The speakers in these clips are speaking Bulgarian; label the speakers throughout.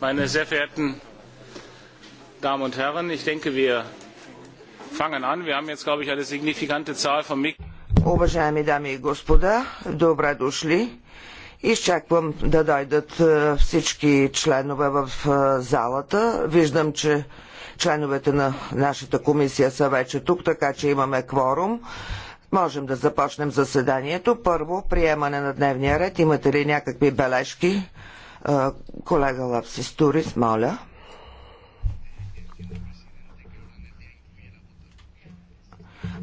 Speaker 1: Meine sehr verehrten Damen und Herren, ich denke, wir fangen an. Wir haben jetzt, glaube ich, eine signifikante Zahl von Mik Уважаеми дами и господа, добре дошли. Изчаквам да дойдат е, всички членове в е, залата. Виждам, че членовете на нашата комисия са вече тук, така че имаме кворум. Можем да започнем заседанието. Първо, приемане на дневния ред. Имате ли някакви бележки? Колега Лапсис Турис, моля.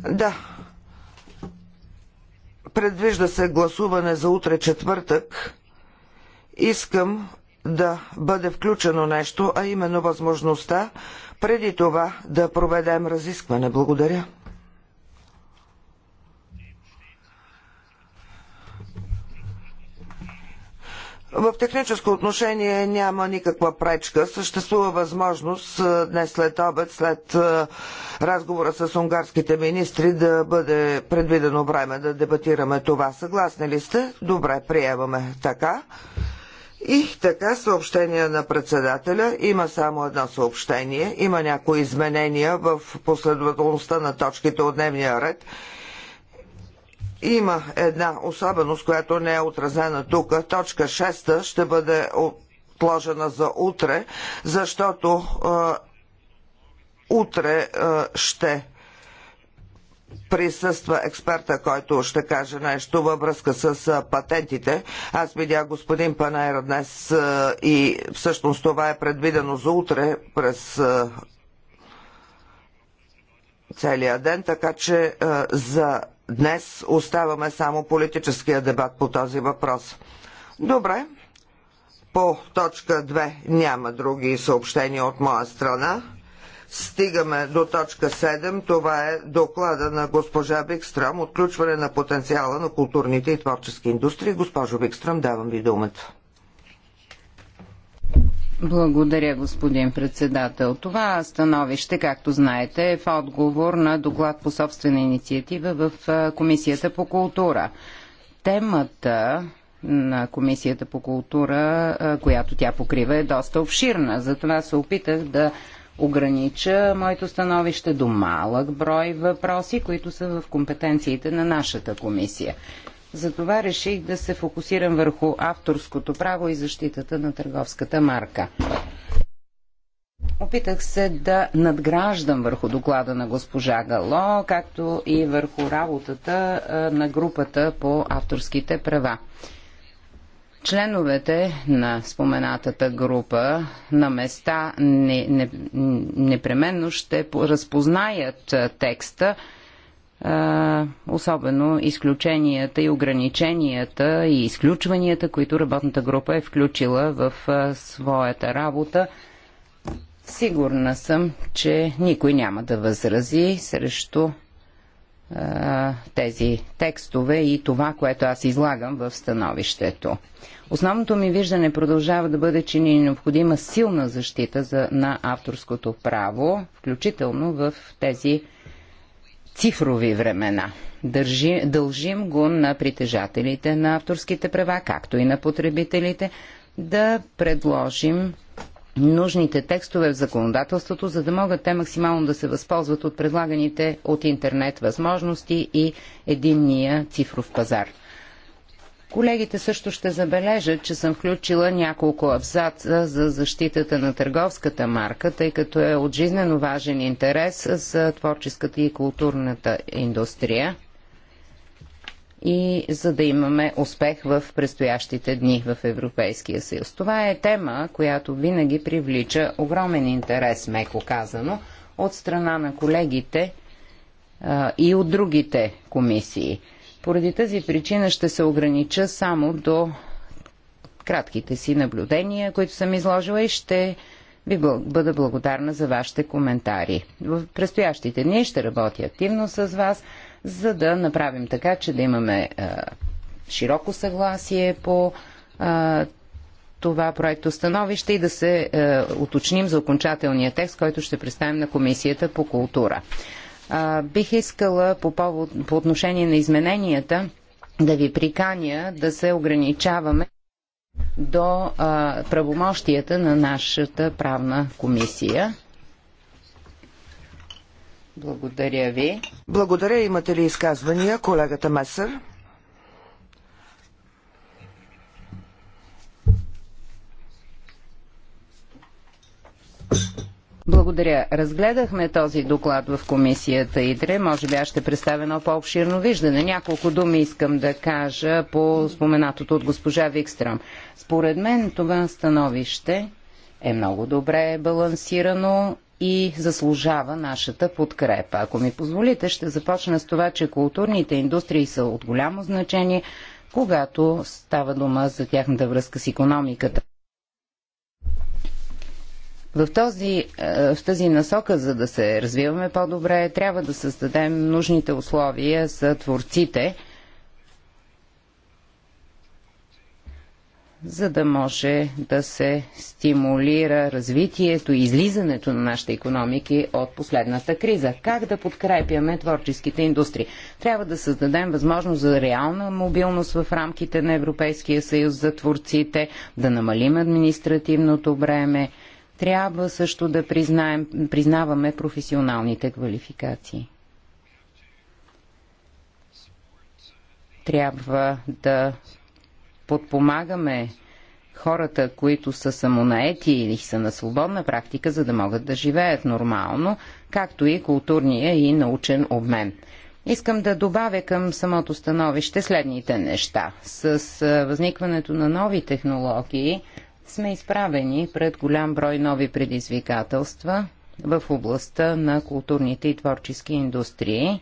Speaker 1: Да. Предвижда се гласуване за утре четвъртък. Искам да бъде включено нещо, а именно възможността преди това да проведем разискване. Благодаря. В техническо отношение няма никаква пречка. Съществува възможност днес след обед, след разговора с унгарските министри, да бъде предвидено време да дебатираме това. Съгласни ли сте? Добре, приемаме така. И така, съобщение на председателя. Има само едно съобщение. Има някои изменения в последователността на точките от дневния ред. Има една особеност, която не е отразена тук. Точка 6 ще бъде отложена за утре, защото е, утре е, ще присъства експерта, който ще каже нещо във връзка с патентите. Аз видях господин Панайра днес и всъщност това е предвидено за утре през целия ден, така че за днес оставаме само политическия дебат по този въпрос. Добре, по точка 2 няма други съобщения от моя страна. Стигаме до точка 7. Това е доклада на госпожа Бикстрам, отключване на потенциала на културните и творчески индустрии. Госпожо Бикстрам, давам ви думата.
Speaker 2: Благодаря, господин председател. Това становище, както знаете, е в отговор на доклад по собствена инициатива в Комисията по култура. Темата на Комисията по култура, която тя покрива, е доста обширна. Затова се опитах да огранича моето становище до малък брой въпроси, които са в компетенциите на нашата комисия. Затова реших да се фокусирам върху авторското право и защитата на търговската марка. Опитах се да надграждам върху доклада на госпожа Гало, както и върху работата на групата по авторските права. Членовете на споменатата група на места не, не, непременно ще разпознаят текста особено изключенията и ограниченията и изключванията, които работната група е включила в своята работа. Сигурна съм, че никой няма да възрази срещу тези текстове и това, което аз излагам в становището. Основното ми виждане продължава да бъде, че ни е необходима силна защита за, на авторското право, включително в тези цифрови времена. Държи, дължим го на притежателите на авторските права, както и на потребителите, да предложим нужните текстове в законодателството, за да могат те максимално да се възползват от предлаганите от интернет възможности и единния цифров пазар. Колегите също ще забележат, че съм включила няколко абзаца за защитата на търговската марка, тъй като е от жизнено важен интерес за творческата и културната индустрия и за да имаме успех в предстоящите дни в Европейския съюз. Това е тема, която винаги привлича огромен интерес, меко казано, от страна на колегите а, и от другите комисии – поради тази причина ще се огранича само до кратките си наблюдения, които съм изложила и ще ви бъда благодарна за вашите коментари. В предстоящите дни ще работя активно с вас, за да направим така, че да имаме е, широко съгласие по е, това проекто становище и да се е, уточним за окончателния текст, който ще представим на Комисията по култура. А, бих искала по, повод, по отношение на измененията да ви приканя да се ограничаваме до а, правомощията на нашата правна комисия. Благодаря ви.
Speaker 1: Благодаря. Имате ли изказвания, колегата Месър?
Speaker 2: Благодаря. Разгледахме този доклад в комисията ИДРЕ. Може би аз ще представя едно по-обширно виждане. Няколко думи искам да кажа по споменатото от госпожа Викстрам. Според мен това становище е много добре балансирано и заслужава нашата подкрепа. Ако ми позволите, ще започна с това, че културните индустрии са от голямо значение, когато става дума за тяхната връзка с економиката. В, този, е, в тази насока, за да се развиваме по-добре, трябва да създадем нужните условия за творците, за да може да се стимулира развитието и излизането на нашите економики от последната криза. Как да подкрепяме творческите индустрии? Трябва да създадем възможност за реална мобилност в рамките на Европейския съюз за творците, да намалим административното бреме, трябва също да признаем, признаваме професионалните квалификации. Трябва да подпомагаме хората, които са самонаети или са на свободна практика, за да могат да живеят нормално, както и културния и научен обмен. Искам да добавя към самото становище следните неща. С възникването на нови технологии, сме изправени пред голям брой нови предизвикателства в областта на културните и творчески индустрии.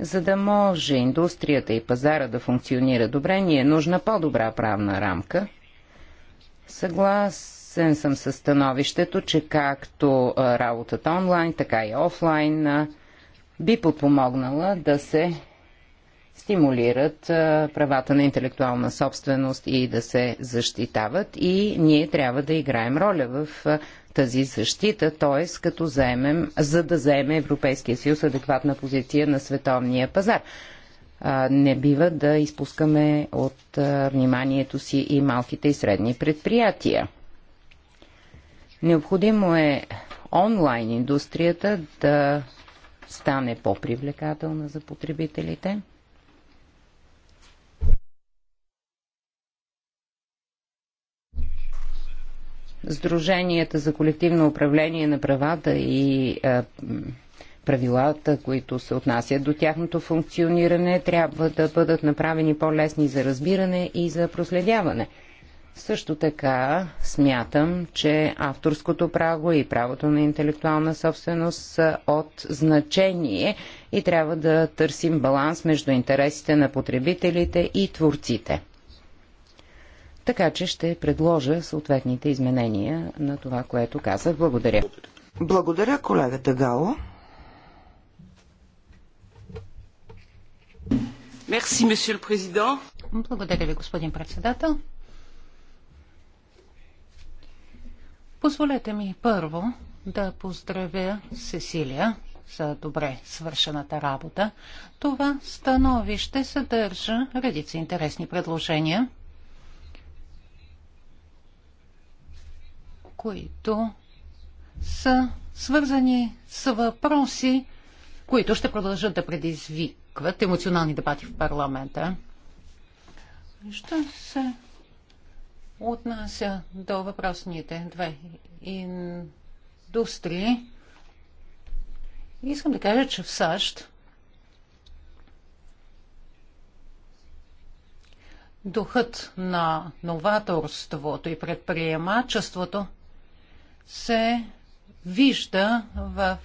Speaker 2: За да може индустрията и пазара да функционира добре, ни е нужна по-добра правна рамка. Съгласен съм с становището, че както работата онлайн, така и офлайн би подпомогнала да се стимулират правата на интелектуална собственост и да се защитават и ние трябва да играем роля в тази защита, т.е. като заемем, за да заеме Европейския съюз адекватна позиция на световния пазар. Не бива да изпускаме от вниманието си и малките и средни предприятия. Необходимо е онлайн индустрията да стане по-привлекателна за потребителите – Сдруженията за колективно управление на правата и правилата, които се отнасят до тяхното функциониране, трябва да бъдат направени по-лесни за разбиране и за проследяване. Също така смятам, че авторското право и правото на интелектуална собственост са от значение и трябва да търсим баланс между интересите на потребителите и творците. Така че ще предложа съответните изменения на това, което казах. Благодаря. Благодаря, колегата Гало.
Speaker 1: Мерси, месье президент.
Speaker 3: Благодаря ви, господин председател. Позволете ми първо да поздравя Сесилия за добре свършената работа. Това становище съдържа редица интересни предложения. които са свързани с въпроси, които ще продължат да предизвикват емоционални дебати в парламента. Що се отнася до въпросните две индустрии, искам да кажа, че в САЩ духът на новаторството и предприемачеството – се вижда в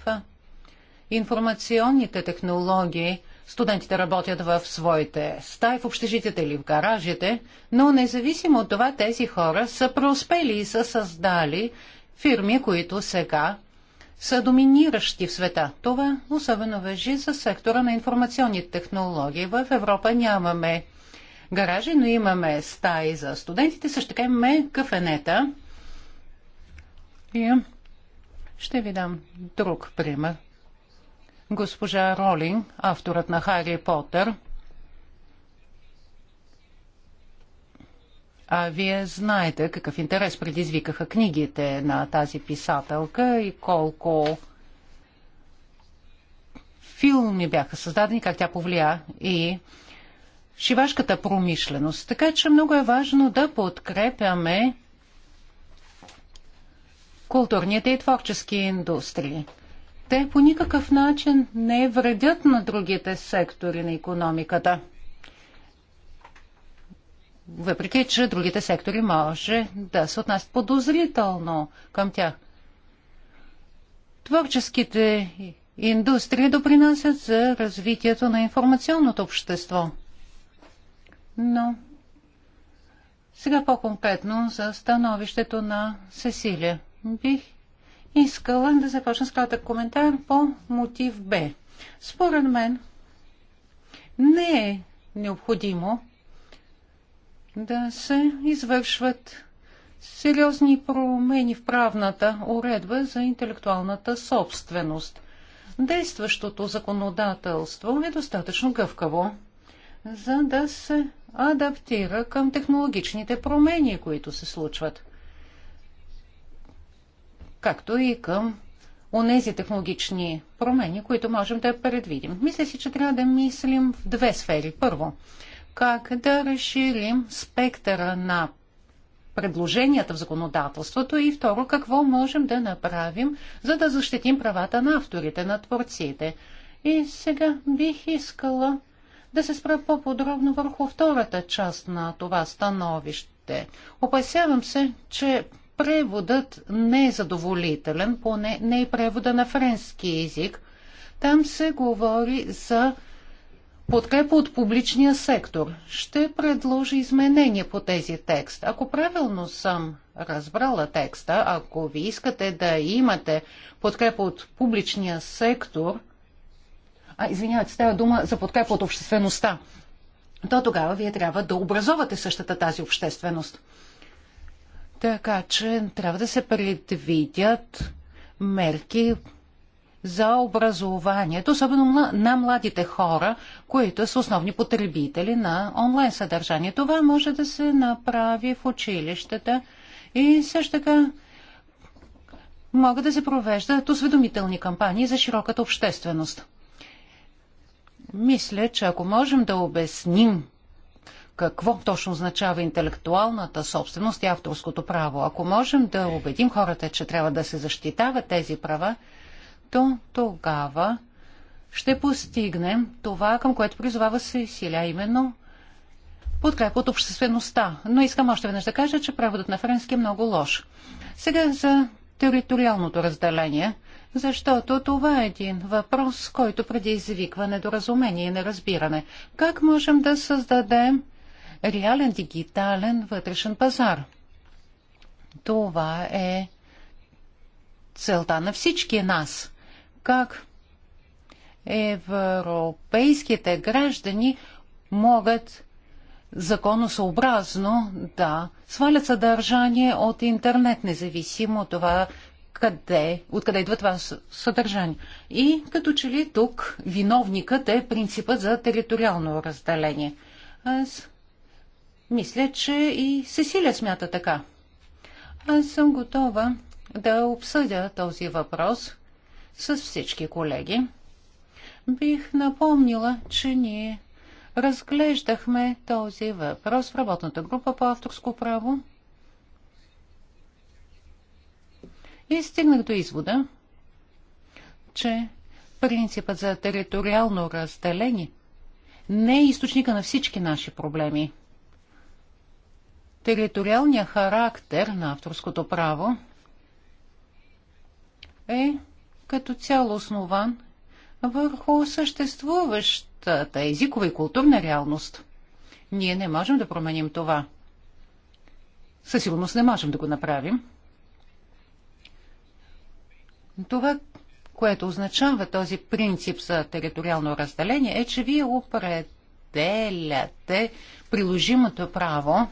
Speaker 3: информационните технологии. Студентите работят в своите стаи, в общежитията или в гаражите, но независимо от това тези хора са преуспели и са създали фирми, които сега са доминиращи в света. Това особено въжи за сектора на информационните технологии. В Европа нямаме гаражи, но имаме стаи за студентите, също така имаме кафенета – и ще ви дам друг пример. Госпожа Ролинг, авторът на Хари Потър, А вие знаете какъв интерес предизвикаха книгите на тази писателка и колко филми бяха създадени, как тя повлия и шивашката промишленост. Така че много е важно да подкрепяме културните и творчески индустрии. Те по никакъв начин не вредят на другите сектори на економиката. Въпреки, че другите сектори може да се отнасят подозрително към тях. Творческите индустрии допринасят за развитието на информационното общество. Но сега по-конкретно за становището на Сесилия бих искала да започна с кратък коментар по мотив Б. Според мен не е необходимо да се извършват сериозни промени в правната уредба за интелектуалната собственост. Действащото законодателство е достатъчно гъвкаво, за да се адаптира към технологичните промени, които се случват както и към онези технологични промени, които можем да предвидим. Мисля си, че трябва да мислим в две сфери. Първо, как да разширим спектъра на предложенията в законодателството и второ, какво можем да направим, за да защитим правата на авторите, на творците. И сега бих искала да се спра по-подробно върху втората част на това становище. Опасявам се, че преводът не е задоволителен, поне не е превода на френски език. Там се говори за подкрепа от публичния сектор. Ще предложи изменения по тези текст. Ако правилно съм разбрала текста, ако ви искате да имате подкрепа от публичния сектор, а, извинявайте, става дума за подкрепа от обществеността, то тогава вие трябва да образовате същата тази общественост. Така че трябва да се предвидят мерки за образованието, особено на младите хора, които са основни потребители на онлайн съдържание. Това може да се направи в училищата и също така могат да се провеждат осведомителни кампании за широката общественост. Мисля, че ако можем да обясним какво точно означава интелектуалната собственост и авторското право. Ако можем да убедим хората, че трябва да се защитават тези права, то тогава ще постигнем това, към което призовава силя именно подкрепа от обществеността. Но искам още веднъж да кажа, че преводът на френски е много лош. Сега за териториалното разделение, защото това е един въпрос, който предизвиква недоразумение и неразбиране. Как можем да създадем реален дигитален вътрешен пазар. Това е целта на всички нас. Как европейските граждани могат законосъобразно да свалят съдържание от интернет, независимо от това къде, откъде идва това съдържание. И като че ли тук виновникът е принципът за териториално разделение. Аз мисля, че и Сесилия смята така. Аз съм готова да обсъдя този въпрос с всички колеги. Бих напомнила, че ние разглеждахме този въпрос в работната група по авторско право и стигнах до извода, че принципът за териториално разделение не е източника на всички наши проблеми – Териториалния характер на авторското право е като цяло основан върху съществуващата езикова и културна реалност. Ние не можем да променим това. Със сигурност не можем да го направим. Това, което означава този принцип за териториално разделение, е, че вие определяте приложимото право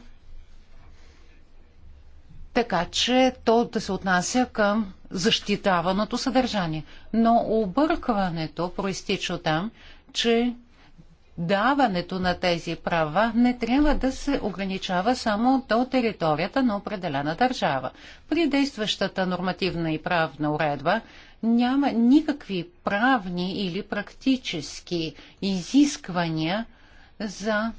Speaker 3: така че то да се отнася към защитаваното съдържание. Но объркването проистича там, че даването на тези права не трябва да се ограничава само до територията на определена държава. При действащата нормативна и правна уредба няма никакви правни или практически изисквания за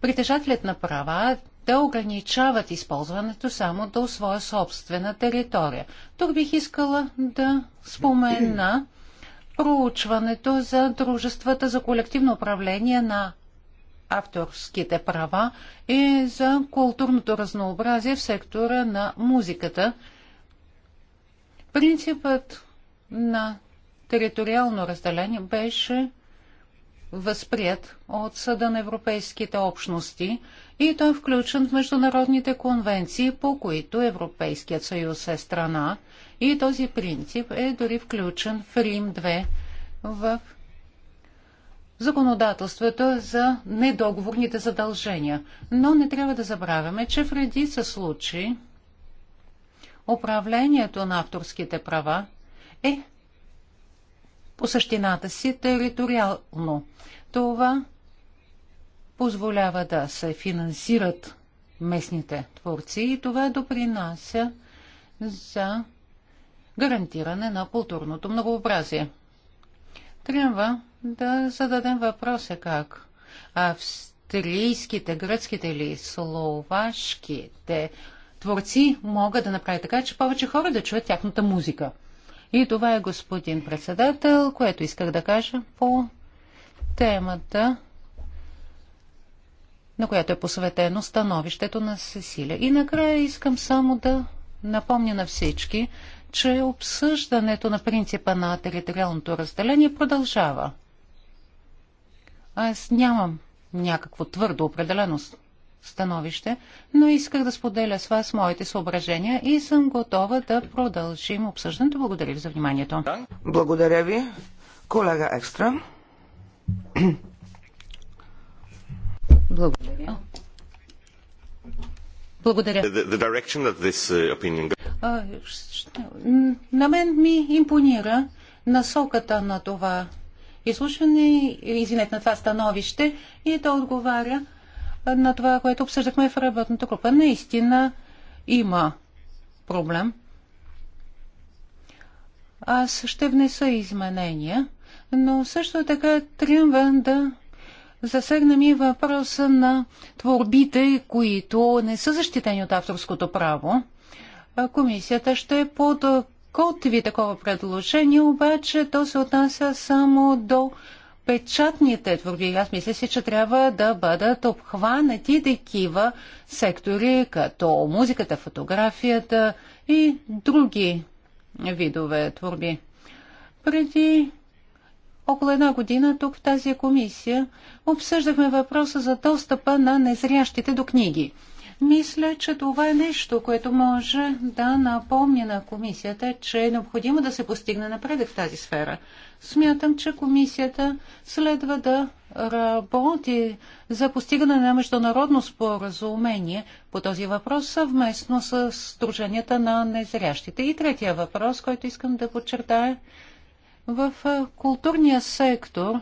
Speaker 3: притежателят на права да ограничават използването само до своя собствена територия. Тук бих искала да спомена проучването за дружествата за колективно управление на авторските права и за културното разнообразие в сектора на музиката. Принципът на териториално разделение беше възприят от Съда на европейските общности и той е включен в международните конвенции, по които Европейският съюз е страна и този принцип е дори включен в Рим 2 в законодателството за недоговорните задължения. Но не трябва да забравяме, че в редица случаи управлението на авторските права е по същината си териториално. Това позволява да се финансират местните творци и това допринася за гарантиране на културното многообразие. Трябва да зададем въпроса как австрийските, гръцките или словашките творци могат да направят така, че повече хора да чуят тяхната музика. И това е господин председател, което исках да кажа по темата, на която е посветено становището на Сесилия. И накрая искам само да напомня на всички, че обсъждането на принципа на териториалното разделение продължава. Аз нямам някакво твърдо определеност становище, но исках да споделя с вас моите съображения и съм готова да продължим обсъждането. Благодаря ви за вниманието.
Speaker 1: Благодаря ви, колега Екстра. Благодаря. Благодаря.
Speaker 3: Uh, на мен ми импонира насоката на това изслушване, извинете, на това становище и то отговаря на това, което обсъждахме в работната група. Наистина има проблем. Аз ще внеса изменения, но също така трябва да засегнем и въпроса на творбите, които не са защитени от авторското право. Комисията ще подготви такова предложение, обаче то се отнася само до печатните творби. Аз мисля си, че трябва да бъдат обхванати такива сектори, като музиката, фотографията и други видове творби. Преди около една година тук в тази комисия обсъждахме въпроса за достъпа на незрящите до книги. Мисля, че това е нещо, което може да напомня на комисията, че е необходимо да се постигне напредък в тази сфера. Смятам, че комисията следва да работи за постигане на международно споразумение по този въпрос съвместно с друженията на незрящите. И третия въпрос, който искам да подчертая, в културния сектор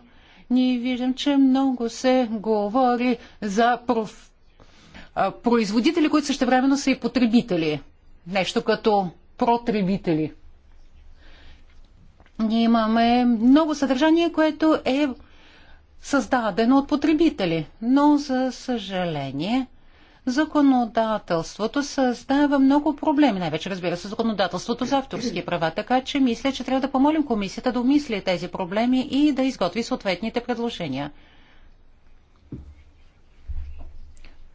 Speaker 3: ние виждам, че много се говори за проф производители, които времено са и потребители. Нещо като протребители. Ние имаме много съдържание, което е създадено от потребители, но за съжаление законодателството създава много проблеми, най-вече разбира се законодателството за авторски права, така че мисля, че трябва да помолим комисията да умисли тези проблеми и да изготви съответните предложения.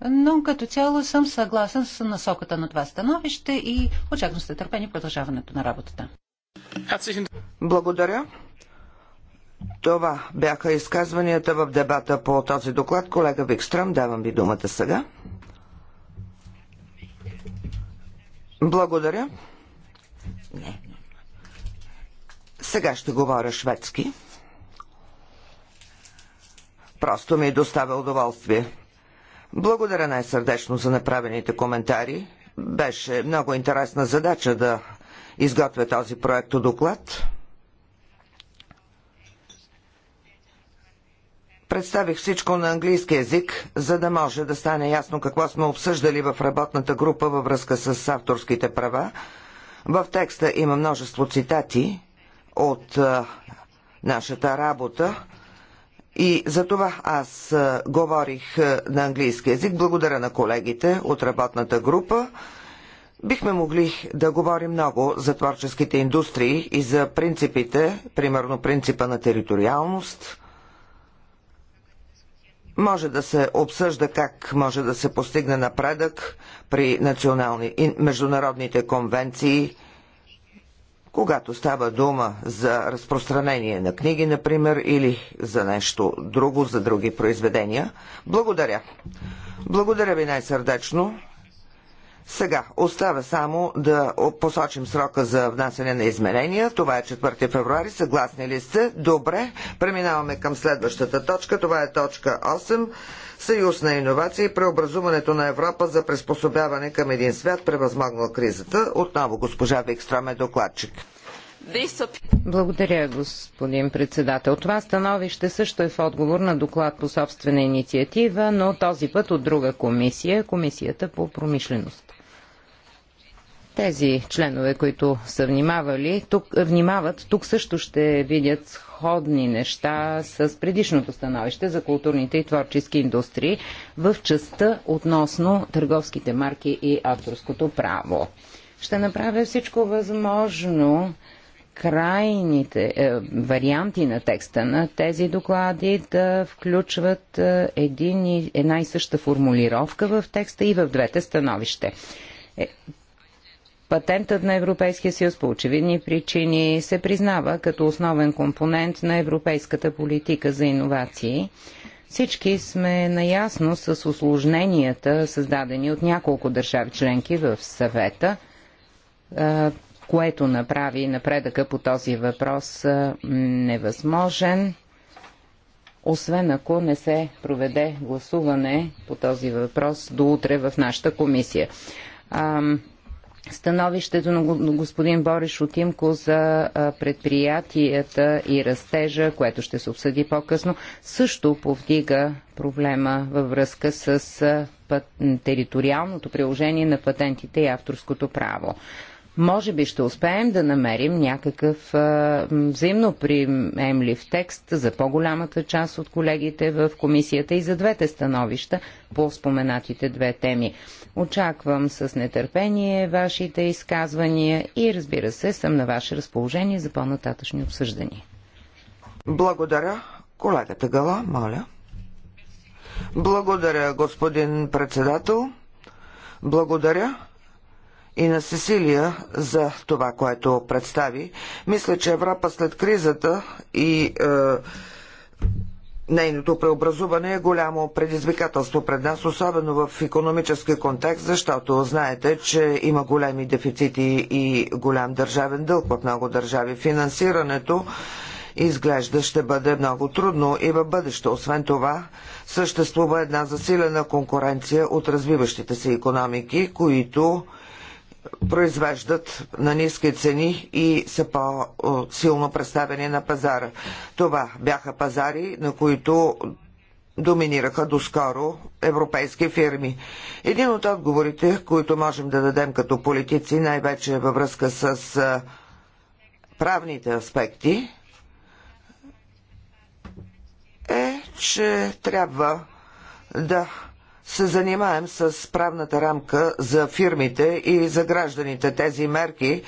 Speaker 3: но като цяло съм съгласен с насоката на това становище и очаквам с търпение продължаването на работата.
Speaker 1: Благодаря. Това бяха изказванията в дебата по този доклад. Колега Викстрам, давам ви думата сега. Благодаря. Не. Сега ще говоря шведски. Просто ми е доставя удоволствие. Благодаря най-сърдечно за направените коментари. Беше много интересна задача да изготвя този от доклад. Представих всичко на английски язик, за да може да стане ясно какво сме обсъждали в работната група във връзка с авторските права. В текста има множество цитати от а, нашата работа. И за това аз говорих на английски язик. Благодаря на колегите от работната група. Бихме могли да говорим много за творческите индустрии и за принципите, примерно принципа на териториалност. Може да се обсъжда как може да се постигне напредък при национални и международните конвенции – когато става дума за разпространение на книги, например, или за нещо друго, за други произведения. Благодаря. Благодаря ви най-сърдечно. Сега остава само да посочим срока за внасяне на изменения. Това е 4 февруари. Съгласни ли сте? Добре. Преминаваме към следващата точка. Това е точка 8 съюз на иновации и преобразуването на Европа за приспособяване към един свят, превъзмогнал кризата. Отново госпожа Викстрам е докладчик.
Speaker 2: Благодаря, господин председател. Това становище също е в отговор на доклад по собствена инициатива, но този път от друга комисия, комисията по промишленост. Тези членове, които са внимавали, тук, внимават, тук също ще видят сходни неща с предишното становище за културните и творчески индустрии в частта относно търговските марки и авторското право. Ще направя всичко възможно крайните е, варианти на текста на тези доклади да включват е, един и, една и съща формулировка в текста и в двете становище. Е, Патентът на Европейския съюз по очевидни причини се признава като основен компонент на европейската политика за иновации. Всички сме наясно с осложненията, създадени от няколко държави членки в съвета, което направи напредъка по този въпрос невъзможен, освен ако не се проведе гласуване по този въпрос до утре в нашата комисия становището на господин Бориш Отимко за предприятията и растежа, което ще се обсъди по-късно, също повдига проблема във връзка с териториалното приложение на патентите и авторското право. Може би ще успеем да намерим някакъв а, взаимно приемлив текст за по-голямата част от колегите в комисията и за двете становища по споменатите две теми. Очаквам с нетърпение вашите изказвания и разбира се, съм на ваше разположение за по-нататъчни обсъждания.
Speaker 1: Благодаря. Колегата Гала, моля. Благодаря, господин председател. Благодаря и на Сесилия за това, което представи. Мисля, че Европа след кризата и е, Нейното преобразуване е голямо предизвикателство пред нас, особено в економически контекст, защото знаете, че има големи дефицити и голям държавен дълг в много държави. Финансирането изглежда ще бъде много трудно и в бъдеще. Освен това, съществува една засилена конкуренция от развиващите се економики, които произвеждат на ниски цени и са по-силно представени на пазара. Това бяха пазари, на които доминираха доскоро европейски фирми. Един от отговорите, които можем да дадем като политици, най-вече във връзка с правните аспекти, е, че трябва да се занимаем с правната рамка за фирмите и за гражданите. Тези мерки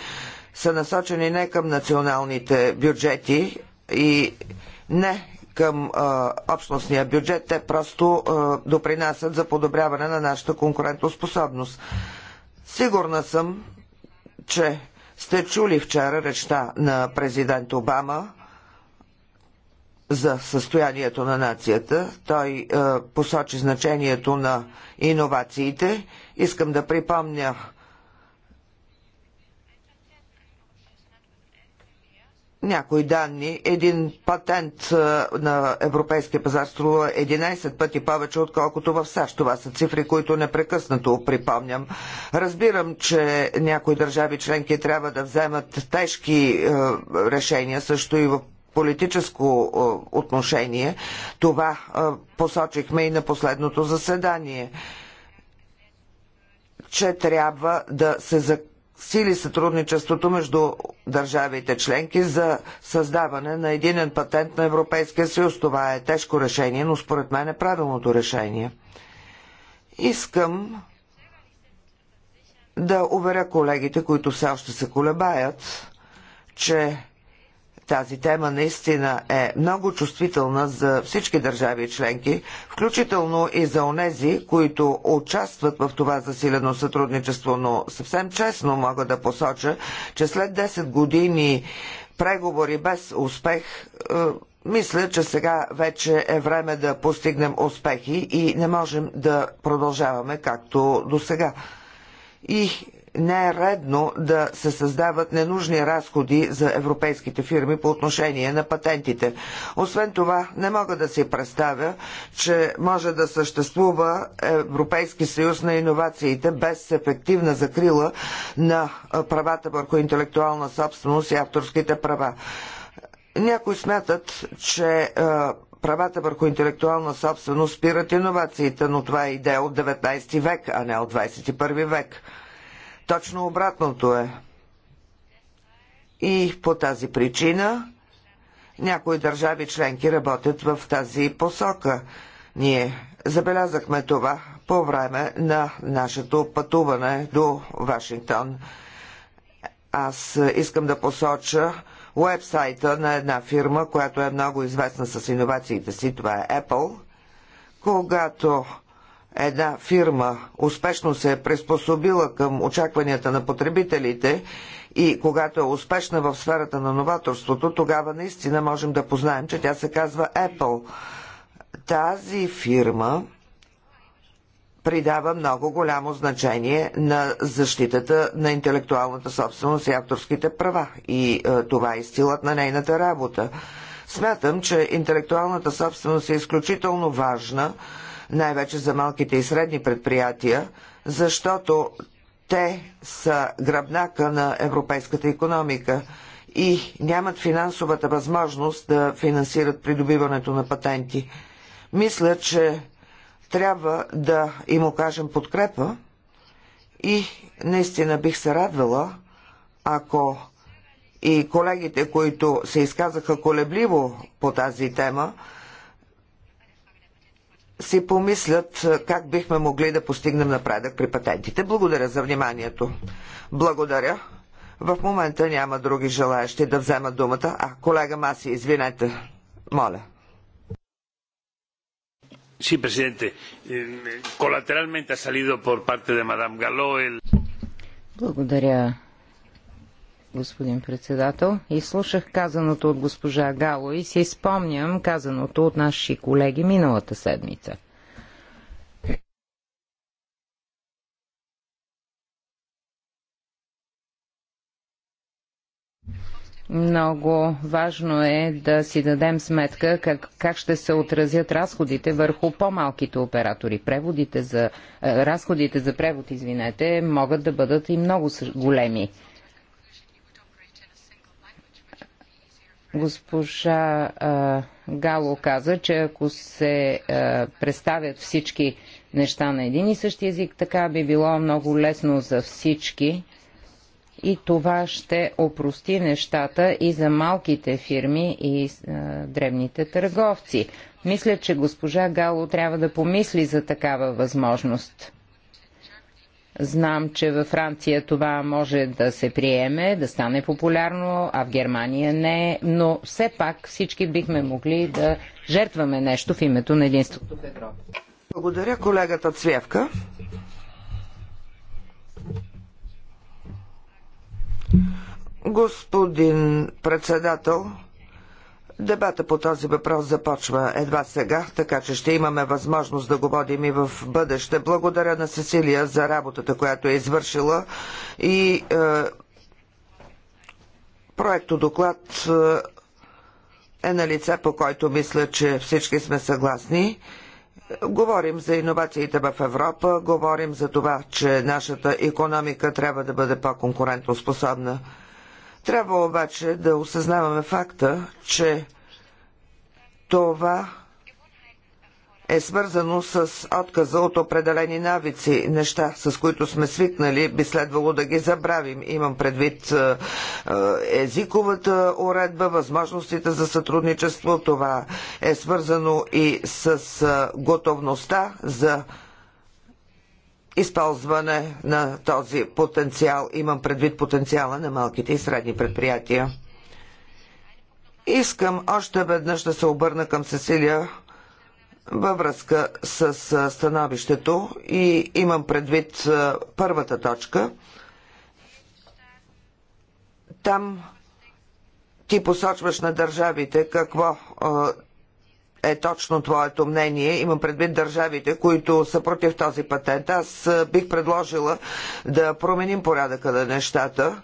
Speaker 1: са насочени не към националните бюджети и не към а, общностния бюджет, те просто а, допринасят за подобряване на нашата конкурентоспособност. Сигурна съм, че сте чули вчера речта на президент Обама за състоянието на нацията. Той е, посочи значението на иновациите. Искам да припомня някои данни. Един патент е, на европейския пазар струва 11 пъти повече, отколкото в САЩ. Това са цифри, които непрекъснато припомням. Разбирам, че някои държави членки трябва да вземат тежки е, решения, също и в политическо е, отношение. Това е, посочихме и на последното заседание, че трябва да се засили сътрудничеството между държавите членки за създаване на единен патент на Европейския съюз. Това е тежко решение, но според мен е правилното решение. Искам да уверя колегите, които все още се колебаят, че тази тема наистина е много чувствителна за всички държави членки, включително и за онези, които участват в това засилено сътрудничество, но съвсем честно мога да посоча, че след 10 години преговори без успех е, мисля, че сега вече е време да постигнем успехи и не можем да продължаваме както до сега. И не е редно да се създават ненужни разходи за европейските фирми по отношение на патентите. Освен това, не мога да си представя, че може да съществува Европейски съюз на иновациите без ефективна закрила на правата върху интелектуална собственост и авторските права. Някои смятат, че е, правата върху интелектуална собственост спират иновациите, но това е идея от 19 век, а не от 21 век. Точно обратното е. И по тази причина някои държави членки работят в тази посока. Ние забелязахме това по време на нашето пътуване до Вашингтон. Аз искам да посоча уебсайта на една фирма, която е много известна с иновациите си, това е Apple. Когато една фирма успешно се е приспособила към очакванията на потребителите и когато е успешна в сферата на новаторството, тогава наистина можем да познаем, че тя се казва Apple. Тази фирма придава много голямо значение на защитата на интелектуалната собственост и авторските права. И е, това е стилът на нейната работа. Смятам, че интелектуалната собственост е изключително важна най-вече за малките и средни предприятия, защото те са гръбнака на европейската економика и нямат финансовата възможност да финансират придобиването на патенти. Мисля, че трябва да им окажем подкрепа и наистина бих се радвала, ако и колегите, които се изказаха колебливо по тази тема, си помислят е, как бихме могли да постигнем напредък при патентите. Благодаря за вниманието. Благодаря. В момента няма други желаящи да вземат думата. А, колега Маси, извинете. Моля. Sí, presidente. Colateralmente ha salido por parte de Madame Galó el...
Speaker 2: Благодаря, господин председател. И слушах казаното от госпожа Гало и си спомням казаното от наши колеги миналата седмица. Много важно е да си дадем сметка как, как ще се отразят разходите върху по-малките оператори. Преводите за, е, разходите за превод, извинете, могат да бъдат и много големи. Госпожа а, Гало каза, че ако се а, представят всички неща на един и същи език, така би било много лесно за всички и това ще опрости нещата и за малките фирми и а, древните търговци. Мисля, че госпожа Гало трябва да помисли за такава възможност. Знам, че във Франция това може да се приеме, да стане популярно, а в Германия не, но все пак всички бихме могли да жертваме нещо в името на единството
Speaker 1: в Европа. Благодаря колегата Цвевка. Господин председател, Дебата по този въпрос започва едва сега, така че ще имаме възможност да го водим и в бъдеще. Благодаря на Сесилия за работата, която е извършила и е, проекто доклад е, е на лице, по който мисля, че всички сме съгласни. Говорим за иновациите в Европа, говорим за това, че нашата економика трябва да бъде по-конкурентоспособна. способна. Трябва обаче да осъзнаваме факта, че това е свързано с отказа от определени навици, неща, с които сме свикнали, би следвало да ги забравим. Имам предвид е, е, езиковата уредба, възможностите за сътрудничество. Това е свързано и с е, готовността за използване на този потенциал. Имам предвид потенциала на малките и средни предприятия. Искам още веднъж да се обърна към Сесилия във връзка с становището и имам предвид първата точка. Там ти посочваш на държавите какво е точно твоето мнение. Имам предвид държавите, които са против този патент. Аз бих предложила да променим порядъка на нещата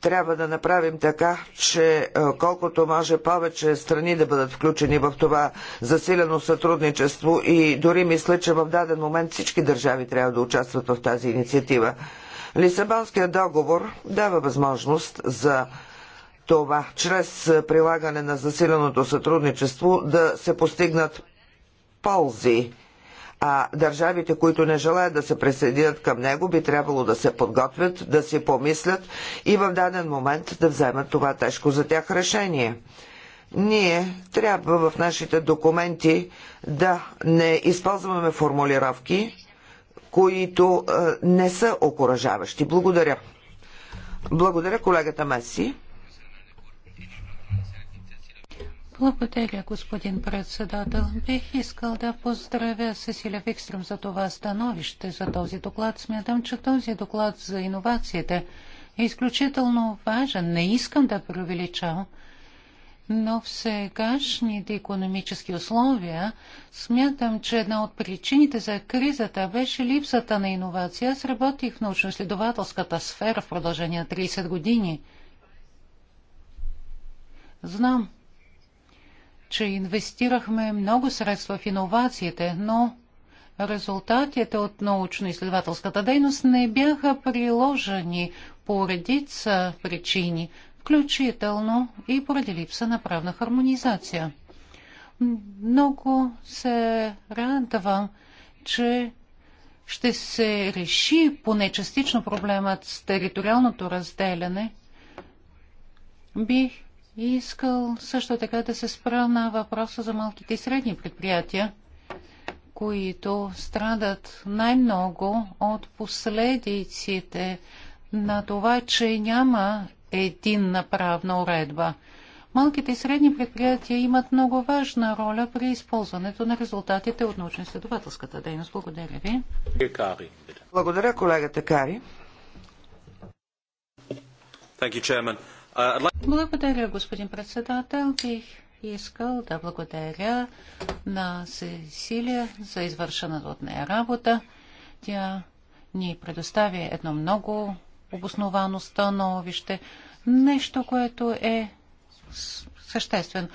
Speaker 1: трябва да направим така, че колкото може повече страни да бъдат включени в това засилено сътрудничество и дори мисля, че в даден момент всички държави трябва да участват в тази инициатива. Лисабонският договор дава възможност за това, чрез прилагане на засиленото сътрудничество, да се постигнат ползи а държавите, които не желаят да се присъединят към него, би трябвало да се подготвят, да си помислят и в даден момент да вземат това тежко за тях решение. Ние трябва в нашите документи да не използваме формулировки, които е, не са окоръжаващи. Благодаря. Благодаря колегата Меси.
Speaker 3: Благодаря, господин председател. Бих искал да поздравя Сесиля Викстрем за това становище, за този доклад. Смятам, че този доклад за иновациите е изключително важен. Не искам да преувеличавам, но в сегашните економически условия смятам, че една от причините за кризата беше липсата на иновация. Аз работих в научно-следователската сфера в продължение на 30 години. Знам, че инвестирахме много средства в иновациите, но резултатите от научно-изследователската дейност не бяха приложени по редица причини, включително и поради липса на правна хармонизация. Много се радвам, че ще се реши поне частично проблемът с териториалното разделяне. Бих и искал също така да се спра на въпроса за малките и средни предприятия, които страдат най-много от последиците на това, че няма единна правна уредба. Малките и средни предприятия имат много важна роля при използването на резултатите от научно-изследователската дейност. Благодаря ви.
Speaker 1: Благодаря колегата Кари.
Speaker 3: Thank you, благодаря, господин председател. Бих искал да благодаря на Сесилия за извършената от нея работа. Тя ни предостави едно много обосновано становище, нещо, което е съществено.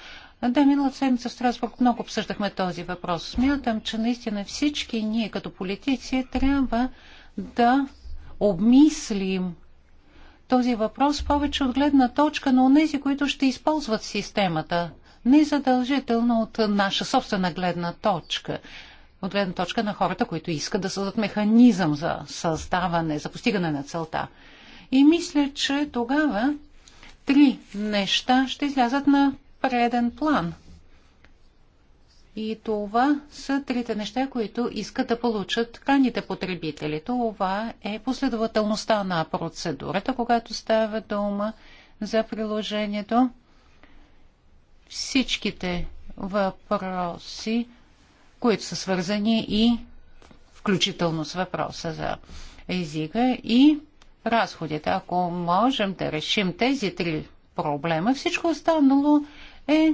Speaker 3: Да, миналата седмица в Страсбург много обсъждахме този въпрос. Смятам, че наистина всички ние като политици трябва да обмислим този въпрос повече от гледна точка на онези, които ще използват системата. Не задължително от наша собствена гледна точка. От гледна точка на хората, които искат да създадат механизъм за създаване, за постигане на целта. И мисля, че тогава три неща ще излязат на преден план. И това са трите неща, които искат да получат крайните потребители. Това е последователността на процедурата, когато става дума за приложението. Всичките въпроси, които са свързани и включително с въпроса за езика и разходите. Ако можем да решим тези три проблема, всичко останало е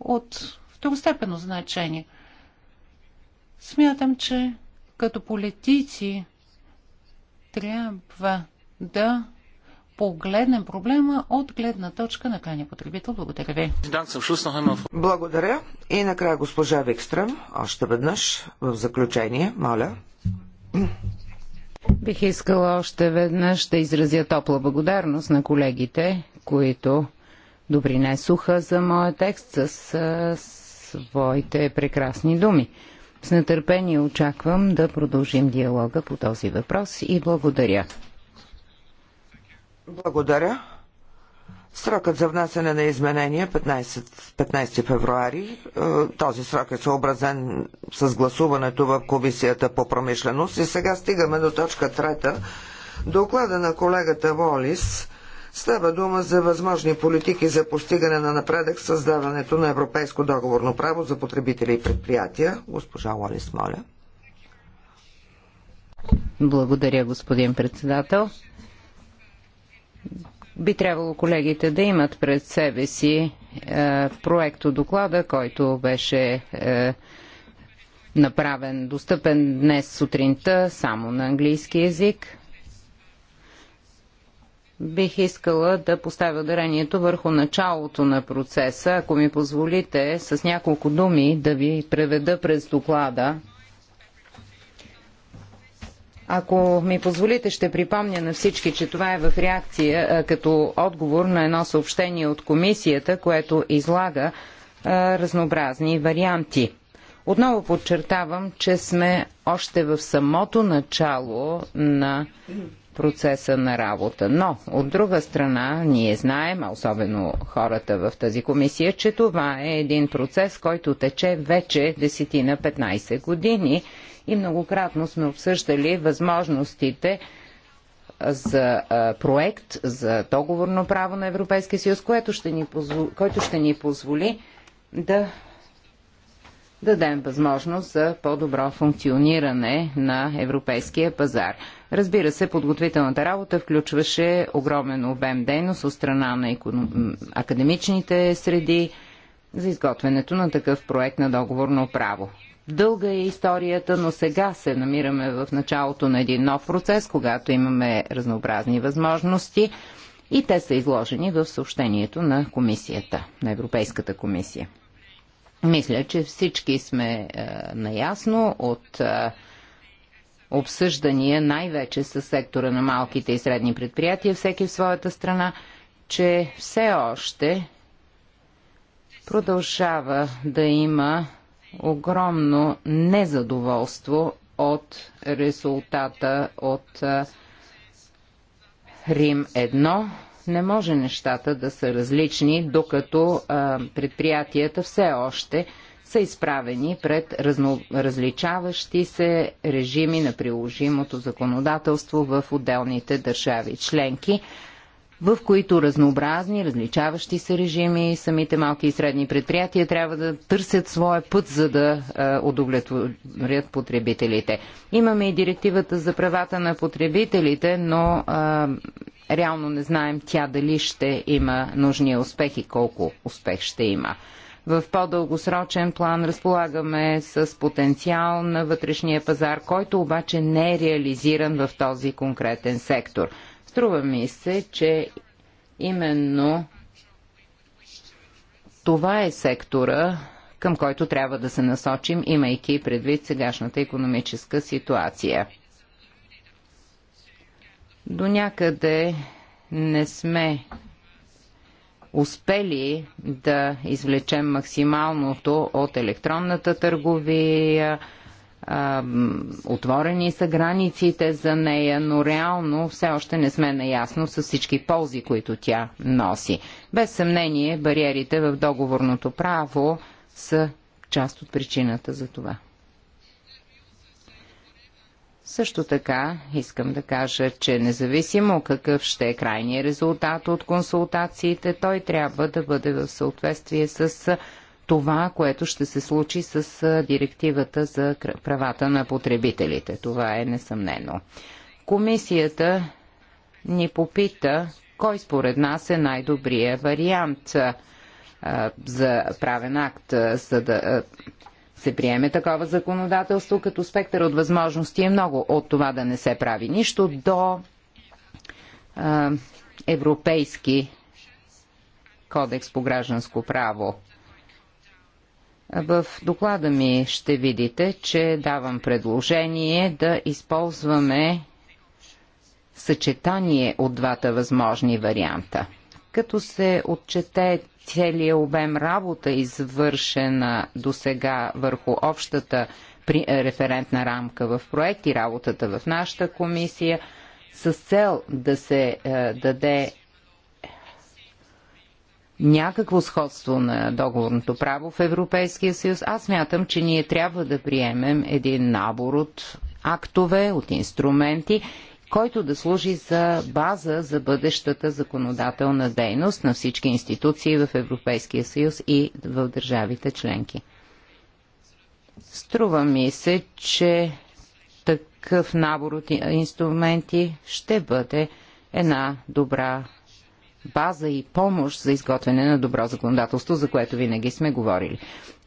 Speaker 3: от второстепенно значение. Смятам, че като политици трябва да погледнем проблема от гледна точка на крайния потребител. Благодаря ви.
Speaker 1: Благодаря. И накрая госпожа Викстрам, още веднъж в заключение, моля.
Speaker 2: Бих искала още веднъж да изразя топла благодарност на колегите, които допринесоха за моя текст с, с своите прекрасни думи. С нетърпение очаквам да продължим диалога по този въпрос и благодаря.
Speaker 1: Благодаря. Срокът за внасяне на изменения 15, 15 февруари. Е, този срок е съобразен с гласуването в Комисията по промишленост. И сега стигаме до точка трета. Доклада на колегата Волис Става дума за възможни политики за постигане на напредък с създаването на европейско договорно право за потребители и предприятия. Госпожа Лорис,
Speaker 2: моля. Благодаря, господин председател. Би трябвало колегите да имат пред себе си е, проекто доклада, който беше е, направен, достъпен днес сутринта само на английски язик бих искала да поставя ударението върху началото на процеса. Ако ми позволите с няколко думи да ви преведа през доклада. Ако ми позволите, ще припомня на всички, че това е в реакция като отговор на едно съобщение от комисията, което излага а, разнообразни варианти. Отново подчертавам, че сме още в самото начало на процеса на работа. Но, от друга страна, ние знаем, а особено хората в тази комисия, че това е един процес, който тече вече 10 на 15 години и многократно сме обсъждали възможностите за проект за договорно право на Европейския съюз, което ще ни позволи, който ще ни позволи да дадем възможност за по-добро функциониране на европейския пазар. Разбира се, подготвителната работа включваше огромен обем дейност от страна на академичните среди за изготвянето на такъв проект на договорно право. Дълга е историята, но сега се намираме в началото на един нов процес, когато имаме разнообразни възможности и те са изложени в съобщението на комисията, на Европейската комисия. Мисля, че всички сме е, наясно от е, обсъждания, най-вече с сектора на малките и средни предприятия, всеки в своята страна, че все още продължава да има огромно незадоволство от резултата от Рим 1. Не може нещата да са различни, докато предприятията все още са изправени пред разно, различаващи се режими на приложимото законодателство в отделните държави членки, в които разнообразни, различаващи се режими, самите малки и средни предприятия трябва да търсят своя път, за да удовлетворят потребителите. Имаме и директивата за правата на потребителите, но а, реално не знаем тя дали ще има нужния успех и колко успех ще има в по-дългосрочен план разполагаме с потенциал на вътрешния пазар, който обаче не е реализиран в този конкретен сектор. Струва ми се, че именно това е сектора, към който трябва да се насочим, имайки предвид сегашната економическа ситуация. До някъде не сме успели да извлечем максималното от електронната търговия, отворени са границите за нея, но реално все още не сме наясно с всички ползи, които тя носи. Без съмнение, бариерите в договорното право са част от причината за това. Също така искам да кажа, че независимо какъв ще е крайният резултат от консултациите, той трябва да бъде в съответствие с това, което ще се случи с директивата за правата на потребителите. Това е несъмнено. Комисията ни попита кой според нас е най-добрият вариант за правен акт, за да се приеме такова законодателство, като спектър от възможности е много от това да не се прави нищо до а, европейски кодекс по гражданско право. В доклада ми ще видите, че давам предложение да използваме съчетание от двата възможни варианта. Като се отчете целият обем работа, извършена до сега върху общата е, референтна рамка в проект и работата в нашата комисия, с цел да се е, даде някакво сходство на договорното право в Европейския съюз, аз мятам, че ние трябва да приемем един набор от актове, от инструменти който да служи за база за бъдещата законодателна дейност на всички институции в Европейския съюз и в държавите членки. Струва ми се, че такъв набор от инструменти ще бъде една добра база и помощ за изготвяне на добро законодателство, за което винаги сме говорили.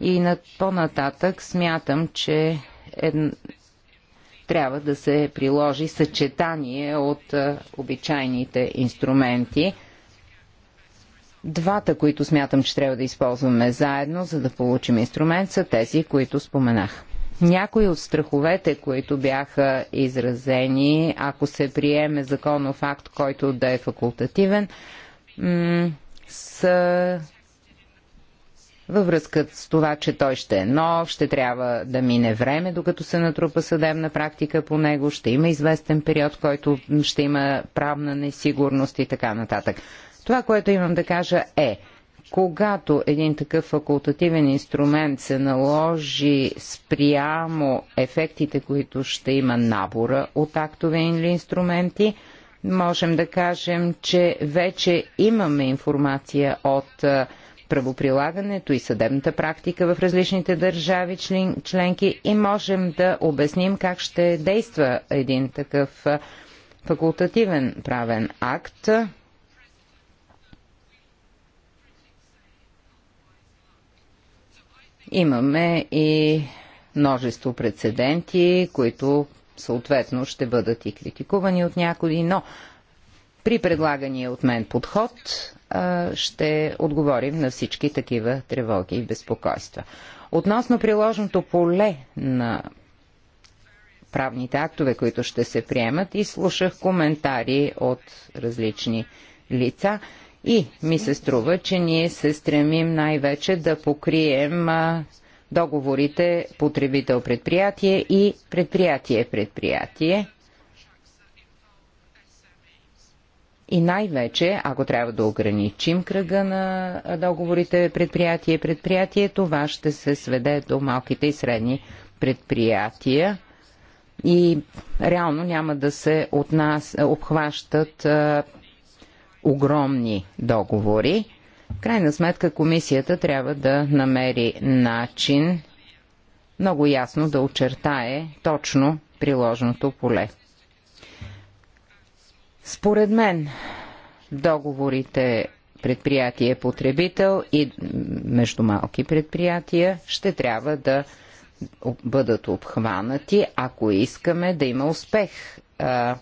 Speaker 2: И на, по-нататък смятам, че трябва да се приложи съчетание от е, обичайните инструменти. Двата, които смятам, че трябва да използваме заедно, за да получим инструмент, са тези, които споменах. Някои от страховете, които бяха изразени, ако се приеме законов акт, който да е факултативен, са във връзка с това, че той ще е нов, ще трябва да мине време, докато се натрупа съдебна практика по него, ще има известен период, в който ще има правна несигурност и така нататък. Това, което имам да кажа е, когато един такъв факултативен инструмент се наложи спрямо ефектите, които ще има набора от актове или инструменти, можем да кажем, че вече имаме информация от правоприлагането и съдебната практика в различните държави член, членки и можем да обясним как ще действа един такъв факултативен правен акт. Имаме и множество прецеденти, които съответно ще бъдат и критикувани от някои, но при предлагания от мен подход ще отговорим на всички такива тревоги и безпокойства. Относно приложното поле на правните актове, които ще се приемат, и слушах коментари от различни лица. И ми се струва, че ние се стремим най-вече да покрием договорите потребител-предприятие и предприятие-предприятие И най-вече, ако трябва да ограничим кръга на договорите предприятие-предприятие, това ще се сведе до малките и средни предприятия и реално няма да се от нас обхващат а, огромни договори. В крайна сметка комисията трябва да намери начин много ясно да очертае точно приложното поле. Според мен, договорите предприятие-потребител и между малки предприятия ще трябва да бъдат обхванати, ако искаме да има успех а,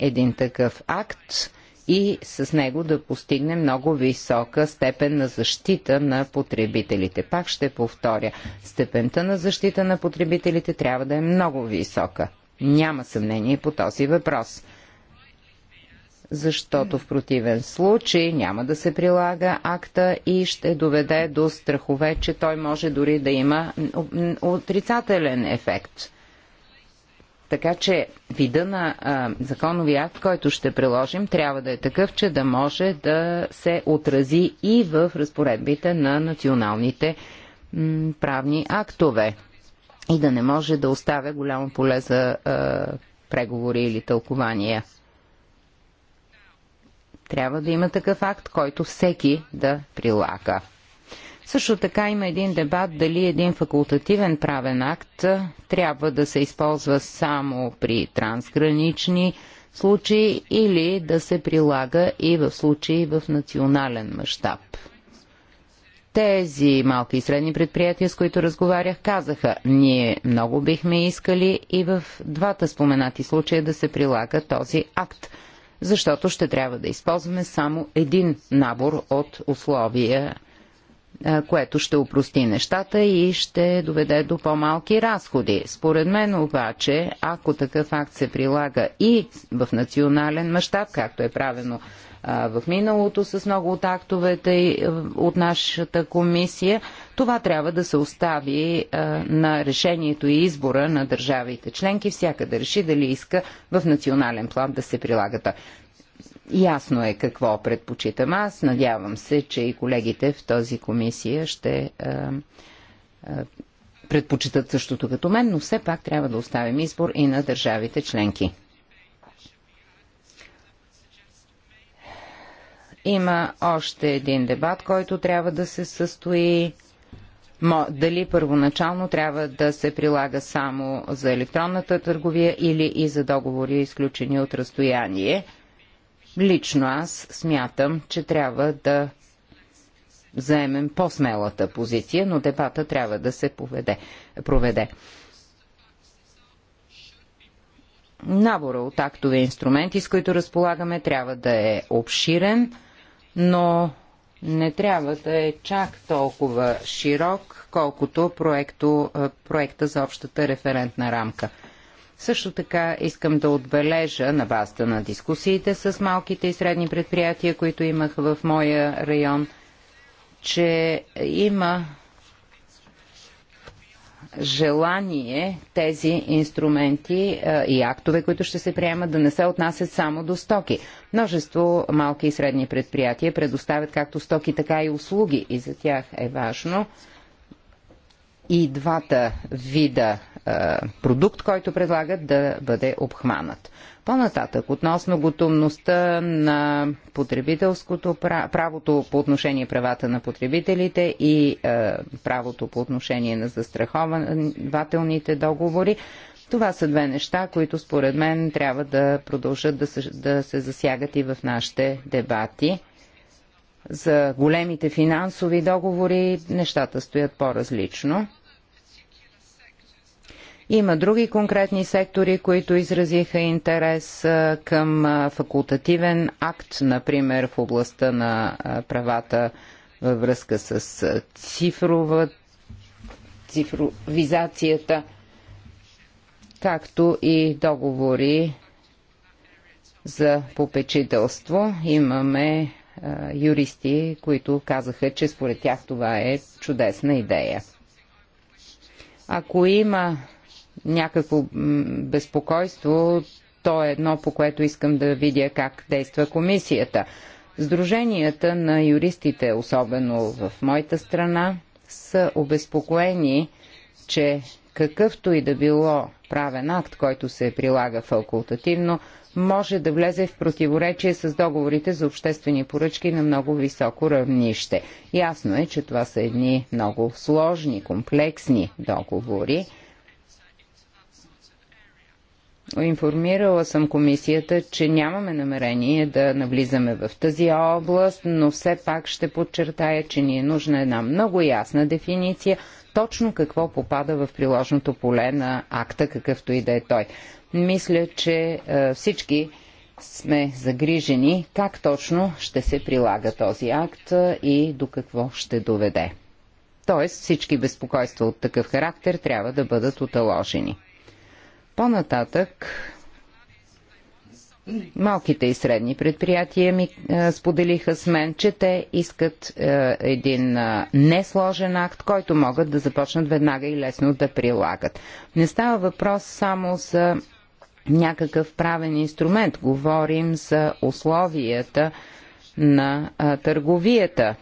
Speaker 2: един такъв акт и с него да постигне много висока степен на защита на потребителите. Пак ще повторя, степента на защита на потребителите трябва да е много висока. Няма съмнение по този въпрос защото в противен случай няма да се прилага акта и ще доведе до страхове, че той може дори да има отрицателен ефект. Така че вида на а, законовия акт, който ще приложим, трябва да е такъв, че да може да се отрази и в разпоредбите на националните м, правни актове и да не може да оставя голямо поле за а, преговори или тълкования. Трябва да има такъв акт, който всеки да прилага. Също така има един дебат дали един факултативен правен акт трябва да се използва само при трансгранични случаи или да се прилага и в случаи в национален мащаб. Тези малки и средни предприятия, с които разговарях, казаха, ние много бихме искали и в двата споменати случая да се прилага този акт – защото ще трябва да използваме само един набор от условия, е, което ще упрости нещата и ще доведе до по-малки разходи. Според мен обаче, ако такъв акт се прилага и в национален мащаб, както е правено в миналото с много от актовете от нашата комисия. Това трябва да се остави на решението и избора на държавите членки, всяка да реши дали иска в национален план да се прилагат. Ясно е какво предпочитам аз. Надявам се, че и колегите в този комисия ще предпочитат същото като мен, но все пак трябва да оставим избор и на държавите членки. Има още един дебат, който трябва да се състои. Дали първоначално трябва да се прилага само за електронната търговия или и за договори, изключени от разстояние. Лично аз смятам, че трябва да заемем по-смелата позиция, но дебата трябва да се поведе, проведе. Набора от актове и инструменти, с които разполагаме, трябва да е обширен – но не трябва да е чак толкова широк, колкото проекто, е, проекта за общата референтна рамка. Също така искам да отбележа на базата на дискусиите с малките и средни предприятия, които имах в моя район, че има желание тези инструменти е, и актове, които ще се приемат, да не се отнасят само до стоки. Множество малки и средни предприятия предоставят както стоки, така и услуги и за тях е важно и двата вида е, продукт, който предлагат да бъде обхванат. По-нататък, относно готовността на потребителското право, правото по отношение правата на потребителите и е, правото по отношение на застрахователните договори, това са две неща, които според мен трябва да продължат да се, да се засягат и в нашите дебати. За големите финансови договори нещата стоят по-различно има други конкретни сектори, които изразиха интерес към факултативен акт, например в областта на правата във връзка с цифрова, цифровизацията, както и договори за попечителство. Имаме юристи, които казаха, че според тях това е чудесна идея. Ако има някакво безпокойство, то е едно, по което искам да видя как действа комисията. Сдруженията на юристите, особено в моята страна, са обезпокоени, че какъвто и да било правен акт, който се прилага факултативно, може да влезе в противоречие с договорите за обществени поръчки на много високо равнище. Ясно е, че това са едни много сложни, комплексни договори – Информирала съм комисията, че нямаме намерение да навлизаме в тази област, но все пак ще подчертая, че ни е нужна една много ясна дефиниция точно какво попада в приложното поле на акта, какъвто и да е той. Мисля, че е, всички сме загрижени как точно ще се прилага този акт е, и до какво ще доведе. Тоест всички безпокойства от такъв характер трябва да бъдат оталожени. По-нататък малките и средни предприятия ми е, споделиха с мен, че те искат е, един е, несложен акт, който могат да започнат веднага и лесно да прилагат. Не става въпрос само за някакъв правен инструмент. Говорим за условията на търговията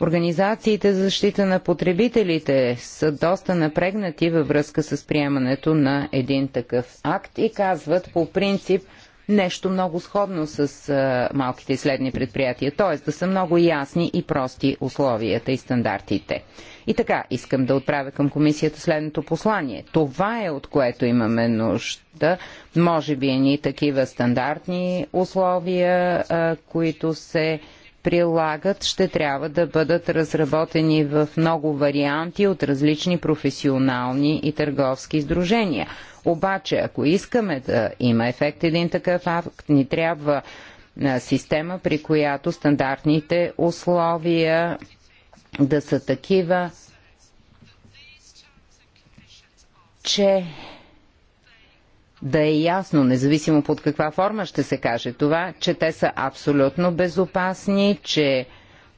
Speaker 2: Организациите за защита на потребителите са доста напрегнати във връзка с приемането на един такъв акт и казват по принцип нещо много сходно с а, малките и средни предприятия, т.е. да са много ясни и прости условията и стандартите. И така, искам да отправя към комисията следното послание. Това е от което имаме нужда. Може би е ни такива стандартни условия, а, които се а, прилагат, ще трябва да бъдат разработени в много варианти от различни професионални и търговски издружения. Обаче, ако искаме да има ефект един такъв акт, ни трябва система, при която стандартните условия да са такива, че да е ясно, независимо под каква форма ще се каже това, че те са абсолютно безопасни, че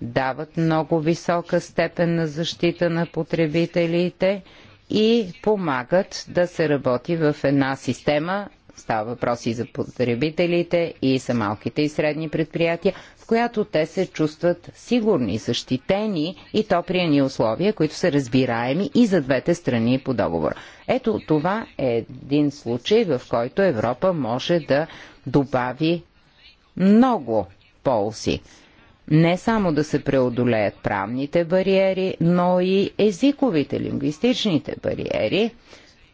Speaker 2: дават много висока степен на защита на потребителите и помагат да се работи в една система Става въпрос и за потребителите, и за малките и средни предприятия, в която те се чувстват сигурни, защитени и то условия, които са разбираеми и за двете страни по договор. Ето това е един случай, в който Европа може да добави много ползи не само да се преодолеят правните бариери, но и езиковите, лингвистичните бариери,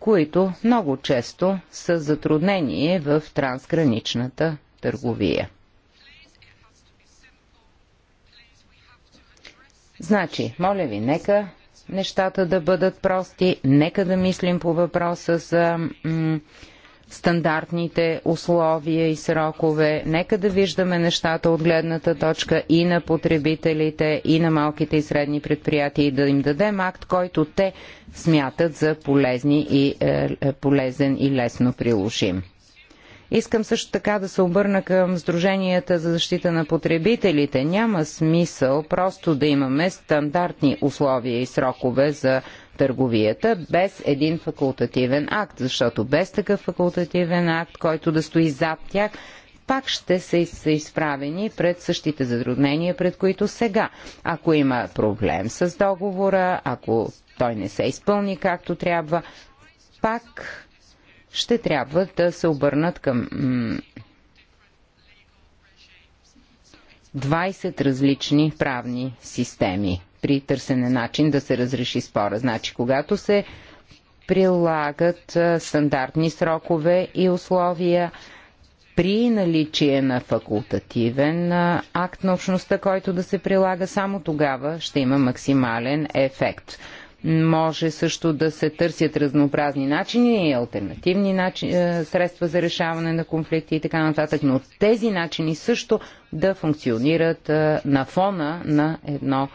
Speaker 2: които много често са затруднение в трансграничната търговия. Значи, моля ви, нека нещата да бъдат прости, нека да мислим по въпроса за стандартните условия и срокове. Нека да виждаме нещата от гледната точка и на потребителите, и на малките и средни предприятия и да им дадем акт, който те смятат за полезни и, е, е полезен и лесно приложим. Искам също така да се обърна към Сдруженията за защита на потребителите. Няма смисъл просто да имаме стандартни условия и срокове за търговията без един факултативен акт, защото без такъв факултативен акт, който да стои зад тях, пак ще се, са изправени пред същите затруднения, пред които сега. Ако има проблем с договора, ако той не се изпълни както трябва, пак ще трябва да се обърнат към 20 различни правни системи при търсене начин да се разреши спора. Значи, когато се прилагат стандартни срокове и условия, при наличие на факултативен акт на общността, който да се прилага, само тогава ще има максимален ефект. Може също да се търсят разнообразни начини и альтернативни начини, средства за решаване на конфликти и така нататък, но тези начини също да функционират на фона на едно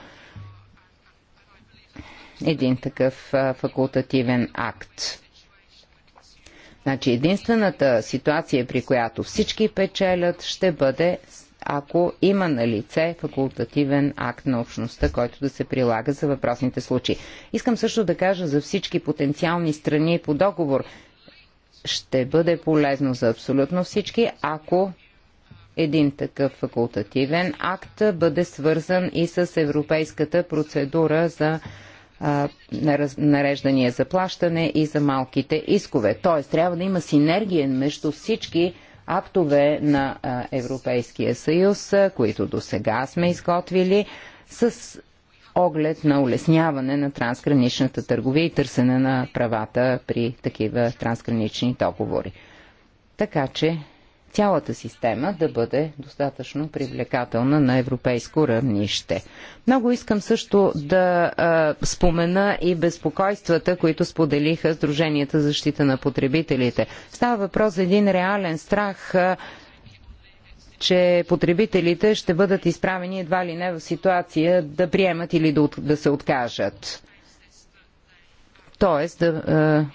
Speaker 2: един такъв факултативен акт. Значи единствената ситуация, при която всички печелят, ще бъде ако има на лице факултативен акт на общността, който да се прилага за въпросните случаи. Искам също да кажа за всички потенциални страни по договор. Ще бъде полезно за абсолютно всички, ако един такъв факултативен акт бъде свързан и с европейската процедура за нареждания за плащане и за малките искове. Т.е. трябва да има синергия между всички актове на Европейския съюз, които до сега сме изготвили, с оглед на улесняване на трансграничната търговия и търсене на правата при такива трансгранични договори. Така че цялата система да бъде достатъчно привлекателна на европейско равнище. Много искам също да а, спомена и безпокойствата, които споделиха Сдруженията за защита на потребителите. Става въпрос за един реален страх. А, че потребителите ще бъдат изправени едва ли не в ситуация да приемат или да, да се откажат. Тоест да,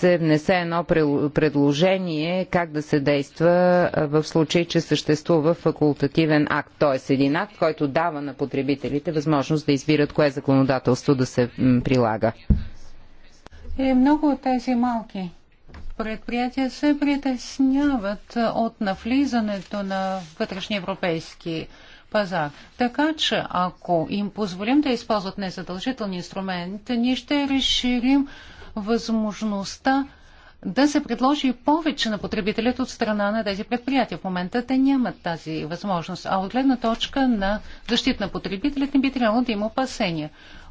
Speaker 2: се внесе едно предложение как да се действа в случай, че съществува факултативен акт, т.е. един акт, който дава на потребителите възможност да избират кое законодателство да се прилага.
Speaker 3: И е, много от тези малки предприятия се притесняват от навлизането на вътрешни европейски пазар. Така че, ако им позволим да използват незадължителни инструменти, ние ще разширим възможността да се предложи повече на потребителят от страна на тези предприятия. В момента те нямат тази възможност, а от гледна точка на защита на потребителят не би трябвало да има опасения.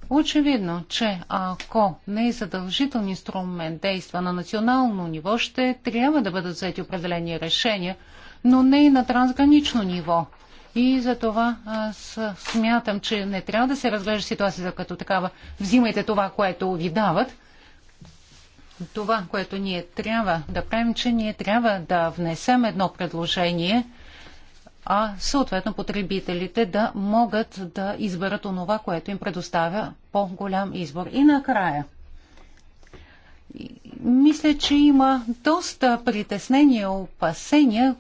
Speaker 3: Очевидно, че ако не е задължителен инструмент действа на национално ниво, ще трябва да бъдат взети определени решения, но не и на трансгранично ниво. И за това аз смятам, че не трябва да се разглежда ситуацията като такава. Взимайте това, което ви дават, това, което ние трябва да правим, че ние трябва да внесем едно предложение, а съответно потребителите да могат да изберат онова, което им предоставя по-голям избор. И накрая, мисля, че има доста притеснения, опасения,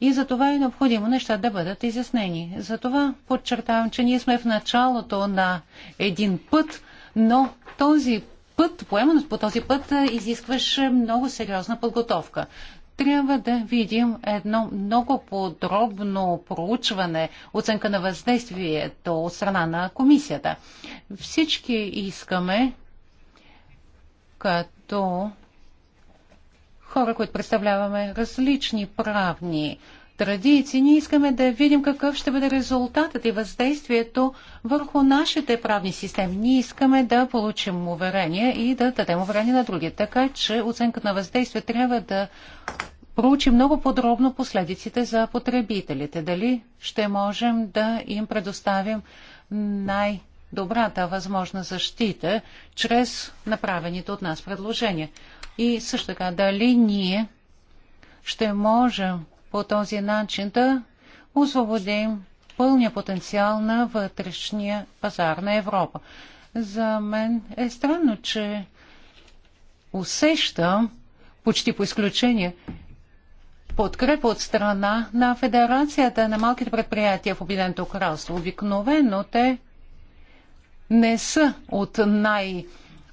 Speaker 3: и за това е необходимо неща да бъдат изяснени. За това подчертавам, че ние сме в началото на един път, но този път, поемането по този път изискваше много сериозна подготовка. Трябва да видим едно много подробно проучване, оценка на въздействието от страна на комисията. Всички искаме като хора, които представляваме различни правни традиции, ние искаме да видим какъв ще бъде резултатът и въздействието върху нашите правни системи. Ние искаме да получим уверение и да дадем уверение на другите. Така че оценката на въздействие трябва да проучи много подробно последиците за потребителите. Дали ще можем да им предоставим най- добрата възможна защита чрез направените от нас предложения. И също така, дали ние ще можем по този начин да освободим пълния потенциал на вътрешния пазар на Европа. За мен е странно, че усещам почти по изключение подкрепа от страна на Федерацията на малките предприятия в Обединеното кралство. Обикновено те не са от най-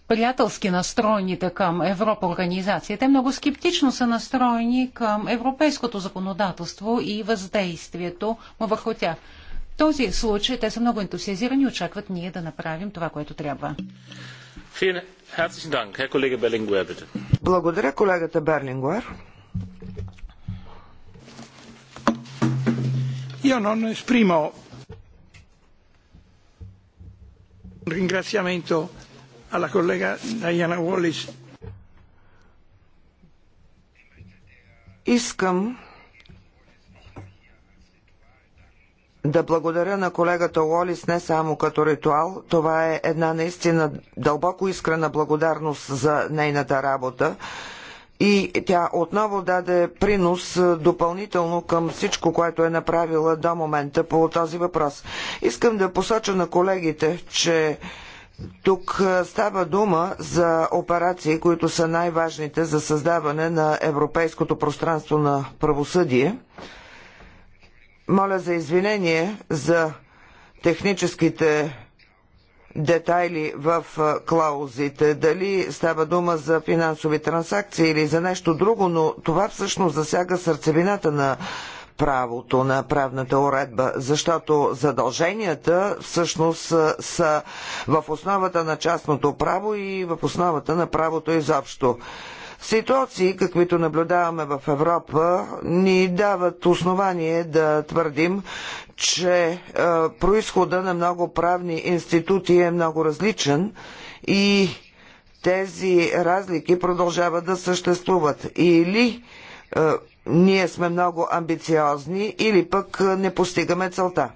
Speaker 3: приятелски настроените към Европа организации. Те много скептично са настроени към европейското законодателство и въздействието му върху тях. В този случай те са много ентусиазирани и очакват ние да направим това, което трябва.
Speaker 1: Благодаря, колегата Берлингуер. Io non esprimo ringraziamento a la colega Diana Wallis. Искам да благодаря на колегата Уолис не само като ритуал, това е една наистина дълбоко искрена благодарност за нейната работа и тя отново даде принос е, допълнително към всичко, което е направила до момента по този въпрос. Искам да посоча на колегите, че тук става дума за операции, които са най-важните за създаване на европейското пространство на правосъдие. Моля за извинение за техническите детайли в клаузите, дали става дума за финансови транзакции или за нещо друго, но това всъщност засяга сърцевината на правото, на правната уредба, защото задълженията всъщност са в основата на частното право и в основата на правото изобщо. Ситуации, каквито наблюдаваме в Европа, ни дават основание да твърдим, че е, происхода на много правни институти е много различен и тези разлики продължават да съществуват. Или е, ние сме много амбициозни или пък не постигаме целта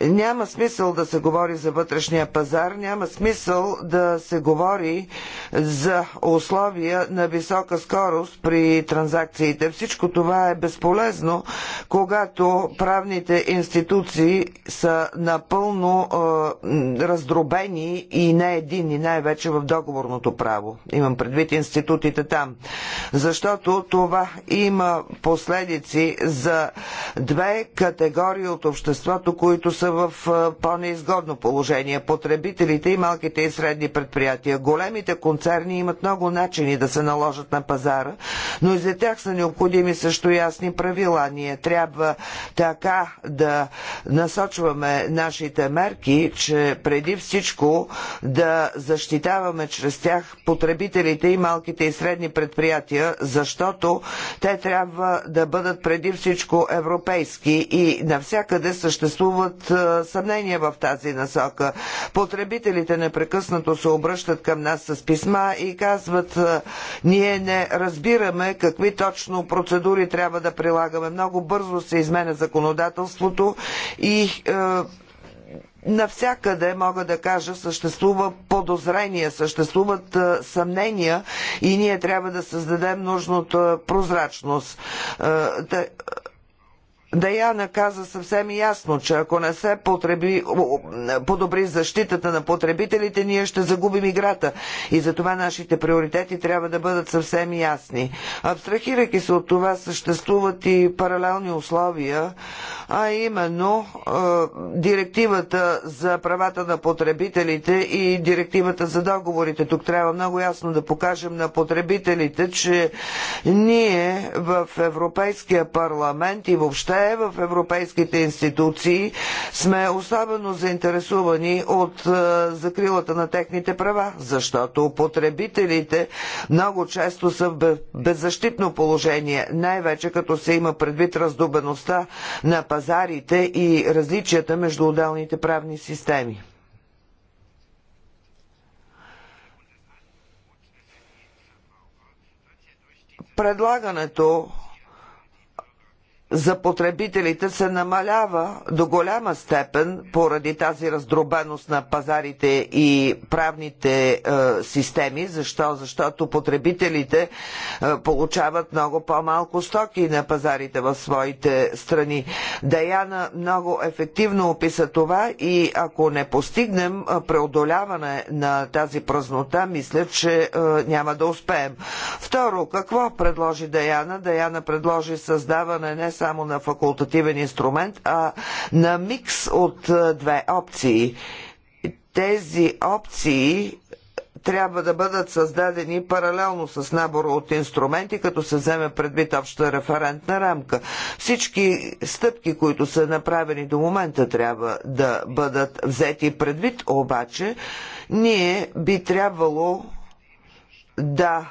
Speaker 1: няма смисъл да се говори за вътрешния пазар, няма смисъл да се говори за условия на висока скорост при транзакциите. Всичко това е безполезно, когато правните институции са напълно е, раздробени и не едини, най-вече в договорното право. Имам предвид институтите там. Защото това има последици за две категории от обществото, които са в по-неизгодно положение. Потребителите и малките и средни предприятия. Големите концерни имат много начини да се наложат на пазара, но и за тях са необходими също ясни правила. Ние трябва така да насочваме нашите мерки, че преди всичко да защитаваме чрез тях потребителите и малките и средни предприятия, защото те трябва да бъдат преди всичко европейски и навсякъде съществуват съмнения в тази насока. Потребителите непрекъснато се обръщат към нас с писма и казват, ние не разбираме какви точно процедури трябва да прилагаме. Много бързо се изменя законодателството и Навсякъде, мога да кажа, съществува подозрение, съществуват съмнения и ние трябва да създадем нужната прозрачност. Даяна каза съвсем ясно, че ако не се потреби, подобри защитата на потребителите, ние ще загубим играта. И затова нашите приоритети трябва да бъдат съвсем ясни. Абстрахирайки се от това, съществуват и паралелни условия, а именно е, директивата за правата на потребителите и директивата за договорите. Тук трябва много ясно да покажем на потребителите, че ние в Европейския парламент и въобще живее в европейските институции сме особено заинтересувани от е, закрилата на техните права, защото потребителите много често са в беззащитно положение, най-вече като се има предвид раздобеността на пазарите и различията между отделните правни системи. Предлагането за потребителите се намалява до голяма степен поради тази раздробеност на пазарите и правните е, системи. Защо? Защото потребителите е, получават много по-малко стоки на пазарите в своите страни. Даяна много ефективно описа това и ако не постигнем е, преодоляване на тази празнота, мисля, че е, няма да успеем. Второ, какво предложи Даяна? Даяна предложи създаване не само на факултативен инструмент, а на микс от две опции. Тези опции трябва да бъдат създадени паралелно с набора от инструменти, като се вземе предвид обща референтна рамка. Всички стъпки, които са направени до момента, трябва да бъдат взети предвид, обаче ние би трябвало да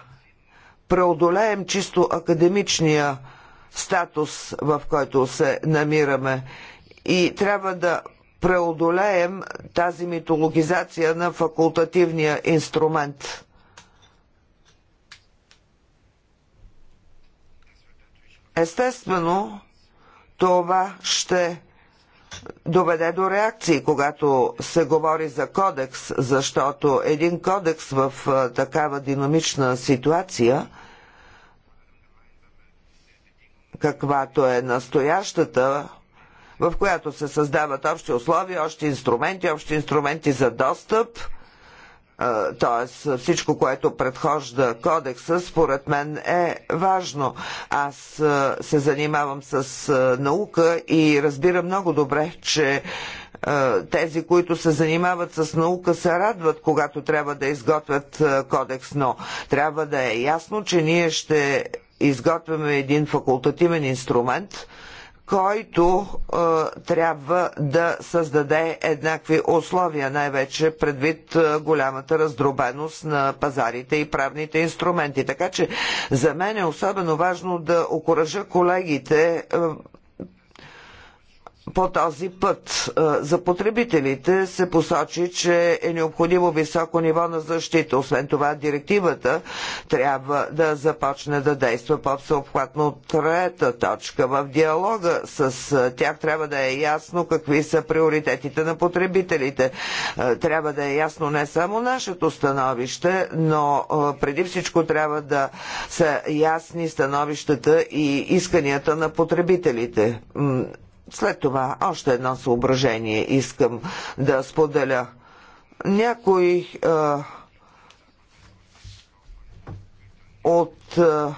Speaker 1: преодолеем чисто академичния статус, в който се намираме. И трябва да преодолеем тази митологизация на факултативния инструмент. Естествено, това ще доведе до реакции, когато се говори за кодекс, защото един кодекс в такава динамична ситуация каквато е настоящата, в която се създават общи условия, общи инструменти, общи инструменти за достъп, т.е. всичко, което предхожда кодекса, според мен е важно. Аз се занимавам с наука и разбира много добре, че тези, които се занимават с наука, се радват, когато трябва да изготвят кодекс, но трябва да е ясно, че ние ще изготвяме един факултативен инструмент, който е, трябва да създаде еднакви условия, най-вече предвид е, голямата раздробеност на пазарите и правните инструменти. Така че за мен е особено важно да окоръжа колегите е, по този път. Е, за потребителите се посочи, че е необходимо високо ниво на защита. Освен това, директивата трябва да започне да действа по-всеобхватно. Трета точка. В диалога с е, тях трябва да е ясно какви са приоритетите на потребителите. Е, трябва да е ясно не само нашето становище, но преди всичко трябва да са ясни становищата и исканията на потребителите. След това още едно съображение искам да споделя. Някой а, от а,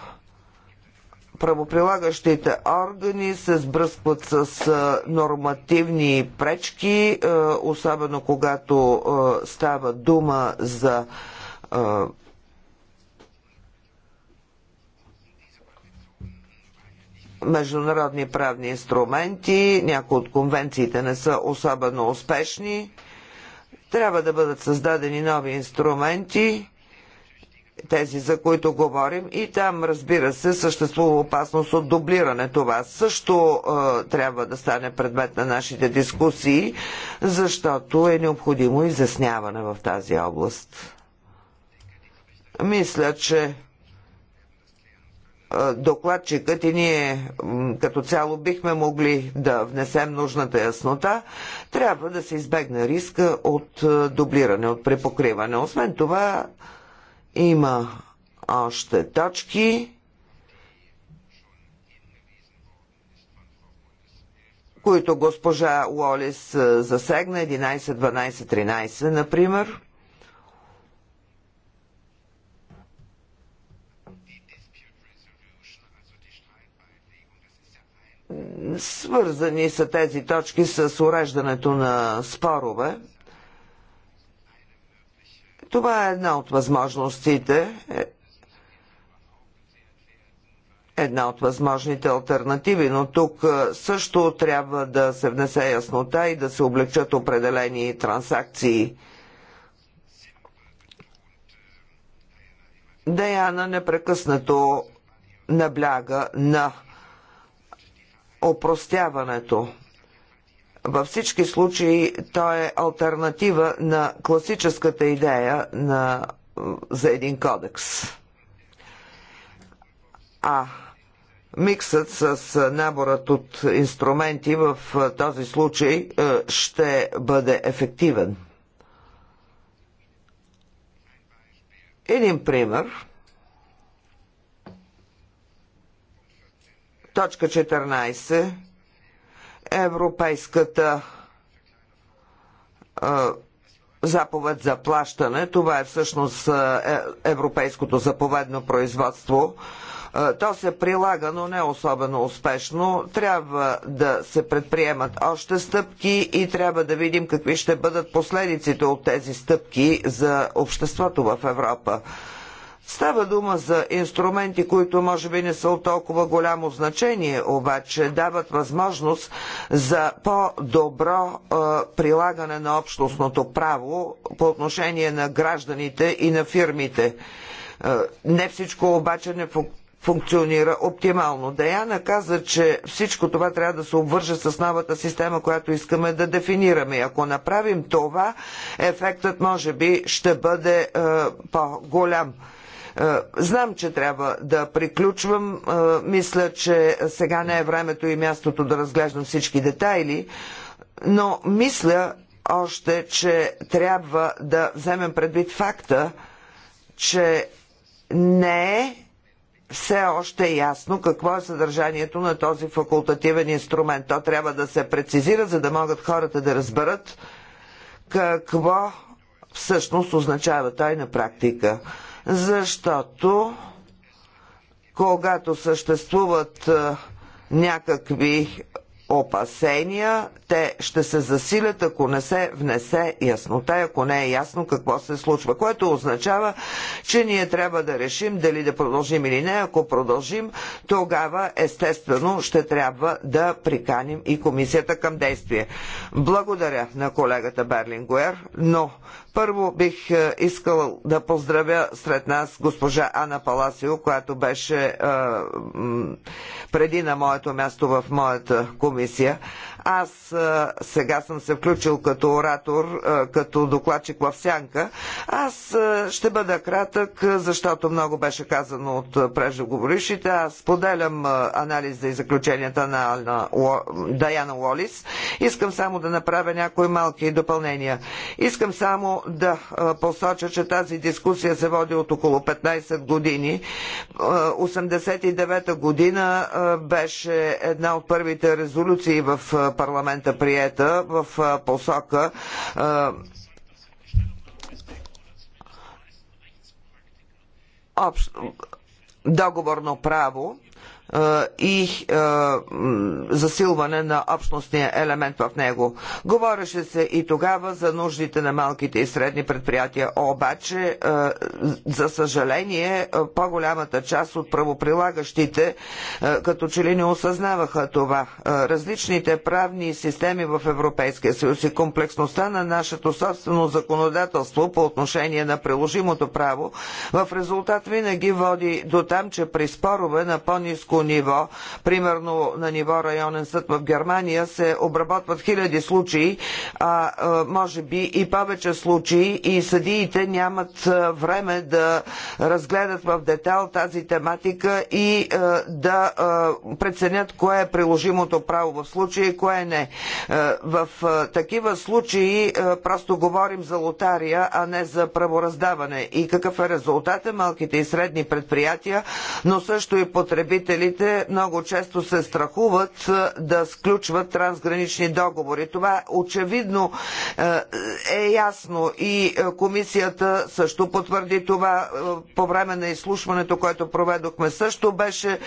Speaker 1: правоприлагащите органи се сбръскват с нормативни пречки, особено когато става дума за международни правни инструменти, някои от конвенциите не са особено успешни. Трябва да бъдат създадени нови инструменти, тези за които говорим, и там, разбира се, съществува опасност от дублиране. Това също е, трябва да стане предмет на нашите дискусии, защото е необходимо изясняване в тази област. Мисля, че докладчикът и ние като цяло бихме могли да внесем нужната яснота, трябва да се избегне риска от дублиране, от препокриване. Освен това, има още точки, които госпожа Уолис засегна 11, 12, 13, например. Свързани са тези точки с уреждането на спорове. Това е една от възможностите, една от възможните альтернативи, но тук също трябва да се внесе яснота и да се облегчат определени транзакции. Даяна непрекъснато набляга на опростяването. Във всички случаи то е альтернатива на класическата идея на, за един кодекс. А миксът с наборът от инструменти в този случай е, ще бъде ефективен. Един пример – Точка 14. Европейската заповед за плащане. Това е всъщност е, европейското заповедно производство. То се прилага, но не особено успешно. Трябва да се предприемат още стъпки и трябва да видим какви ще бъдат последиците от тези стъпки за обществото в Европа. Става дума за инструменти, които може би не са от толкова голямо значение, обаче дават възможност за по-добро е, прилагане на общностното право по отношение на гражданите и на фирмите. Е, не всичко обаче не функционира оптимално. Даяна каза, че всичко това трябва да се обвърже с новата система, която искаме да дефинираме. Ако направим това, ефектът може би ще бъде е, по-голям. Е, знам, че трябва да приключвам. Е, мисля, че сега не е времето и мястото да разглеждам всички детайли, но мисля още, че трябва да вземем предвид факта, че не е все още е ясно какво е съдържанието на този факултативен инструмент. То трябва да се прецизира, за да могат хората да разберат какво всъщност означава той на практика защото когато съществуват е, някакви опасения, те ще се засилят, ако не се внесе яснота, ако не е ясно какво се случва. Което означава, че ние трябва да решим дали да продължим или не. Ако продължим, тогава естествено ще трябва да приканим и комисията към действие. Благодаря на колегата Берлингуер, но първо бих е, искал да поздравя сред нас госпожа Ана Паласио, която беше е, преди на моето място в моята комисия. Аз сега съм се включил като оратор, като докладчик в сянка. Аз ще бъда кратък, защото много беше казано от преждеговорившите. Аз поделям анализа и заключенията на Даяна Уолис. Искам само да направя някои малки допълнения. Искам само да посоча, че тази дискусия се води от около 15 години. 89-та година беше една от първите резолюции в парламента приета в посока общ, договорно право и засилване на общностния елемент в него. Говореше се и тогава за нуждите на малките и средни предприятия, обаче за съжаление по-голямата част от правоприлагащите като че ли не осъзнаваха това. Различните правни системи в Европейския съюз и комплексността на нашето собствено законодателство по отношение на приложимото право в резултат винаги води до там, че при спорове на по-низко ниво, примерно на ниво районен съд в Германия, се обработват хиляди случаи, а може би и повече случаи и съдиите нямат време да разгледат в детал тази тематика и да преценят кое е приложимото право в случая и кое не. В такива случаи просто говорим за лотария, а не за правораздаване. И какъв е резултатът? Малките и средни предприятия, но също и потребители инвеститорите много често се страхуват е, да сключват трансгранични договори. Това очевидно е, е ясно и е, комисията също потвърди това по време на изслушването, което проведохме също беше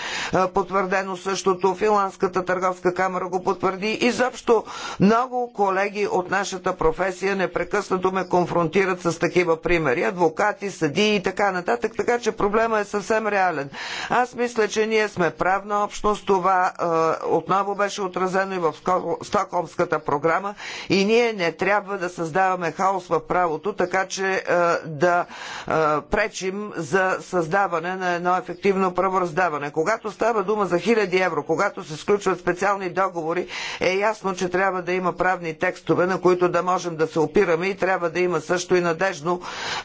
Speaker 1: потвърдено същото. Финландската търговска камера го потвърди. Изобщо много колеги от нашата професия непрекъснато ме конфронтират с такива примери. Адвокати, съдии и така нататък, така че проблема е съвсем реален. Аз мисля, че ние сме сме правна общност. Това е, отново беше отразено и в Стокхолмската програма. И ние не трябва да създаваме хаос в правото, така че е, да е, пречим за създаване на едно ефективно правораздаване. Когато става дума за хиляди евро, когато се сключват специални договори, е ясно, че трябва да има правни текстове, на които да можем да се опираме и трябва да има също и надежно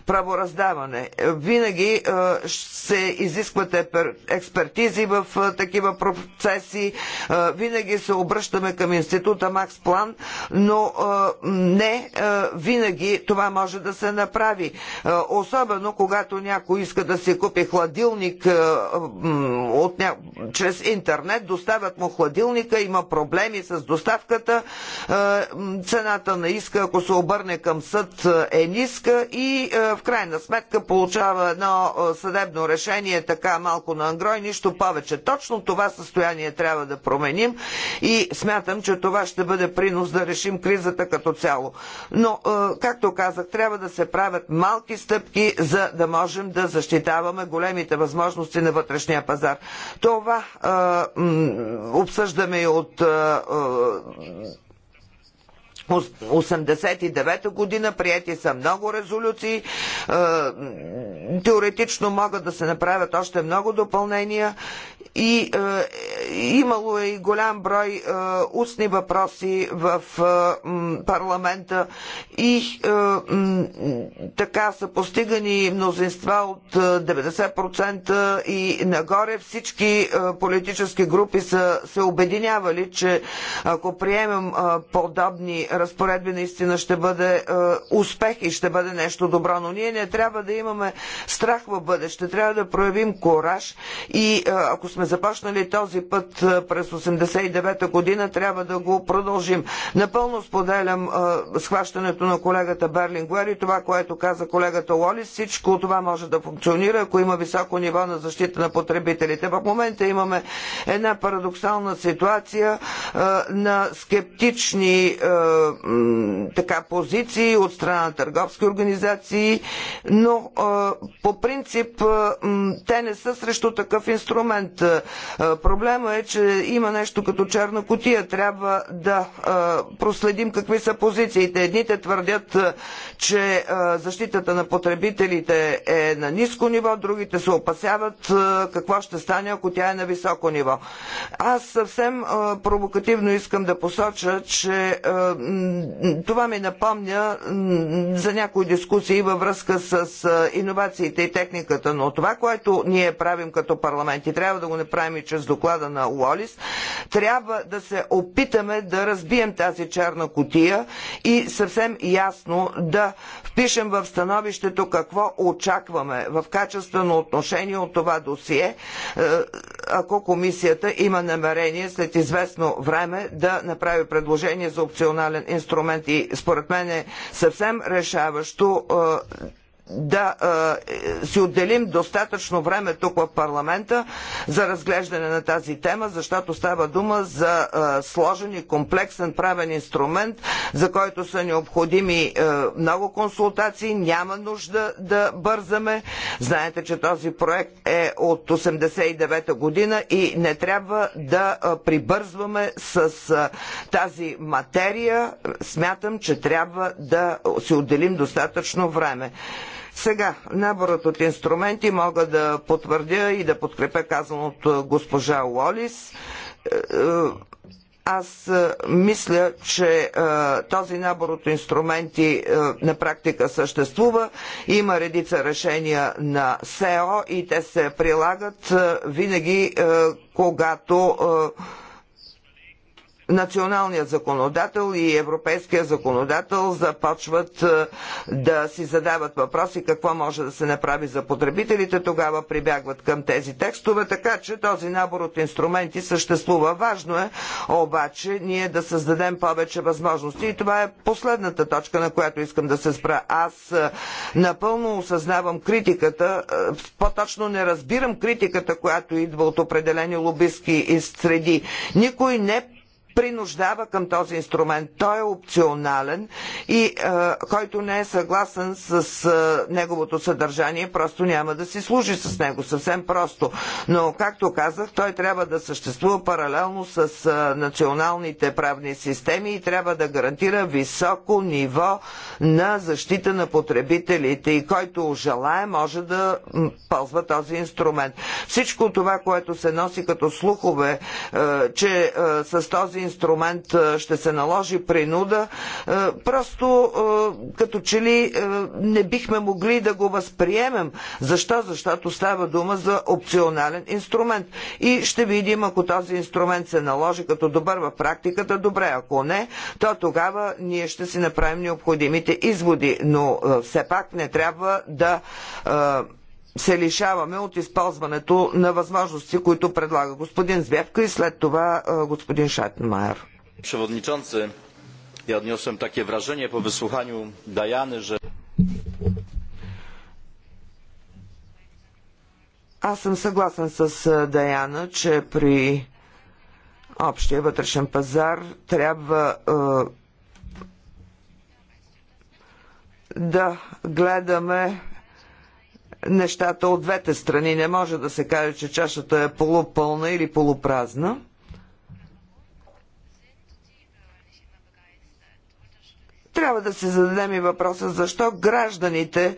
Speaker 1: правораздаване. Винаги е, се изискват експертизи в такива процеси. Винаги се обръщаме към института Макс План, но не винаги това може да се направи. Особено когато някой иска да си купи хладилник от ня... чрез интернет, доставят му хладилника, има проблеми с доставката, цената на иска, ако се обърне към съд, е ниска и в крайна сметка получава едно съдебно решение така малко на ангрой, нищо повече. Точно това състояние трябва да променим и смятам, че това ще бъде принос да решим кризата като цяло. Но, е, както казах, трябва да се правят малки стъпки, за да можем да защитаваме големите възможности на вътрешния пазар. Това е, обсъждаме и от е, 1989 година. Прияти са много резолюции. Е, теоретично могат да се направят още много допълнения и е, имало е и голям брой е, устни въпроси в е, парламента и е, така са постигани мнозинства от 90% е, и нагоре всички е, политически групи са се обединявали, че ако приемем е, подобни разпоредби наистина ще бъде е, успех и ще бъде нещо добро. Но ние не трябва да имаме страх в бъдеще, трябва да проявим кораж и е, ако сме започнали този път е, през 89-та година, трябва да го продължим. Напълно споделям е, схващането на колегата Берлингуер и това, което каза колегата Лолис. Всичко това може да функционира, ако има високо ниво на защита на потребителите. В момента имаме една парадоксална ситуация е, на скептични е, така позиции от страна на търговски организации, но по принцип те не са срещу такъв инструмент. Проблема е, че има нещо като черна котия. Трябва да проследим какви са позициите. Едните твърдят, че защитата на потребителите е на ниско ниво, другите се опасяват какво ще стане, ако тя е на високо ниво. Аз съвсем провокативно искам да посоча, че това ми напомня за някои дискусии във връзка с иновациите и техниката, но това, което ние правим като парламент и трябва да го направим и чрез доклада на Уолис, трябва да се опитаме да разбием тази черна котия и съвсем ясно да впишем в становището какво очакваме в качествено отношение от това досие, е, ако комисията има намерение след известно време да направи предложение за опционален инструмент и според мен е съвсем решаващо е, да е, си отделим достатъчно време тук в парламента за разглеждане на тази тема, защото става дума за сложен и комплексен правен инструмент, за който са необходими много консултации. Няма нужда да бързаме. Знаете, че този проект е от 89-та година и не трябва да прибързваме с тази материя. Смятам, че трябва да си отделим достатъчно време. Сега, наборът от инструменти мога да потвърдя и да подкрепя казаното госпожа Лолис е, е, аз е, мисля, че този набор от инструменти на практика съществува. Има редица решения на СЕО и те се прилагат винаги, когато националният законодател и европейския законодател започват е, да си задават въпроси какво може да се направи за потребителите, тогава прибягват към тези текстове, така че този набор от инструменти съществува. Важно е обаче ние да създадем повече възможности и това е последната точка, на която искам да се спра. Аз е, напълно осъзнавам критиката, е, по-точно не разбирам критиката, която идва от определени лобистки среди. Никой не принуждава към този инструмент. Той е опционален и а, е, който не е съгласен с а, е, неговото съдържание, просто няма да си служи с него. Съвсем просто. Но, както казах, той трябва да съществува паралелно с а, е, националните правни системи и трябва да гарантира високо ниво на защита на потребителите и който желая може да ползва този инструмент. Всичко това, което се носи като слухове, а, че а, с този този инструмент ще се наложи принуда, просто като че ли не бихме могли да го възприемем. Защо? Защото става дума за опционален инструмент. И ще видим, ако този инструмент се наложи като добър в практиката, добре. Ако не, то тогава ние ще си направим необходимите изводи. Но все пак не трябва да се лишаваме от използването на възможности, които предлага господин Звявка и след това господин Шатенмайер.
Speaker 2: Przewodniczący, я odniosłem takie wrażenie по wysłuchaniu Dajany, że...
Speaker 1: Аз съм съгласен с Даяна, че при общия вътрешен пазар трябва е, да гледаме нещата от двете страни. Не може да се каже, че чашата е полупълна или полупразна. Трябва да се зададем и въпроса защо гражданите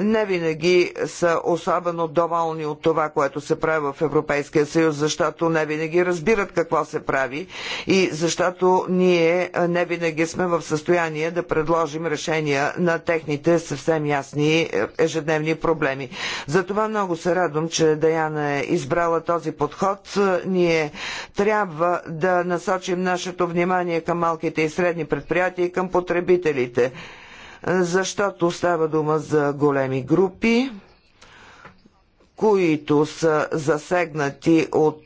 Speaker 1: не винаги са особено доволни от това, което се прави в Европейския съюз, защото не винаги разбират какво се прави и защото ние не винаги сме в състояние да предложим решения на техните съвсем ясни е, ежедневни проблеми. Затова много се радвам, че Даяна е избрала този подход. Ние трябва да насочим нашето внимание към малките и средни предприятия и към потребителите защото става дума за големи групи които са засегнати от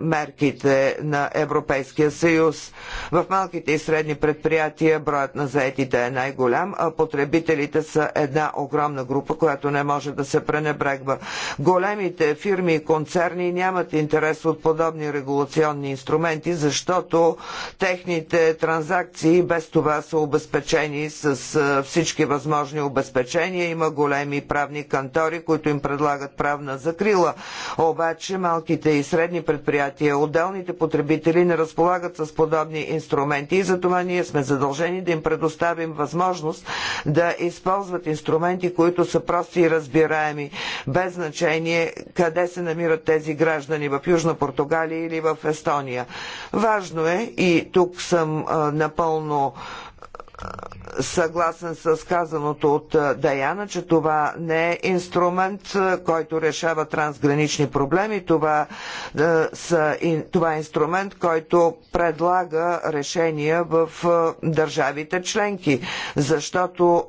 Speaker 1: мерките на Европейския съюз. В малките и средни предприятия броят на заетите е най-голям, а потребителите са една огромна група, която не може да се пренебрегва. Големите фирми и концерни нямат интерес от подобни регулационни инструменти, защото техните транзакции без това са обезпечени с всички възможни обезпечения. Има големи правни кантори, които им предлагат правна закрила. Обаче малките и средни предприятия, отделните потребители не разполагат с подобни инструменти и затова ние сме задължени да им предоставим възможност да използват инструменти, които са прости и разбираеми, без значение къде се намират тези граждани в Южна Португалия или в Естония. Важно е, и тук съм напълно съгласен с казаното от Даяна, че това не е инструмент, който решава трансгранични проблеми. Това, това е инструмент, който предлага решения в държавите членки, защото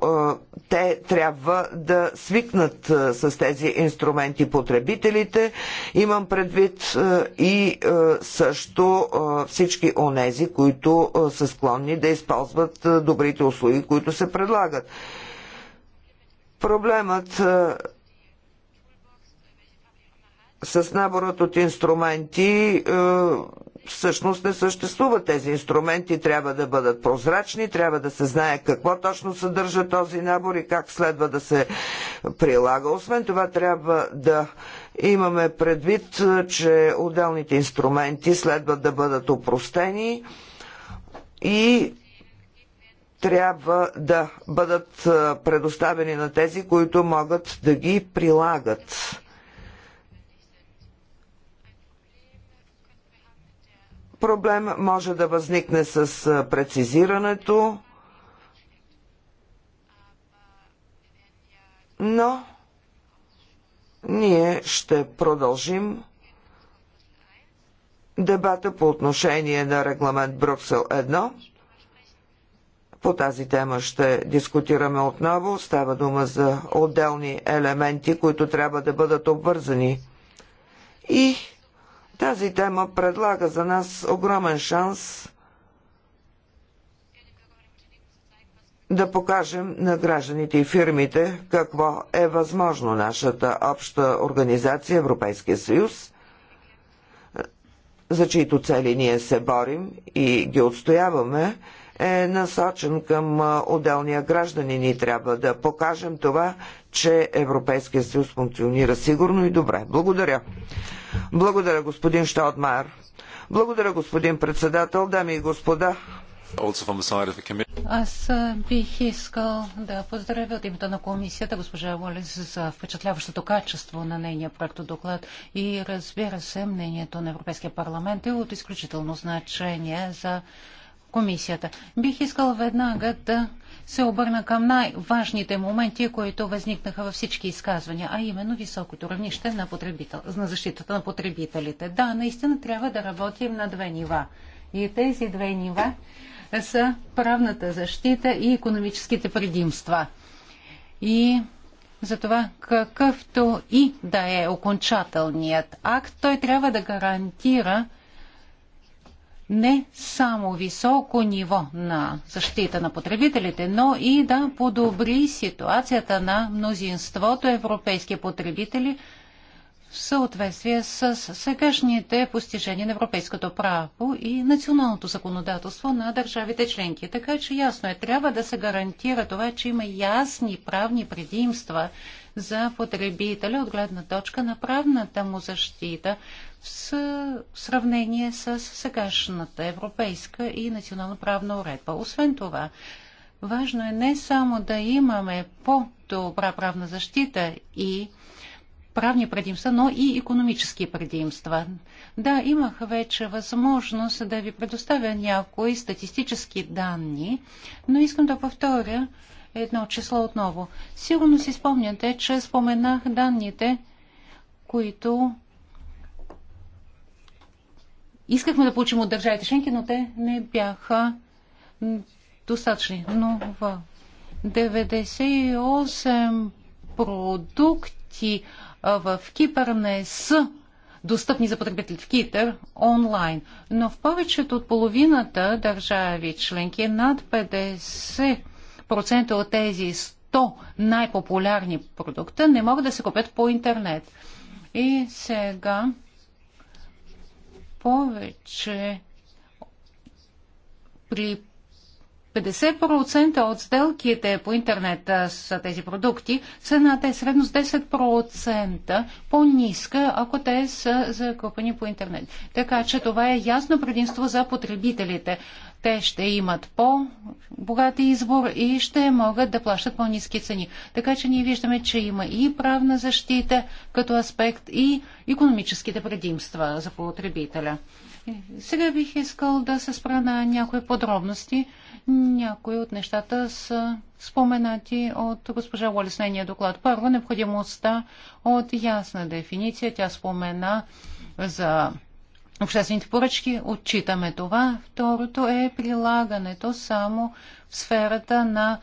Speaker 1: те трябва да свикнат с тези инструменти потребителите. Имам предвид и също всички онези, които са склонни да използват допълнителни добрите услуги, които се предлагат. Проблемът е, с наборът от инструменти е, всъщност не съществува. Тези инструменти трябва да бъдат прозрачни, трябва да се знае какво точно съдържа този набор и как следва да се прилага. Освен това трябва да имаме предвид, е, че отделните инструменти следва да бъдат опростени и трябва да бъдат предоставени на тези, които могат да ги прилагат. Проблем може да възникне с прецизирането, но ние ще продължим дебата по отношение на регламент Брюксел 1. По тази тема ще дискутираме отново. Става дума за отделни елементи, които трябва да бъдат обвързани. И тази тема предлага за нас огромен шанс да покажем на гражданите и фирмите какво е възможно нашата обща организация Европейския съюз, за чието цели ние се борим и ги отстояваме, е насочен към отделния гражданин и трябва да покажем това, че Европейския съюз функционира сигурно и добре. Благодаря. Благодаря, господин Штаотмайер. Благодаря, господин председател, дами и господа.
Speaker 3: Аз бих искал да поздравя от името на комисията госпожа Волес за впечатляващото качество на нейния доклад, и разбира се мнението на Европейския парламент е от изключително значение за комисията. Бих искал веднага да се обърна към най-важните моменти, които възникнаха във всички изказвания, а именно високото равнище на, потребител, на защитата на потребителите. Да, наистина трябва да работим на две нива. И тези две нива са правната защита и економическите предимства. И за това какъвто и да е окончателният акт, той трябва да гарантира не само високо ниво на защита на потребителите, но и да подобри ситуацията на мнозинството европейски потребители в съответствие с сегашните постижения на европейското право и националното законодателство на държавите членки. Така че ясно е, трябва да се гарантира това, че има ясни правни предимства за потребителя от гледна точка на правната му защита, в сравнение с сегашната европейска и национална правна уредба. Освен това, важно е не само да имаме по-добра правна защита и правни предимства, но и економически предимства. Да, имах вече възможност да ви предоставя някои статистически данни, но искам да повторя едно число отново. Сигурно си спомняте, че споменах данните, които искахме да получим от държавите членки, но те не бяха достатъчни. Но в 98 продукти в Кипър не са достъпни за потребителите в Китър онлайн. Но в повечето от половината държави членки е над 50% от тези 100 най-популярни продукта не могат да се купят по интернет. И сега повече при 50% от сделките по интернет с тези продукти, цената е средно с 10% по-ниска, ако те са закупени по интернет. Така че това е ясно предимство за потребителите. Те ще имат по богати избор и ще могат да плащат по-низки цени. Така че ние виждаме, че има и правна защита като аспект и економическите предимства за потребителя. Сега бих искал да се спра на някои подробности. Някои от нещата са споменати от госпожа Уолис нейния доклад. Първо, необходимостта от ясна дефиниция. Тя спомена за обществените поръчки. Отчитаме това. Второто е прилагането само в сферата на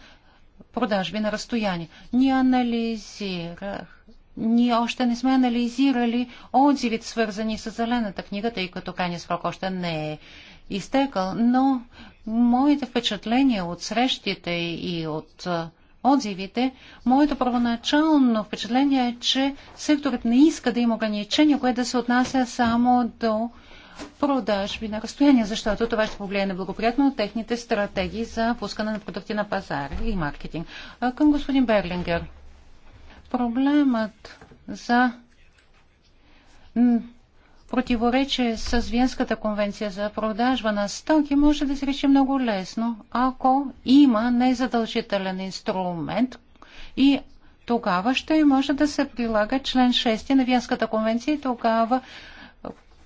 Speaker 3: продажби на разстояние. Ни анализирах ние още не сме анализирали отзивит, свързани с зелената книга, тъй като крайния срок още не е изтекал, но моите впечатления от срещите и от отзивите, моето първоначално впечатление е, че секторът не иска да има ограничения, което да се отнася само до продажби на разстояние, защото това ще повлияе неблагоприятно на техните стратегии за пускане на продукти на пазара и маркетинг. Към господин Берлингер. Проблемът за противоречие с Венската конвенция за продажба на стоки може да се реши много лесно, ако има незадължителен инструмент и тогава ще може да се прилага член 6 на Венската конвенция и тогава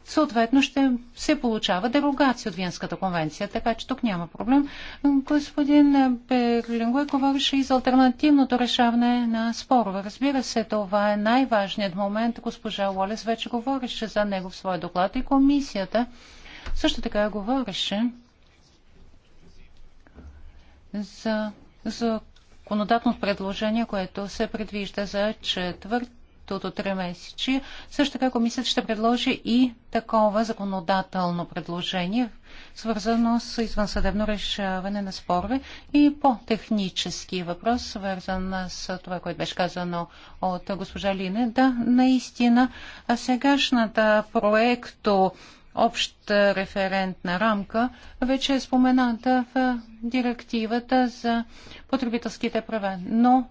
Speaker 3: съответно ще се получава дерогация от Венската конвенция, така че тук няма проблем. Господин Берлингой говореше и за альтернативното решаване на спорове. Разбира се, това е най-важният момент. Госпожа Уолес вече говореше за него в своя доклад и комисията също така говореше за, за законодателно предложение, което се предвижда за четвърт първото три месечи. Също така комисията ще предложи и такова законодателно предложение, свързано с извънсъдебно решаване на спорове и по-технически въпрос, свързан с това, което беше казано от госпожа Лине. Да, наистина, а сегашната проекто обща референтна рамка вече е спомената в директивата за потребителските права. Но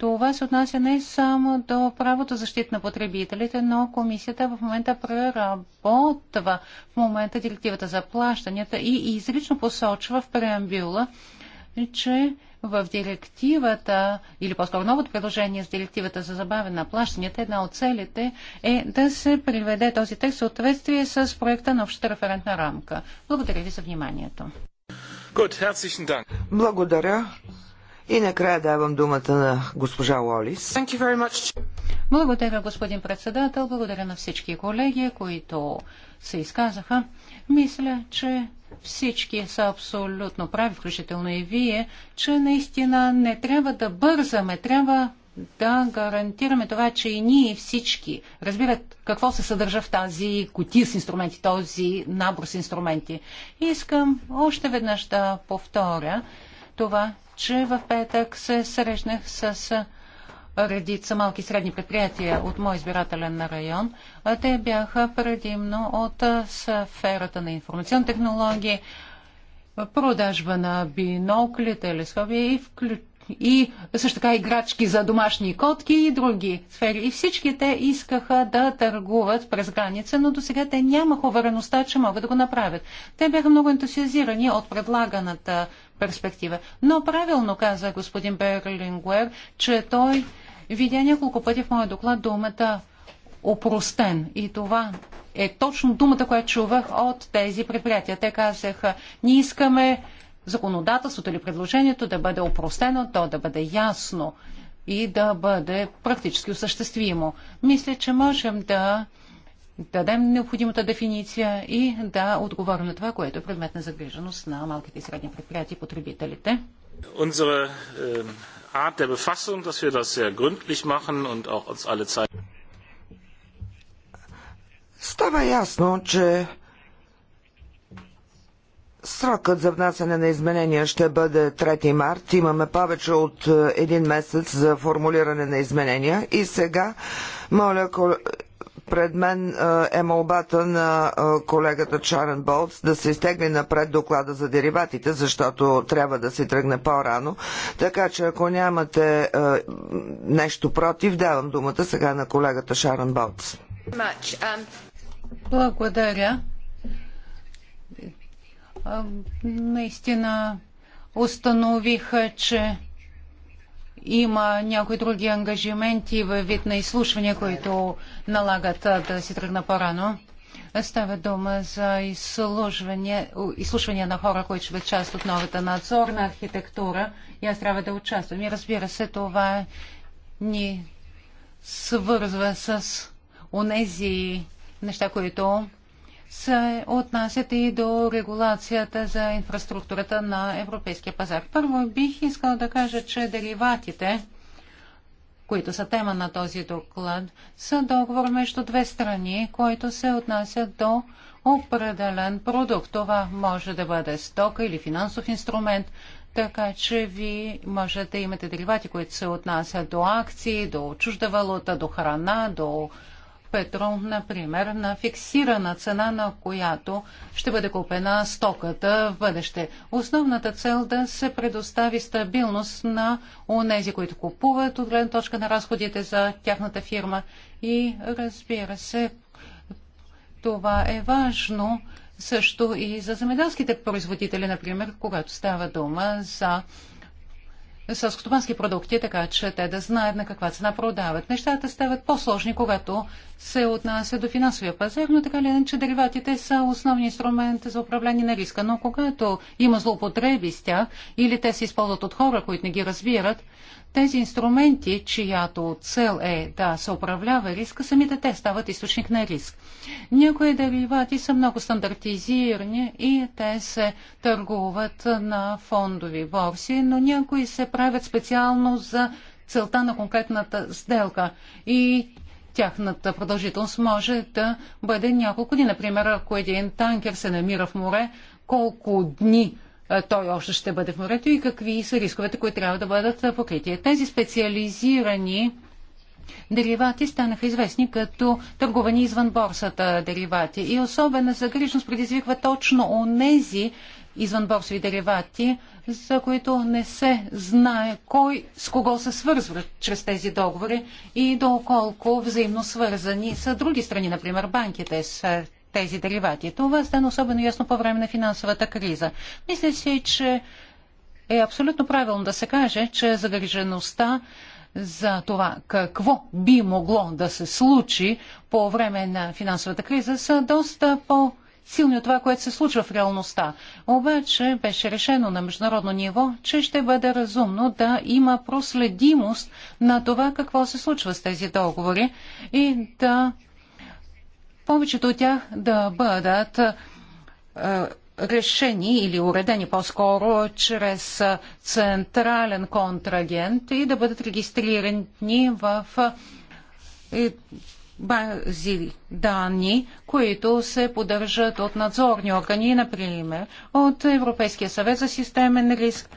Speaker 3: това се отнася не само до правото защита на потребителите, но комисията в момента преработва в момента директивата за плащанията и изрично посочва в преамбюла, че в директивата, или по-скоро новото предложение с директивата за забавяне на плащанията, една от целите е да се приведе този текст в съответствие с проекта на общата референтна рамка. Благодаря ви за вниманието.
Speaker 1: Благодаря. И накрая давам думата на госпожа Лолис.
Speaker 3: Благодаря, господин председател. Благодаря на всички колеги, които се изказаха. Мисля, че всички са абсолютно прави, включително и вие, че наистина не трябва да бързаме, трябва да гарантираме това, че и ние всички разбират какво се съдържа в тази кутия с инструменти, този набор с инструменти. Искам още веднъж да повторя това, че в петък се срещнах с редица малки и средни предприятия от мой избирателен район. Те бяха предимно от сферата на информационни технологии, продажба на бинокли, телескопи и включително и също така играчки за домашни котки и други сфери. И всички те искаха да търгуват през граница, но до сега те нямаха увереността, че могат да го направят. Те бяха много ентусиазирани от предлаганата перспектива. Но правилно каза господин Берлингуер, че той видя няколко пъти в моя доклад думата опростен. И това е точно думата, която чувах от тези предприятия. Те казаха, ние искаме законодателството или предложението да бъде опростено, то да бъде ясно и да бъде практически осъществимо. Мисля, че можем да дадем необходимата дефиниция и да отговорим на това, което е предмет на загриженост на малките и средни предприятия и потребителите.
Speaker 1: Э, Става ясно, че Срокът за внасяне на изменения ще бъде 3 март. Имаме повече от е, един месец за формулиране на изменения. И сега, моля, пред мен е, е молбата на е, колегата Чарен Болтс да се изтегне напред доклада за дериватите, защото трябва да се тръгне по-рано. Така че ако нямате нещо против, давам думата сега на колегата Шарен Болтс.
Speaker 3: Благодаря наистина установиха, че има някои други ангажименти във вид на изслушване, които налагат да си тръгна по-рано. Става дума за изслушване, изслушвания на хора, които ще бъдат част от новата надзорна архитектура и аз трябва да участвам. И разбира се, това ни свързва с онези неща, които се отнасят и до регулацията за инфраструктурата на европейския пазар. Първо бих искал да кажа, че дериватите, които са тема на този доклад, са договор между две страни, които се отнасят до определен продукт. Това може да бъде стока или финансов инструмент, така че ви можете да имате деривати, които се отнасят до акции, до чужда валута, до храна, до петрол, например, на фиксирана цена, на която ще бъде купена стоката в бъдеще. Основната цел да се предостави стабилност на онези, които купуват от гледна точка на разходите за тяхната фирма. И разбира се, това е важно също и за земеделските производители, например, когато става дума за селскостопански продукти, така че те да знаят на каква цена продават. Нещата стават по-сложни, когато се отнася до финансовия пазар, но така ли че дериватите са основни инструменти за управление на риска. Но когато има злоупотреби с тях или те се използват от хора, които не ги разбират, тези инструменти, чиято цел е да се управлява риска, самите те стават източник на риск. Някои деривати са много стандартизирани и те се търгуват на фондови борси, но някои се правят специално за целта на конкретната сделка и тяхната продължителност може да бъде няколко дни. Например, ако един танкер се намира в море, колко дни той още ще бъде в морето и какви са рисковете, които трябва да бъдат покрити. Тези специализирани деривати станаха известни като търговани извън борсата деривати. И особена загрижност предизвиква точно онези извънборсови деривати, за които не се знае кой с кого се свързват чрез тези договори и доколко взаимно свързани са други страни, например банките с тези деривати. Това стана особено ясно по време на финансовата криза. Мисля си, че е абсолютно правилно да се каже, че загрижеността за това какво би могло да се случи по време на финансовата криза са доста по- силни от това, което се случва в реалността. Обаче беше решено на международно ниво, че ще бъде разумно да има проследимост на това какво се случва с тези договори и да повечето от тях да бъдат е, решени или уредени по-скоро чрез централен контрагент и да бъдат регистрирани в е, бази данни, които се поддържат от надзорни органи, например от Европейския съвет за системен риск.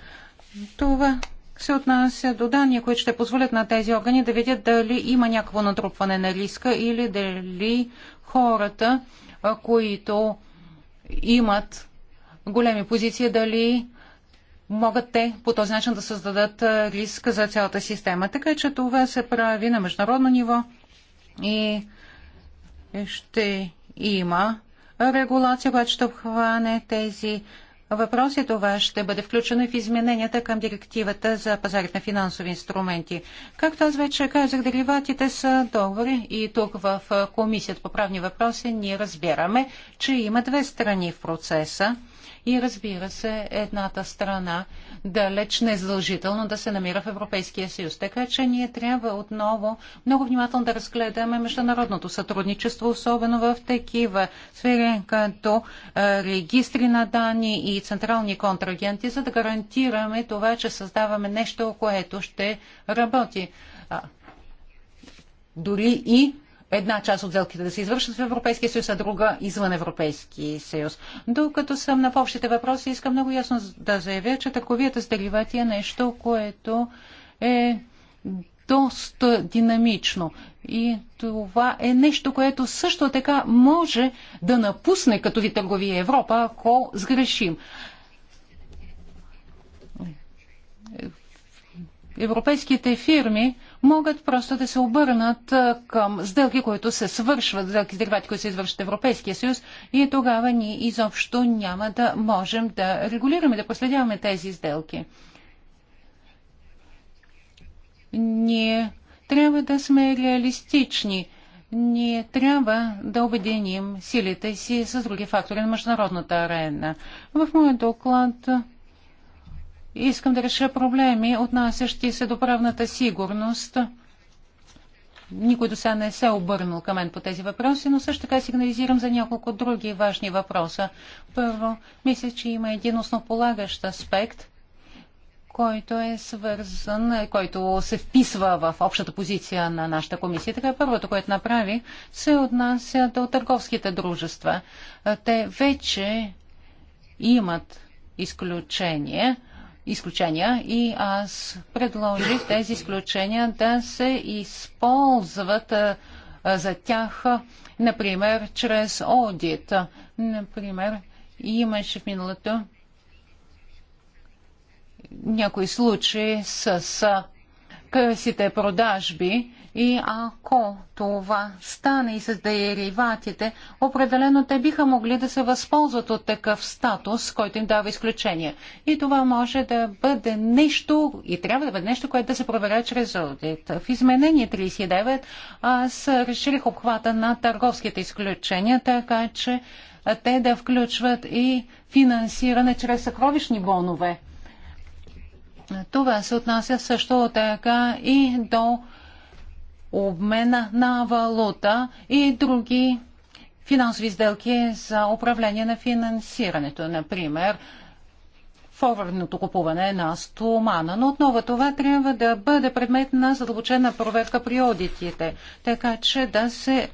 Speaker 3: Това се отнася до данни, които ще позволят на тези органи да видят дали има някакво натрупване на риска или дали хората, които имат големи позиции, дали могат те по този начин да създадат риск за цялата система. Така че това се прави на международно ниво и ще има регулация, която ще обхване тези въпрос е това ще бъде включено в измененията към директивата за пазарите на финансови инструменти. Както аз вече казах, дериватите са договори и тук в Комисията по правни въпроси ние разбираме, че има две страни в процеса и разбира се, едната страна далеч не е задължително да се намира в Европейския съюз. Така че ние трябва отново много внимателно да разгледаме международното сътрудничество, особено в такива сфери, като регистри на данни и централни контрагенти, за да гарантираме това, че създаваме нещо, което ще работи дори и една част от сделките да се извършат в Европейския съюз, а друга извън Европейския съюз. Докато съм на общите въпроси, искам много ясно да заявя, че търговията с деривати е нещо, което е доста динамично. И това е нещо, което също така може да напусне като ви търговия Европа, ако сгрешим. Европейските фирми могат просто да се обърнат към сделки, които се свършват, сделки с деривати, които се извършват в Европейския съюз и тогава ние изобщо няма да можем да регулираме, да последяваме тези сделки. Ние трябва да сме реалистични. Ние трябва да обединим силите си с други фактори на международната арена. В моят доклад искам да реша проблеми, отнасящи се до правната сигурност. Никой до сега не се е обърнал към мен по тези въпроси, но също така сигнализирам за няколко други важни въпроса. Първо, мисля, че има един основополагащ аспект, който е свързан, който се вписва в общата позиция на нашата комисия. Така първото, което направи, се отнася до търговските дружества. Те вече имат изключение изключения и аз предложих тези изключения да се използват за тях, например, чрез аудит. Например, имаше в миналото някои случаи с късите продажби и ако това стане и с дериватите, определено те биха могли да се възползват от такъв статус, който им дава изключение. И това може да бъде нещо и трябва да бъде нещо, което да се проверя чрез аудит. В изменение 39 аз разширих обхвата на търговските изключения, така че те да включват и финансиране чрез съкровищни бонове. Това се отнася също така и до обмена на валута и други финансови сделки за управление на финансирането, например форвардното купуване на стомана. Но отново това трябва да бъде предмет на задълбочена проверка при одитите, така че да се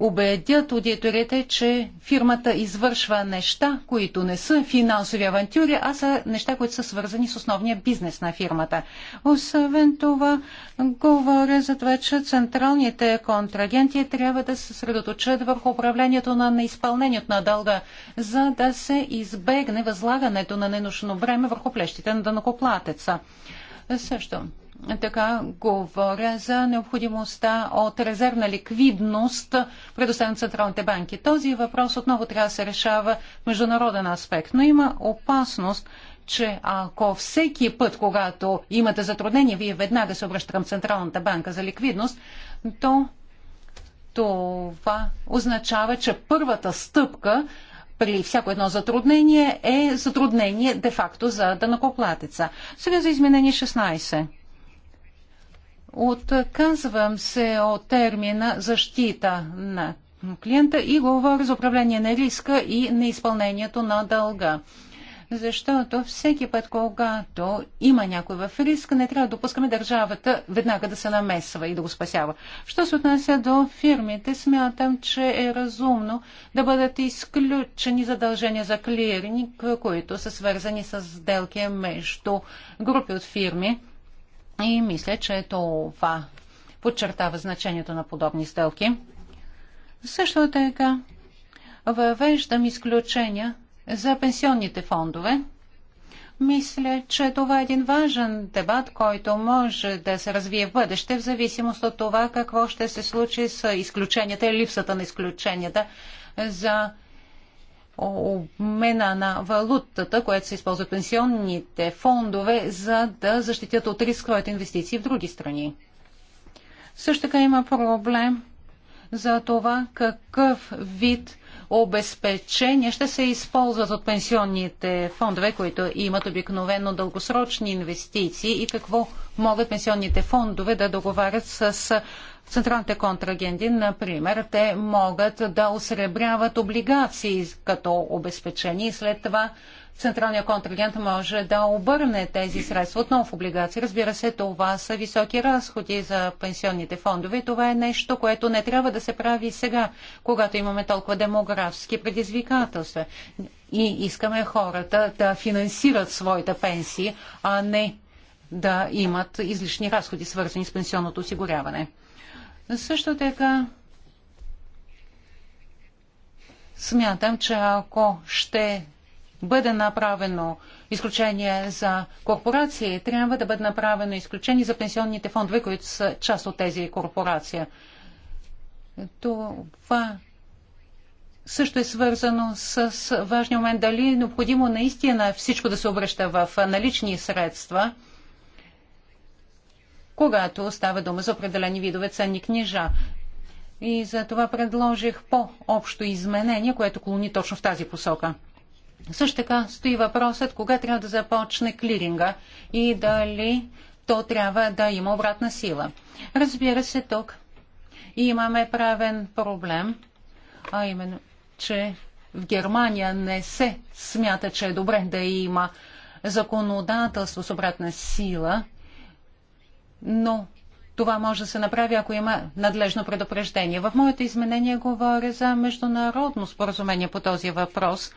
Speaker 3: убедят аудиторите, че фирмата извършва неща, които не са финансови авантюри, а са неща, които са свързани с основния бизнес на фирмата. Освен това, говоря за това, че централните контрагенти трябва да се средоточат върху управлението на неизпълнението на дълга, за да се избегне възлагането на ненужно време върху плещите на данокоплатеца. Също така говоря за необходимостта от резервна ликвидност, предоставена централните банки. Този въпрос отново трябва да се решава в международен аспект, но има опасност, че ако всеки път, когато имате затруднение, вие веднага се обръщате към Централната банка за ликвидност, то това означава, че първата стъпка при всяко едно затруднение е затруднение де-факто за данакоплатеца. Сега за изменение 16. Отказвам се от термина защита на клиента и говоря за управление на риска и на изпълнението на дълга. Защото всеки път, когато има някой в риск, не трябва да допускаме държавата веднага да се намесва и да го спасява. Що се отнася до фирмите, смятам, че е разумно да бъдат изключени задължения за клиринг, които са свързани с сделки между групи от фирми и мисля, че това подчертава значението на подобни сделки. Също така въвеждам изключения за пенсионните фондове. Мисля, че това е един важен дебат, който може да се развие в бъдеще, в зависимост от това какво ще се случи с изключенията и липсата на изключенията за обмена на валутата, която се използва пенсионните фондове, за да защитят от риск своите инвестиции в други страни. Също така има проблем за това какъв вид обезпечение ще се използват от пенсионните фондове, които имат обикновено дългосрочни инвестиции и какво могат пенсионните фондове да договарят с централните контрагенти, например, те могат да осребряват облигации като обезпечени и след това централният контрагент може да обърне тези средства отново в облигации. Разбира се, това са високи разходи за пенсионните фондове и това е нещо, което не трябва да се прави сега, когато имаме толкова демографски предизвикателства. И искаме хората да финансират своите пенсии, а не да имат излишни разходи, свързани с пенсионното осигуряване. Също така смятам, че ако ще бъде направено изключение за корпорации, трябва да бъде направено изключение за пенсионните фондове, които са част от тези корпорации. Това също е свързано с важния момент дали е необходимо наистина всичко да се обръща в налични средства – когато става дума за определени видове ценни книжа. И за това предложих по-общо изменение, което клони точно в тази посока. Също така стои въпросът кога трябва да започне клиринга и дали то трябва да има обратна сила. Разбира се, тук имаме правен проблем, а именно, че в Германия не се смята, че е добре да има законодателство с обратна сила, но това може да се направи, ако има надлежно предупреждение. В моето изменение говоря за международно споразумение по този въпрос.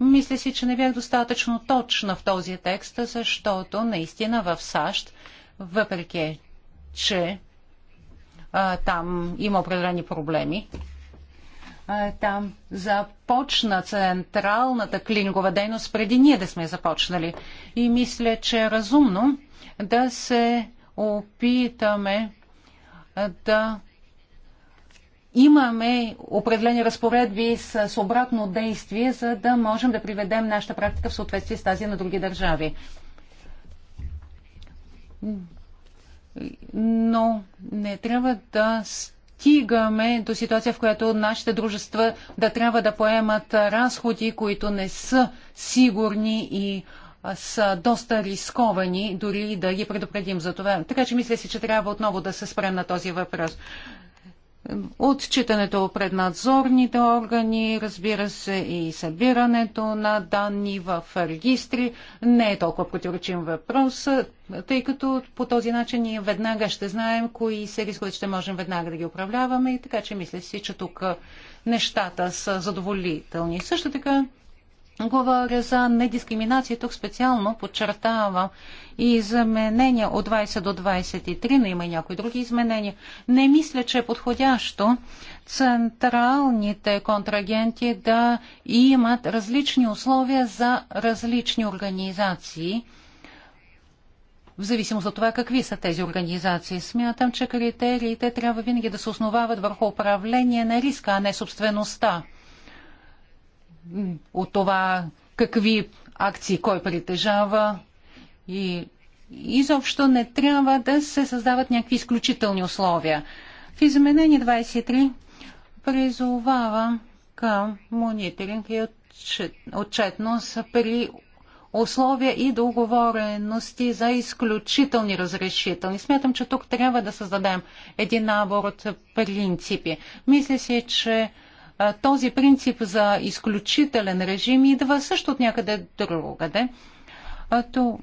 Speaker 3: Мисля си, че не бях достатъчно точна в този текст, защото наистина в САЩ, въпреки че а, там има определени проблеми, а, там започна централната клингова дейност преди ние да сме започнали. И мисля, че е разумно да се опитаме да имаме определени разпоредби с, обратно действие, за да можем да приведем нашата практика в съответствие с тази на други държави. Но не трябва да стигаме до ситуация, в която нашите дружества да трябва да поемат разходи, които не са сигурни и са доста рисковани, дори да ги предупредим за това. Така че мисля си, че трябва отново да се спрем на този въпрос. Отчитането пред надзорните органи, разбира се, и събирането на данни в регистри не е толкова противоречим въпрос, тъй като по този начин ние веднага ще знаем кои се рисковете ще можем веднага да ги управляваме и така че мисля си, че тук нещата са задоволителни. Също така Говоря за недискриминация. Тук специално подчертавам и изменения от 20 до 23, но има и някои други изменения. Не мисля, че е подходящо централните контрагенти да имат различни условия за различни организации в зависимост от това какви са тези организации. Смятам, че критериите трябва винаги да се основават върху управление на риска, а не собствеността от това какви акции кой притежава и изобщо не трябва да се създават някакви изключителни условия. В изменение 23 призовава към мониторинг и отчетност при условия и договорености за изключителни разрешителни. Смятам, че тук трябва да създадем един набор от принципи. Мисля си, че този принцип за изключителен режим идва също от някъде другаде. То,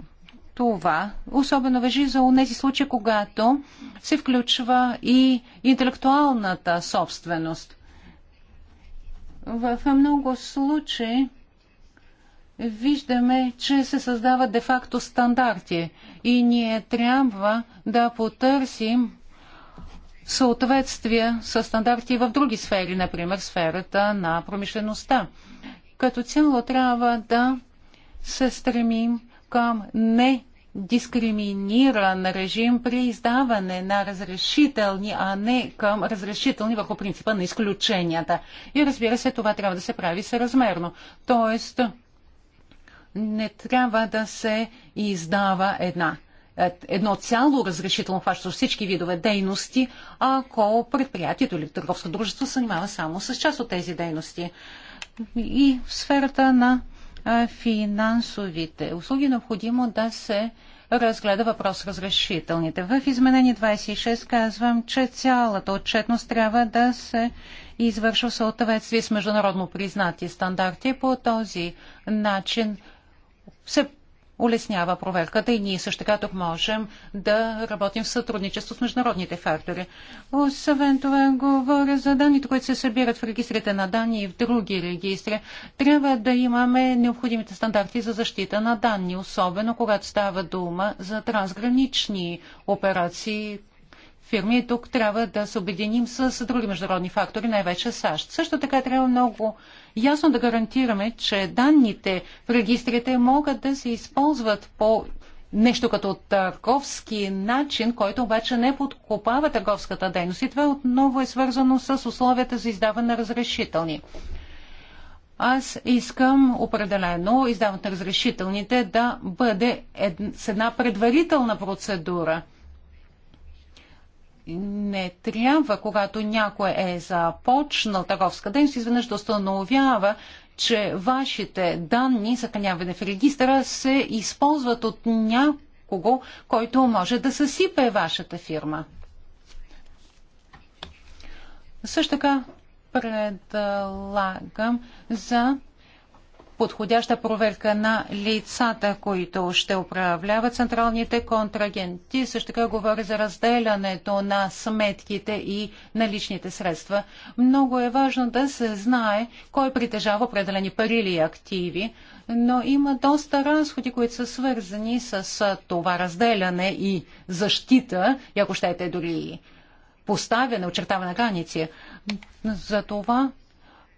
Speaker 3: това особено въжи за тези случаи, когато се включва и интелектуалната собственост. В много случаи виждаме, че се създават де-факто стандарти и ние трябва да потърсим съответствие с стандарти в други сфери, например сферата на промишлеността. Като цяло трябва да се стремим към не дискриминиран режим при издаване на разрешителни, а не към разрешителни върху принципа на изключенията. И разбира се, това трябва да се прави съразмерно. Тоест, не трябва да се издава една е, едно цяло разрешително, хващащо всички видове дейности, ако предприятието или търговско дружество се занимава само с част от тези дейности. И в сферата на е, финансовите услуги е необходимо да се разгледа въпрос разрешителните. В изменение 26 казвам, че цялата отчетност трябва да се извършва в съответствие с международно признати стандарти. По този начин се улеснява проверката и ние също така тук можем да работим в сътрудничество с международните фактори. Освен това, говоря за данните, които се събират в регистрите на данни и в други регистри. Трябва да имаме необходимите стандарти за защита на данни, особено когато става дума за трансгранични операции, фирми. И тук трябва да се обединим с други международни фактори, най-вече САЩ. Също така трябва много ясно да гарантираме, че данните в регистрите могат да се използват по нещо като търговски начин, който обаче не подкопава търговската дейност. И това отново е свързано с условията за издаване на разрешителни. Аз искам определено издаването на разрешителните да бъде ед... с една предварителна процедура – не трябва, когато някой е започнал търговска дейност, изведнъж да установява, че вашите данни, съхранявани в регистъра, се използват от някого, който може да съсипе вашата фирма. Също така предлагам за подходяща проверка на лицата, които ще управляват централните контрагенти. Също така говори за разделянето на сметките и наличните средства. Много е важно да се знае кой притежава определени пари или активи, но има доста разходи, които са свързани с това разделяне и защита, и ако щете дори поставяне, очертаване на граници. За това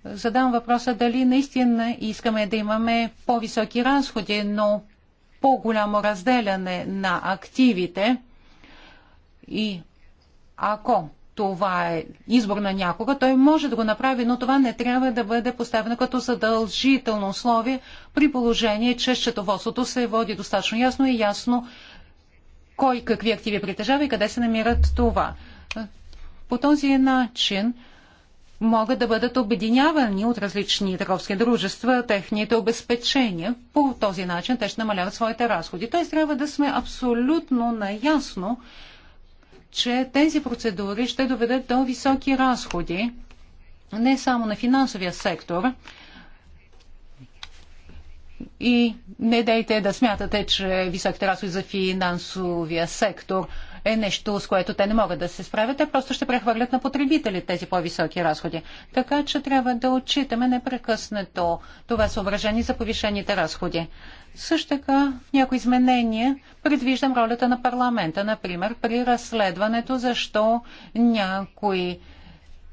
Speaker 3: задам въпроса дали наистина искаме да имаме по-високи разходи, но по-голямо разделяне на активите и ако това е избор на някога, той може да го направи, но това не трябва да бъде поставено като задължително условие при положение, че счетоводството се води достатъчно ясно и ясно кой какви активи притежава и къде се намират това. По този начин могат да бъдат обединявани от различни търговски дружества, техните обезпечения. По този начин те ще намаляват своите разходи. Т.е. трябва да сме абсолютно наясно, че тези процедури ще доведат до високи разходи, не само на финансовия сектор. И не дайте да смятате, че високите разходи за финансовия сектор – е нещо, с което те не могат да се справят. Те просто ще прехвърлят на потребители тези по-високи разходи. Така че трябва да отчитаме непрекъснато това съображение за повишените разходи. Също така в някои изменения предвиждам ролята на парламента, например, при разследването защо някои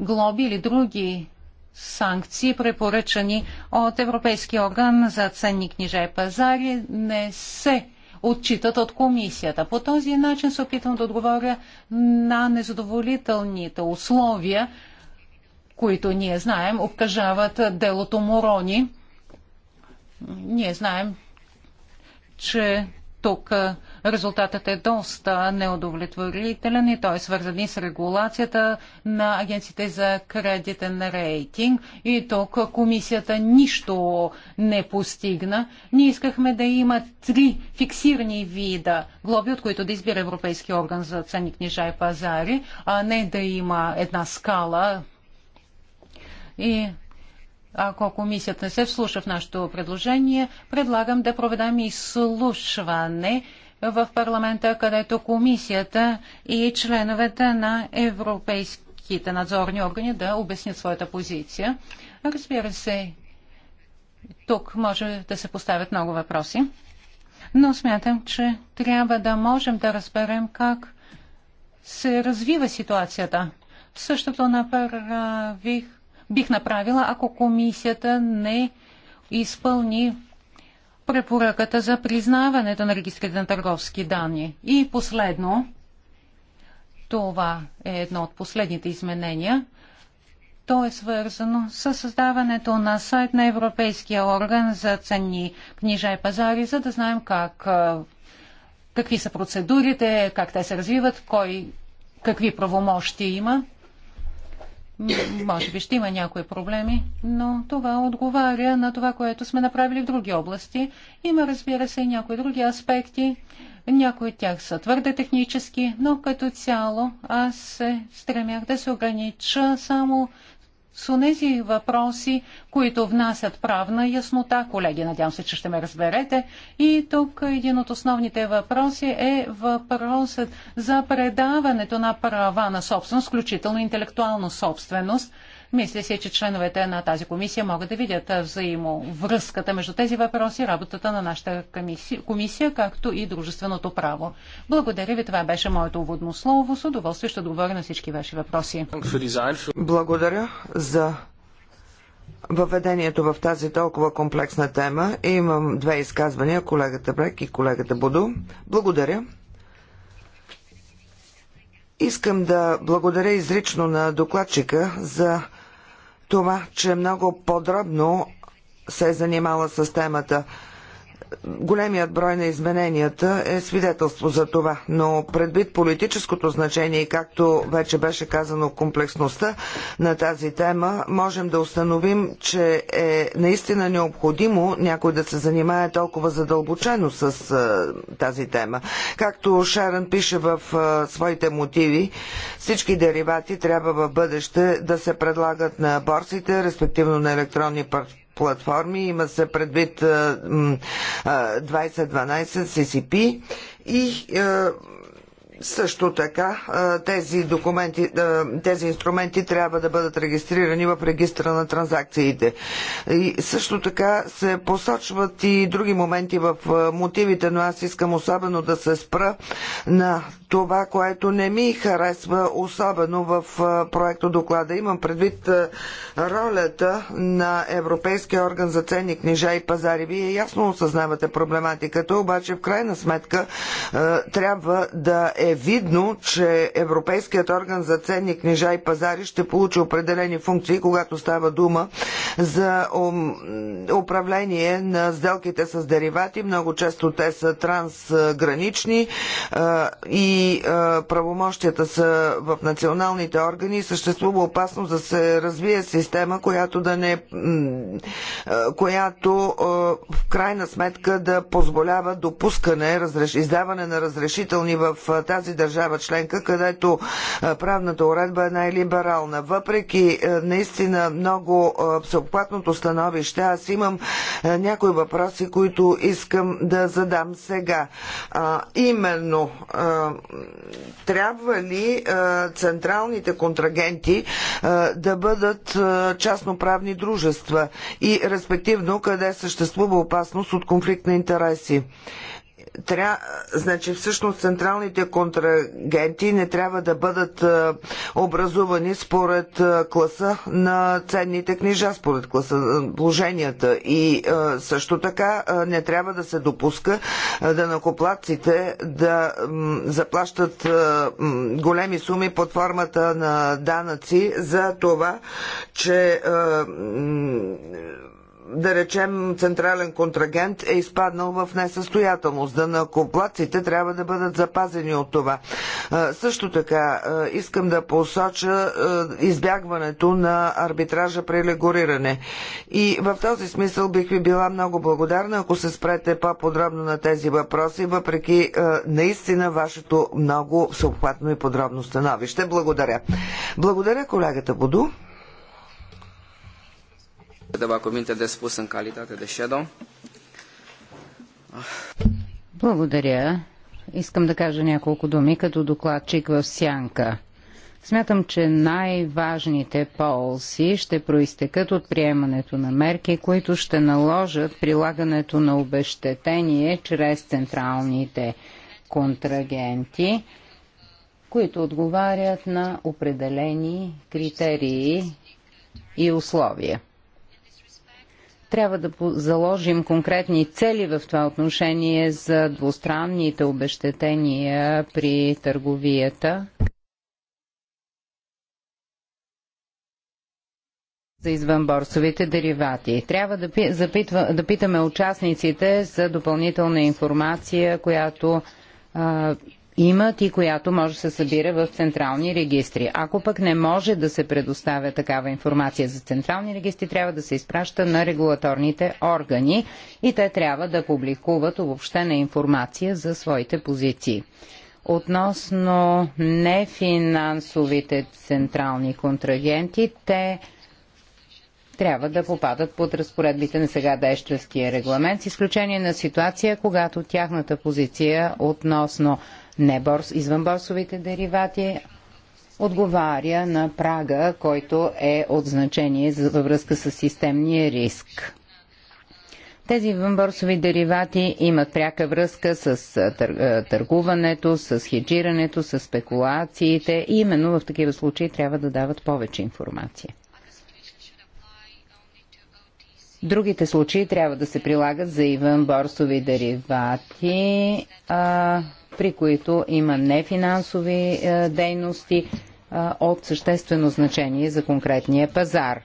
Speaker 3: глоби или други санкции, препоръчани от Европейския орган за ценни книжа и пазари, не се отчитат от комисията. По този начин се опитвам да отговоря на незадоволителните условия, които ние знаем, обкажават делото Морони. Ние знаем, че тук резултатът е доста неудовлетворителен и той е свързан и с регулацията на агенциите за кредитен рейтинг. И тук комисията нищо не постигна. Ние искахме да има три фиксирани вида глоби, от които да избира Европейски орган за ценни книжа и пазари, а не да има една скала. И ако комисията не се вслуша в нашето предложение, предлагам да проведем изслушване в парламента, където комисията и членовете на европейските надзорни органи да обяснят своята позиция. Разбира се, тук може да се поставят много въпроси, но смятам, че трябва да можем да разберем как се развива ситуацията. Същото направих, бих направила, ако комисията не изпълни препоръката за признаването на регистрите на търговски данни. И последно, това е едно от последните изменения. То е свързано с създаването на сайт на Европейския орган за ценни книжа и пазари, за да знаем как, какви са процедурите, как те се развиват, кой какви правомощи има. Може би ще има някои проблеми, но това отговаря на това, което сме направили в други области. Има, разбира се, и някои други аспекти. Някои от тях са твърде технически, но като цяло аз се стремях да се огранича само с тези въпроси, които внасят правна яснота. Колеги, надявам се, че ще ме разберете. И тук един от основните въпроси е въпросът за предаването на права на собственост, включително интелектуална собственост – мисля си, че членовете на тази комисия могат да видят взаимовръзката между тези въпроси, работата на нашата комисия, както и дружественото право. Благодаря ви, това беше моето уводно слово. С удоволствие ще отговоря на всички ваши въпроси.
Speaker 1: Благодаря за въведението в тази толкова комплексна тема. Имам две изказвания, колегата Брек и колегата Буду. Благодаря. Искам да благодаря изрично на докладчика за това, че много подробно се е занимала с темата. Големият брой на измененията е свидетелство за това, но предвид политическото значение и както вече беше казано комплексността на тази тема, можем да установим, че е наистина необходимо някой да се занимае толкова задълбочено с тази тема. Както Шарън пише в своите мотиви, всички деривати трябва в бъдеще да се предлагат на борсите, респективно на електронни партии платформи. Има се предвид 2012 CCP и също така тези документи, тези инструменти трябва да бъдат регистрирани в регистра на транзакциите. И също така се посочват и други моменти в мотивите, но аз искам особено да се спра на това, което не ми харесва особено в проекто доклада. Имам предвид ролята на Европейския орган за ценни книжа и пазари. Вие ясно осъзнавате проблематиката, обаче в крайна сметка трябва да е е видно, че Европейският орган за ценни книжа и пазари ще получи определени функции, когато става дума за управление на сделките с деривати. Много често те са трансгранични и правомощията са в националните органи. Съществува опасност да се развие система, която да не която в крайна сметка да позволява допускане, издаване на разрешителни в тази тази държава членка, където правната уредба е най-либерална. Въпреки наистина много всеобхватното становище, аз имам някои въпроси, които искам да задам сега. А, именно, а, трябва ли а, централните контрагенти а, да бъдат а, частноправни дружества и респективно къде съществува опасност от конфликт на интереси? Тря... Значи всъщност централните контрагенти не трябва да бъдат е, образувани според е, класа на ценните книжа, според класа на е, вложенията. И също така не трябва да се допуска да накоплаците да заплащат големи суми под формата на данъци за това, че да речем, централен контрагент е изпаднал в несъстоятелност. Да на коплаците трябва да бъдат запазени от това. Също така, искам да посоча избягването на арбитража при легориране. И в този смисъл бих ви била много благодарна, ако се спрете по-подробно на тези въпроси, въпреки наистина вашето много всеобхватно и подробно становище. Благодаря. Благодаря колегата Буду. Câteva cuvinte de spus în calitate de shadow.
Speaker 2: Благодаря. Искам да кажа няколко думи като докладчик в Сянка. Смятам, че най-важните ползи ще проистекат от приемането на мерки, които ще наложат прилагането на обещетение чрез централните контрагенти, които отговарят на определени критерии и условия. Трябва да заложим конкретни цели в това отношение за двустранните обещетения при търговията. за извънборсовите деривати. Трябва да, запитва, да питаме участниците за допълнителна информация, която а, имат и която може да се събира в централни регистри. Ако пък не може да се предоставя такава информация за централни регистри, трябва да се изпраща на регулаторните органи и те трябва да публикуват обобщена информация за своите позиции. Относно нефинансовите централни контрагенти, те трябва да попадат под разпоредбите на сега действащия регламент, с изключение на ситуация, когато тяхната позиция относно не борс, извънборсовите деривати, отговаря на прага, който е от значение във връзка с системния риск. Тези вънборсови деривати имат пряка връзка с търгуването, с хеджирането, с спекулациите и именно в такива случаи трябва да дават повече информация. Другите случаи трябва да се прилагат за извън борсови деривати, а, при които има нефинансови а, е, дейности а, е, от съществено значение за конкретния пазар.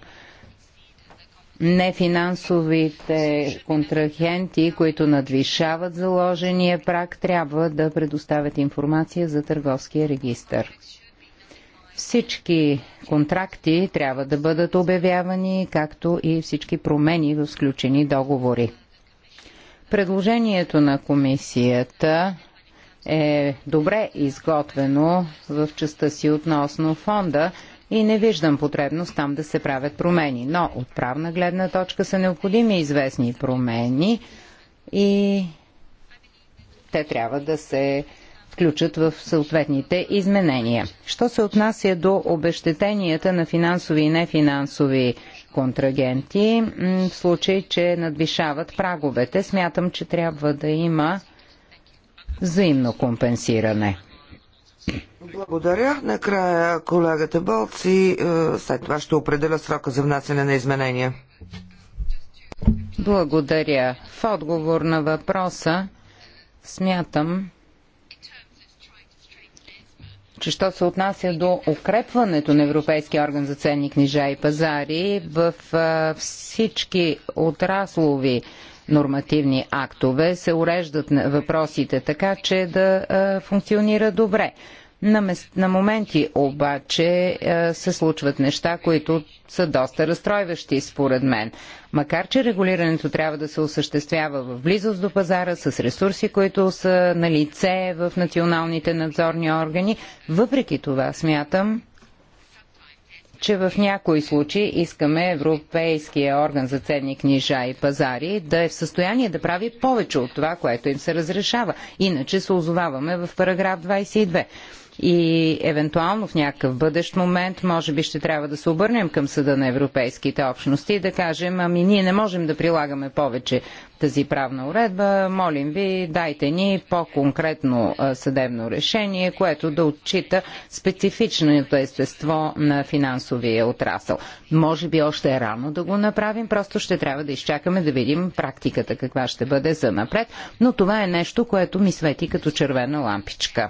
Speaker 2: Нефинансовите контрагенти, които надвишават заложения прак, трябва да предоставят информация за търговския регистр. Всички контракти трябва да бъдат обявявани, както и всички промени в сключени договори. Предложението на комисията е добре изготвено в частта си относно фонда и не виждам потребност там да се правят промени. Но от правна гледна точка са необходими известни промени и те трябва да се включат в съответните изменения. Що се отнася до обещетенията на финансови и нефинансови контрагенти, в случай, че надвишават праговете, смятам, че трябва да има взаимно компенсиране.
Speaker 1: Благодаря. Накрая колегата Болци, е, след това ще определя срока за внасяне на изменения.
Speaker 2: Благодаря. В отговор на въпроса смятам, че що се отнася до укрепването на Европейския орган за ценни книжа и пазари в всички отраслови нормативни актове се уреждат въпросите така, че да функционира добре. На, мес... на моменти обаче е, се случват неща, които са доста разстройващи според мен. Макар, че регулирането трябва да се осъществява в близост до пазара, с ресурси, които са на лице в националните надзорни органи, въпреки това смятам, че в някои случаи искаме Европейския орган за ценни книжа и пазари да е в състояние да прави повече от това, което им се разрешава. Иначе се озоваваме в параграф 22 и евентуално в някакъв бъдещ момент може би ще трябва да се обърнем към съда на европейските общности и да кажем, ами ние не можем да прилагаме повече тази правна уредба, молим ви, дайте ни по-конкретно съдебно решение, което да отчита специфичното естество на финансовия отрасъл. Може би още е рано да го направим, просто ще трябва да изчакаме да видим практиката каква ще бъде за напред, но това е нещо, което ми свети като червена лампичка.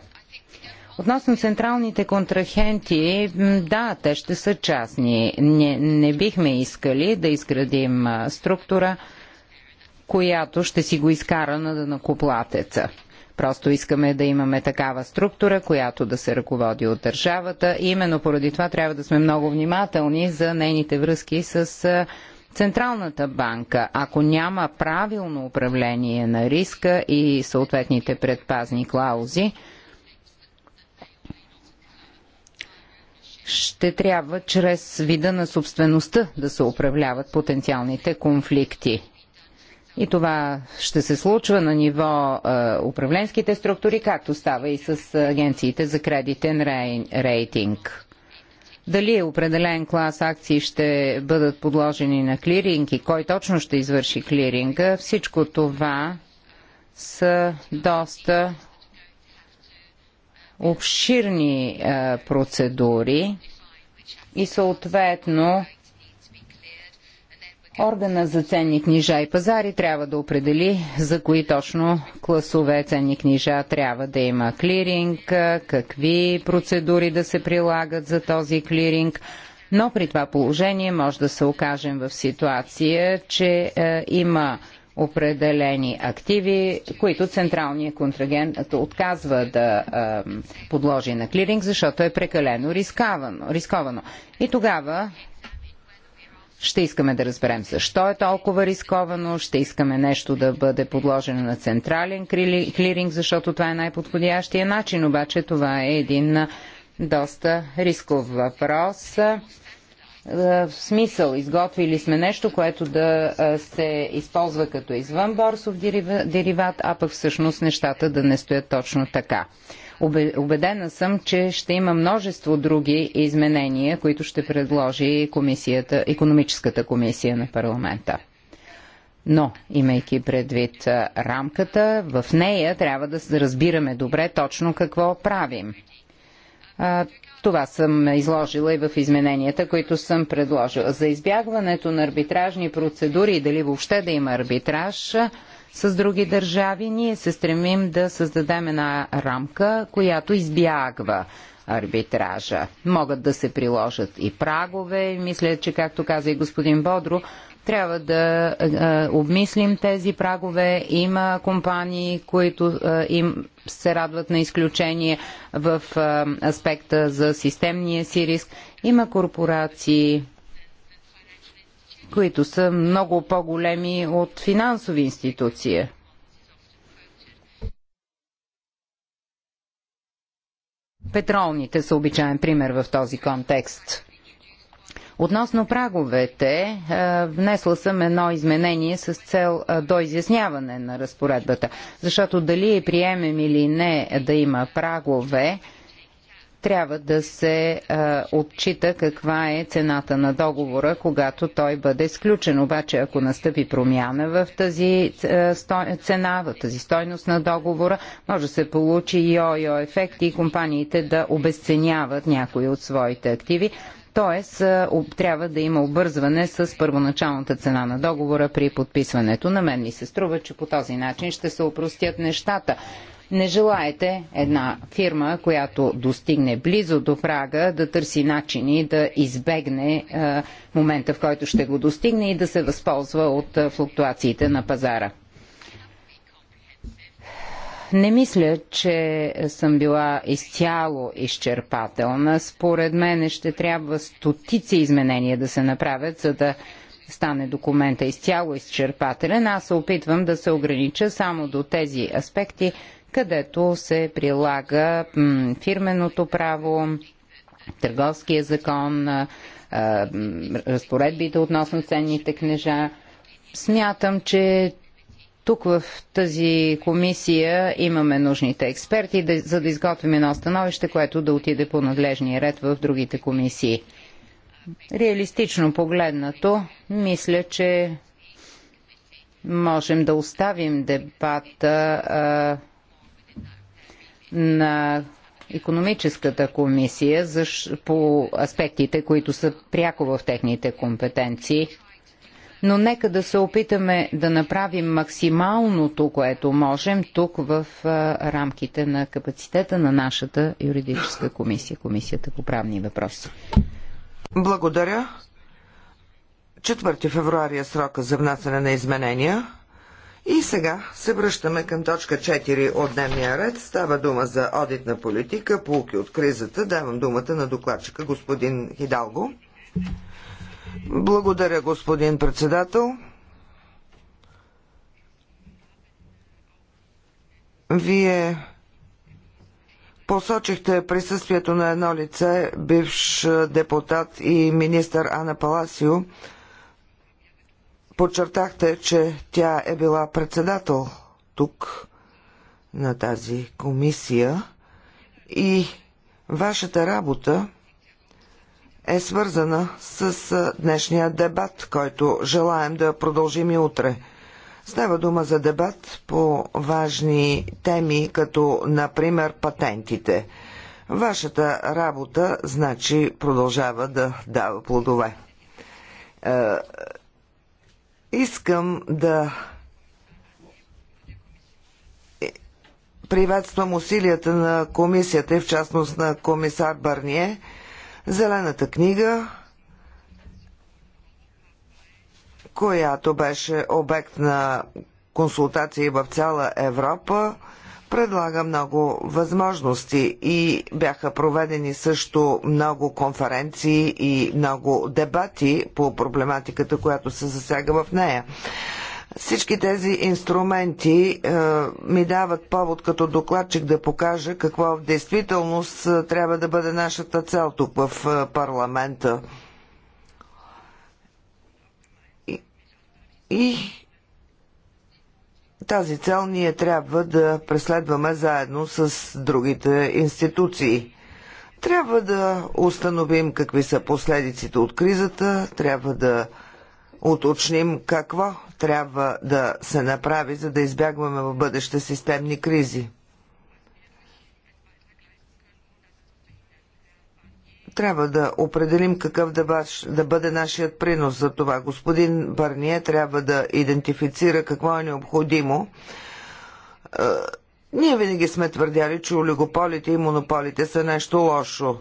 Speaker 2: Относно централните контрахенти, да, те ще са частни. Не, не бихме искали да изградим структура, която ще си го изкара на накоплатеца. Просто искаме да имаме такава структура, която да се ръководи от държавата. И именно поради това трябва да сме много внимателни за нейните връзки с Централната банка, ако няма правилно управление на риска и съответните предпазни клаузи, ще трябва чрез вида на собствеността да се управляват потенциалните конфликти. И това ще се случва на ниво е, управленските структури, както става и с агенциите за кредитен рейтинг. Дали е определен клас акции ще бъдат подложени на клиринг и кой точно ще извърши клиринга, всичко това са доста обширни а, е, процедури и съответно органа за ценни книжа и пазари трябва да определи за кои точно класове ценни книжа трябва да има клиринг, е, какви процедури да се прилагат за този клиринг. Но при това положение може да се окажем в ситуация, че е, има определени активи, които централният контрагент отказва да подложи на клиринг, защото е прекалено рисковано. И тогава ще искаме да разберем защо е толкова рисковано, ще искаме нещо да бъде подложено на централен клиринг, защото това е най-подходящия начин, обаче това е един доста рисков въпрос. Е, в смисъл. Изготвили сме нещо, което да е, се използва като извън борсов дериват, а пък всъщност нещата да не стоят точно така. Обедена съм, че ще има множество други изменения, които ще предложи комисията, економическата комисия на парламента. Но, имайки предвид е, рамката, в нея трябва да разбираме добре точно какво правим. Това съм изложила и в измененията, които съм предложила. За избягването на арбитражни процедури и дали въобще да има арбитраж с други държави, ние се стремим да създадем една рамка, която избягва арбитража. Могат да се приложат и прагове. Мисля, че, както каза и господин Бодро, трябва да а, обмислим тези прагове. Има компании, които а, им се радват на изключение в а, аспекта за системния си риск. Има корпорации, които са много по-големи от финансови институции. Петролните са обичайен пример в този контекст. Относно праговете, е, внесла съм едно изменение с цел е, до изясняване на разпоредбата, защото дали е приемем или не да има прагове, трябва да се а, е, отчита каква е цената на договора, когато той бъде сключен. Обаче, ако настъпи промяна в тази цена, в тази стойност на договора, може да се получи йо-йо ефект и компаниите да обесценяват някои от своите активи, Тоест, е, трябва да има обързване с първоначалната цена на договора при подписването. На мен ми се струва, че по този начин ще се опростят нещата. Не желаете една фирма, която достигне близо до прага, да търси начини да избегне е, момента, в който ще го достигне и да се възползва от е, флуктуациите на пазара. Не мисля, че съм била изцяло изчерпателна. Според мен ще трябва стотици изменения да се направят, за да стане документа изцяло изчерпателен. Аз се опитвам да се огранича само до тези аспекти, където се прилага фирменото право, търговския закон, разпоредбите относно ценните книжа. Смятам, че тук в тази комисия имаме нужните експерти, да, за да изготвим едно становище, което да отиде по надлежния ред в другите комисии. Реалистично погледнато, мисля, че можем да оставим дебата а, на економическата комисия за, по аспектите, които са пряко в техните компетенции но нека да се опитаме да направим максималното, което можем тук в рамките на капацитета на нашата
Speaker 1: юридическа комисия, комисията по правни въпроси. Благодаря. 4 февруари е срока за внасяне на изменения. И сега се връщаме към точка 4 от дневния ред. Става дума за одитна политика, полки от кризата. Давам думата на докладчика господин Хидалго. Благодаря, господин председател. Вие посочихте присъствието на едно лице, бивш депутат и министър Ана Паласио. Подчертахте, че тя е била председател тук на тази комисия и вашата работа е свързана с днешния дебат, който желаем да продължим и утре. Става дума за дебат по важни теми, като например патентите. Вашата работа, значи, продължава да дава плодове. Е, искам да приветствам усилията на комисията и в частност на комисар Барние – Зелената книга, която беше обект на консултации в цяла Европа, предлага много възможности и бяха проведени също много конференции и много дебати по проблематиката, която се засяга в нея. Всички тези инструменти е, ми дават повод като докладчик да покажа какво в действителност е, трябва да бъде нашата цел тук в е, парламента. И, и тази цел ние трябва да преследваме заедно с другите институции. Трябва да установим какви са последиците от кризата, трябва да уточним какво трябва да се направи, за да избягваме в бъдеще системни кризи. трябва да определим какъв да, баш, да бъде нашият принос за това. Господин Барние трябва да идентифицира какво е необходимо. Е, ние винаги сме твърдяли, че олигополите и монополите са нещо лошо.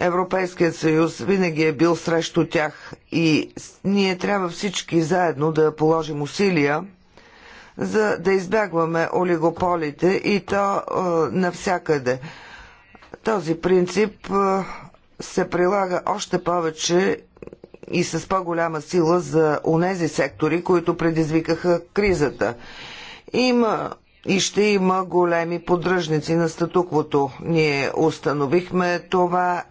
Speaker 1: Европейският съюз винаги е бил срещу тях и ние трябва всички заедно да положим усилия, за да избягваме олигополите и то е, навсякъде. Този принцип е, се прилага още повече и с по-голяма сила за онези сектори, които предизвикаха кризата. Има и ще има големи поддръжници на статуквото. Ние установихме това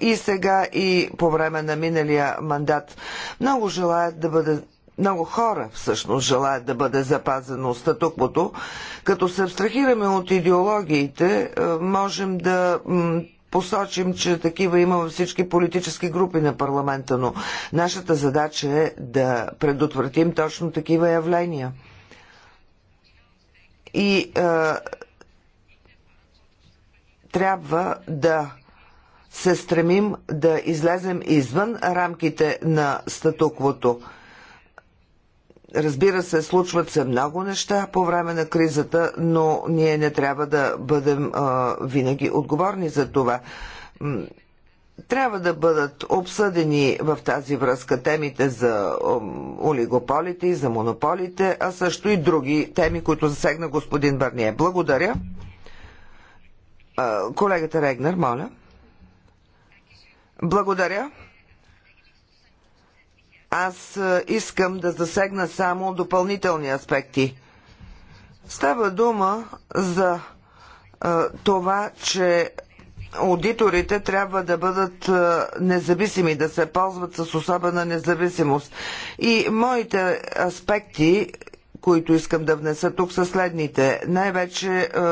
Speaker 1: и сега, и по време на миналия мандат. Много желаят да бъде много хора всъщност желаят да бъде запазено статуквото. Като се абстрахираме от идеологиите, можем да посочим, че такива има във всички политически групи на парламента, но нашата задача е да предотвратим точно такива явления и а, е, трябва да се стремим да излезем извън рамките на статуквото. Разбира се, случват се много неща по време на кризата, но ние не трябва да бъдем а, е, винаги отговорни за това трябва да бъдат обсъдени в тази връзка темите за олигополите и за монополите, а също и други теми, които засегна господин Барние. Благодаря. Колегата Регнер, моля. Благодаря. Аз искам да засегна само допълнителни аспекти. Става дума за това, че аудиторите трябва да бъдат е, независими, да се ползват с особена независимост. И моите аспекти, които искам да внеса тук, са следните. Най-вече е,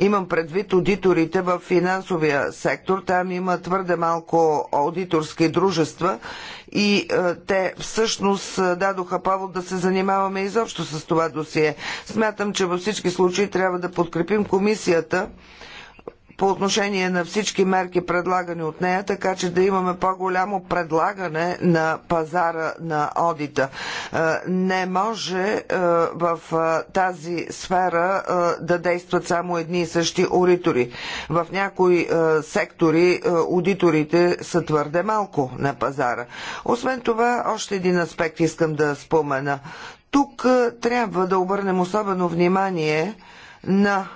Speaker 1: Имам предвид аудиторите в финансовия сектор. Там има твърде малко аудиторски дружества и е, те всъщност е, дадоха повод да се занимаваме изобщо с това досие. Смятам, че във всички случаи трябва да подкрепим комисията по отношение на всички мерки предлагани от нея, така че да имаме по-голямо предлагане на пазара на одита. Е, не може е, в е, тази сфера да действат само едни и същи оритори. В някои сектори аудиторите са твърде малко на пазара. Освен това, още един аспект искам да спомена. Тук трябва да обърнем особено внимание на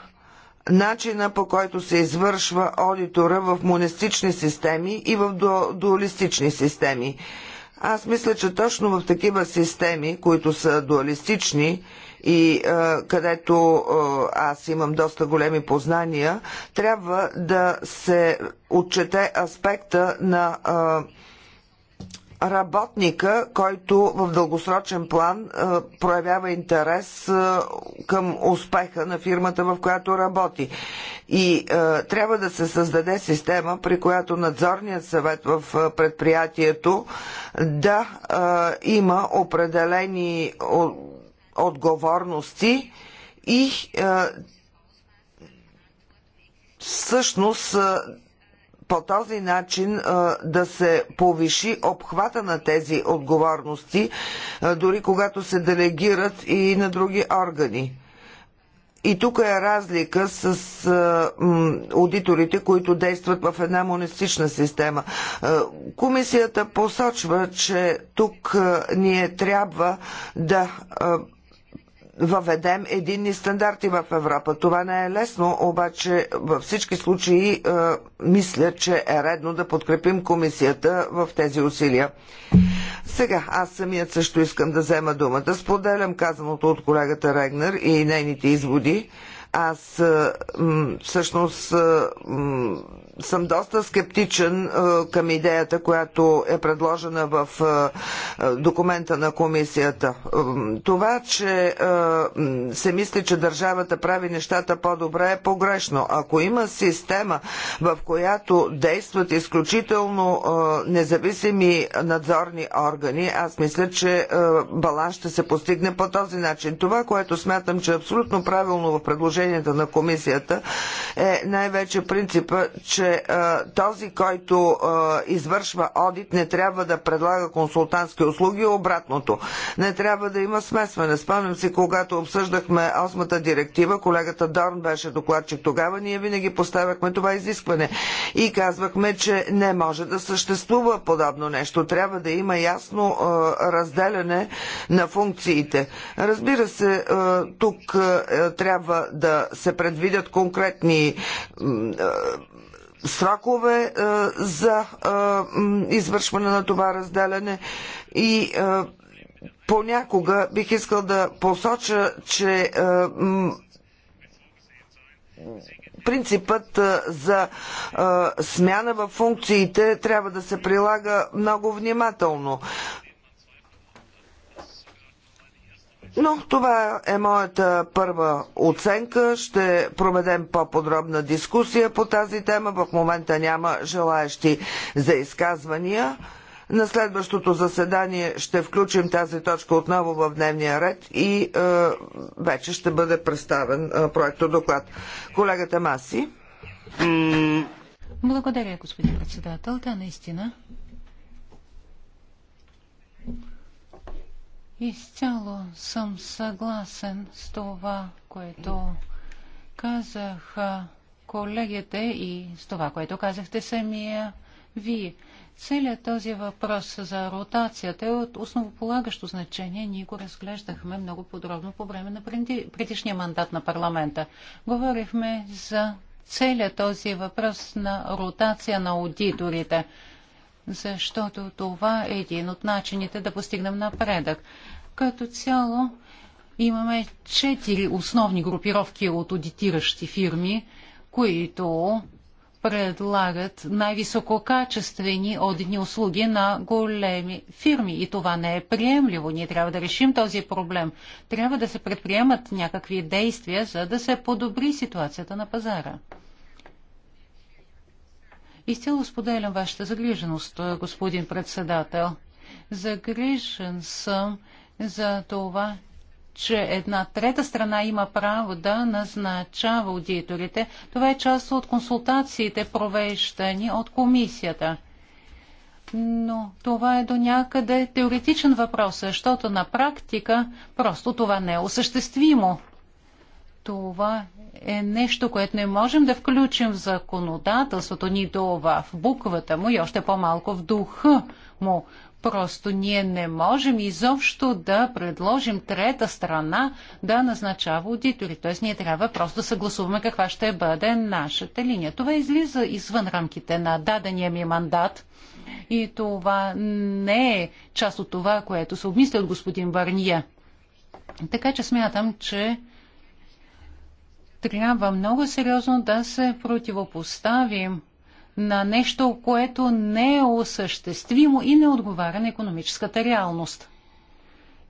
Speaker 1: начина по който се извършва аудитора в монистични системи и в ду дуалистични системи. Аз мисля, че точно в такива системи, които са дуалистични, и е, където е, аз имам доста големи познания, трябва да се отчете аспекта на е, работника, който в дългосрочен план е, проявява интерес е, към успеха на фирмата, в която работи. И е, трябва да се създаде система, при която надзорният съвет в предприятието да има определени отговорности и всъщност по този начин да се повиши обхвата на тези отговорности, дори когато се делегират и на други органи. И тук е разлика с а, м, аудиторите, които действат в една монистична система. А, комисията посочва, че тук а, ние трябва да. А, въведем единни стандарти в Европа. Това не е лесно, обаче във всички случаи е, мисля, че е редно да подкрепим комисията в тези усилия. Сега, аз самият също искам да взема думата. Споделям казаното от колегата Регнер и нейните изводи. Аз е, всъщност е, съм доста скептичен е, към идеята, която е предложена в е, е, документа на комисията. Това, че се мисли, че държавата прави нещата по-добре е погрешно. Ако има система, в която действат изключително независими надзорни органи, аз мисля, че баланс ще се постигне по този начин. Това, което смятам, че е абсолютно правилно в предложенията на комисията, е най-вече принципа, че този, който извършва одит, не трябва да предлага консултантски услуги, обратното. Не трябва да има смесване. Спомням си, когато обсъждахме осмата директива, колегата Дорн беше докладчик тогава, ние винаги поставяхме това изискване и казвахме, че не може да съществува подобно нещо. Трябва да има ясно разделяне на функциите. Разбира се, тук трябва да се предвидят конкретни срокове е, за е, извършване на това разделяне и е, понякога бих искал да посоча, че принципът за смяна в функциите трябва да се прилага много внимателно. Но това е моята първа оценка. Ще проведем по-подробна дискусия по тази тема. В момента няма желаящи за изказвания. На следващото заседание ще включим тази точка отново в дневния ред и е, вече ще бъде представен е, проекто доклад. Колегата Маси.
Speaker 3: Благодаря, господин председател. Да, наистина. Изцяло съм съгласен с това, което казаха колегите и с това, което казахте самия вие. Целият този въпрос за ротацията е от основополагащо значение. Ние го разглеждахме много подробно по време на предишния мандат на парламента. Говорихме за целият този въпрос на ротация на аудиторите, защото това е един от начините да постигнем напредък. Като цяло имаме четири основни групировки от аудитиращи фирми, които предлагат най-висококачествени одитни услуги на големи фирми. И това не е приемливо. Ние трябва да решим този проблем. Трябва да се предприемат някакви действия, за да се подобри ситуацията на пазара. Изцяло споделям вашата загриженост, господин председател. Загрижен съм, за това, че една трета страна има право да назначава аудиторите. Това е част от консултациите, провеждани от комисията. Но това е до някъде теоретичен въпрос, защото на практика просто това не е осъществимо. Това е нещо, което не можем да включим в законодателството, нито в буквата му и още по-малко в духа му. Просто ние не можем изобщо да предложим трета страна да назначава аудитори. Т.е. ние трябва просто да съгласуваме каква ще бъде нашата линия. Това излиза извън рамките на дадения ми мандат. И това не е част от това, което се обмисля от господин Варния. Така че смятам, че трябва много сериозно да се противопоставим на нещо, което не е осъществимо и не отговаря на економическата реалност.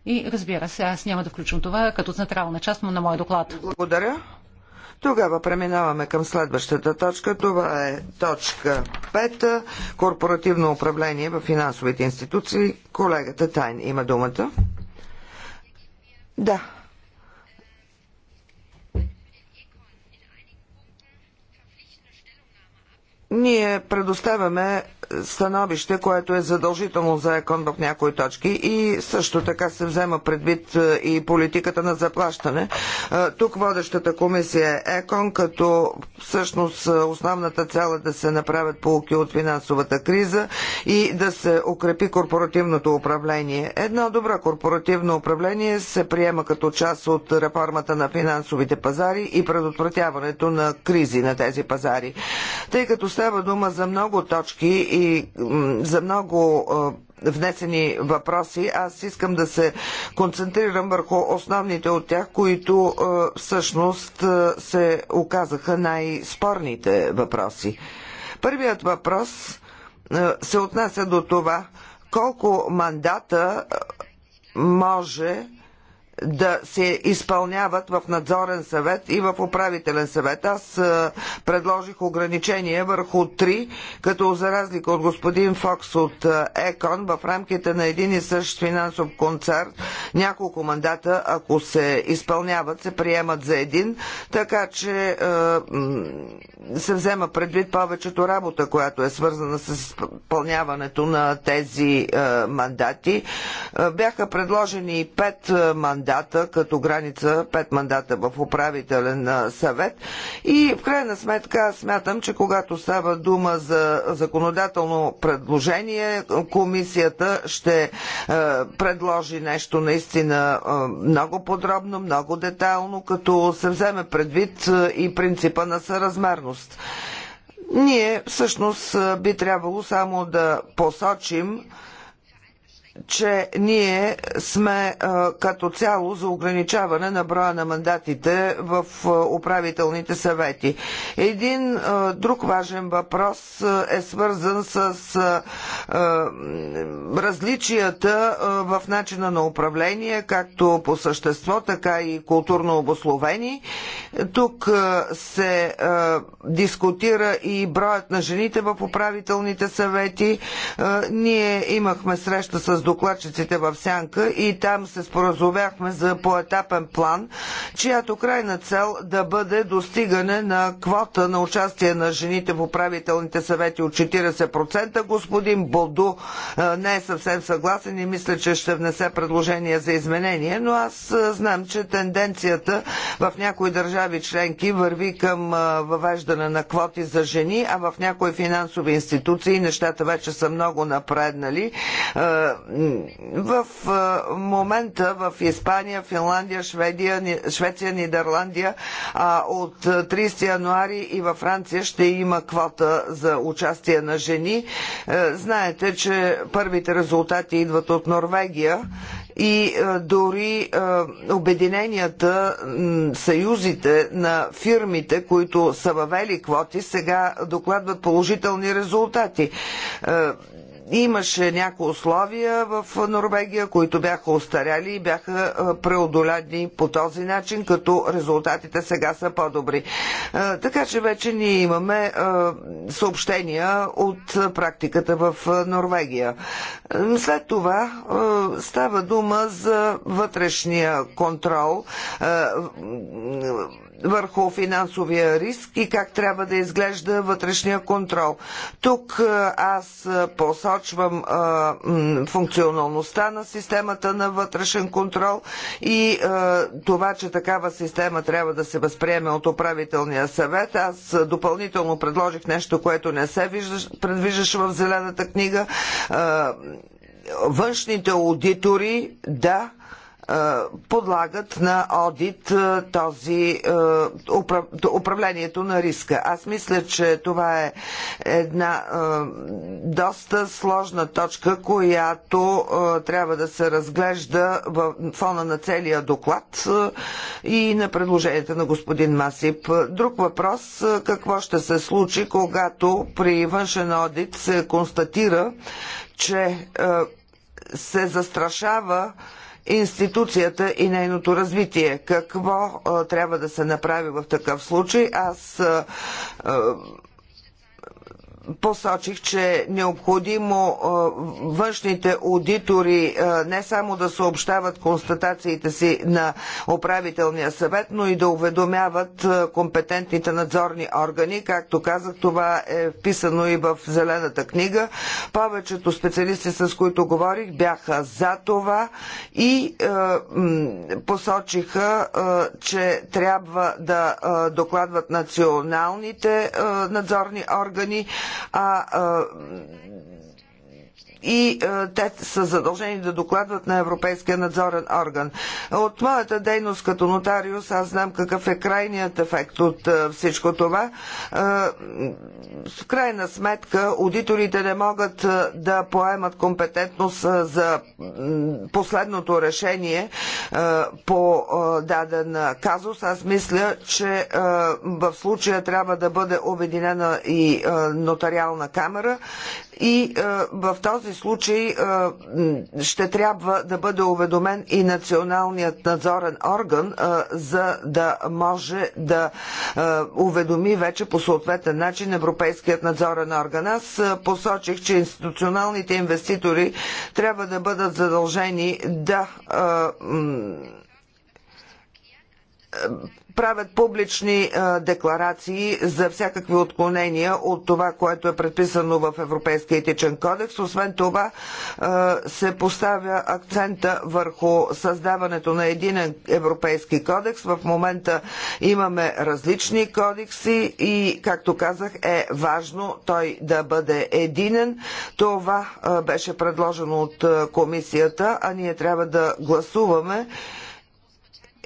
Speaker 3: И разбира се, аз няма да включвам това като централна част на моя доклад. Благодаря.
Speaker 1: Тогава преминаваме към следващата точка. Това е точка 5. Корпоративно управление в финансовите институции. Колегата Тайн има думата. Да, Ние предоставяме становище, което е задължително за ЕКОН в някои точки и също така се взема предвид е, и политиката на заплащане. Е, тук водещата комисия е ЕКОН, като всъщност е, основната цел е да се направят полуки от финансовата криза и да се укрепи корпоративното управление. Едно добро корпоративно управление се приема като част от реформата на финансовите пазари и предотвратяването на кризи на тези пазари. Тъй като става дума за много точки и и за много внесени въпроси. Аз искам да се концентрирам върху основните от тях, които всъщност се оказаха най-спорните въпроси. Първият въпрос се отнася до това колко мандата може да се изпълняват в надзорен съвет и в управителен съвет. Аз е, предложих ограничение върху три, като за разлика от господин Фокс от е, ЕКОН, в рамките на един и същ финансов концерт няколко мандата, ако се изпълняват, се приемат за един, така че е, се взема предвид повечето работа, която е свързана с изпълняването на тези мандати. Бяха предложени и пет мандата мандата като граница 5 мандата в управителен съвет. И в крайна сметка смятам, че когато става дума за законодателно предложение, комисията ще предложи нещо наистина много подробно, много детайлно, като се вземе предвид и принципа на съразмерност. Ние всъщност би трябвало само да посочим че ние сме е, като цяло за ограничаване на броя на мандатите в е, управителните съвети. Един е, друг важен въпрос е свързан с различията в начина на управление, както по същество, така и културно обословени. Тук се дискутира и броят на жените в управителните съвети. Ние имахме среща с докладчиците в Сянка и там се споразумяхме за поетапен план, чиято крайна цел да бъде достигане на квота на участие на жените в управителните съвети от 40%. Господин Боду е, не е съвсем съгласен и мисля, че ще внесе предложение за изменение, но аз е, знам, че тенденцията в някои държави членки върви към е, въвеждане на квоти за жени, а в някои финансови институции нещата вече са много напреднали в момента в Испания, Финландия, Шведия, Швеция, Нидерландия а от 30 януари и във Франция ще има квота за участие на жени. Е, знаете, че първите резултати идват от Норвегия и е, дори е, обединенията, съюзите на фирмите, които са въвели квоти, сега докладват положителни резултати. Имаше някои условия в Норвегия, които бяха устаряли и бяха е, преодоляни по този начин, като резултатите сега са по-добри. Е, така че вече ние имаме е, съобщения от практиката в Норвегия. След това става дума за вътрешния контрол върху финансовия риск и как трябва да изглежда вътрешния контрол. Тук аз посочвам функционалността на системата на вътрешен контрол и това, че такава система трябва да се възприеме от управителния съвет. Аз допълнително предложих нещо, което не се предвиждаше в Зелената книга. външните аудитори, да, подлагат на одит този управлението на риска. Аз мисля, че това е една доста сложна точка, която трябва да се разглежда в фона на целия доклад и на предложенията на господин Масип. Друг въпрос, какво ще се случи, когато при външен одит се констатира, че се застрашава институцията и нейното развитие. Какво трябва да се направи в такъв случай? Аз посочих, че е необходимо външните аудитори не само да съобщават констатациите си на управителния съвет, но и да уведомяват компетентните надзорни органи. Както казах, това е вписано и в Зелената книга. Повечето специалисти, с които говорих, бяха за това и посочиха, че трябва да докладват националните надзорни органи, а, а и е, те са задължени да докладват на Европейския надзорен орган. От моята дейност като нотариус аз знам какъв е крайният ефект от е, всичко това. Е, в крайна сметка аудиторите не могат да поемат компетентност за последното решение по даден казус. Аз мисля, че в случая трябва да бъде обединена и нотариална камера и е, в този случай е, ще трябва да бъде уведомен и националният надзорен орган, е, за да може да уведоми вече по съответен начин Европейският надзорен орган. Аз посочих, че институционалните инвеститори трябва да бъдат задължени да правят публични декларации за всякакви отклонения от това, което е предписано в Европейския етичен кодекс. Освен това се поставя акцента върху създаването на един европейски кодекс. В момента имаме различни кодекси и, както казах, е важно той да бъде единен. Това беше предложено от комисията, а ние трябва да гласуваме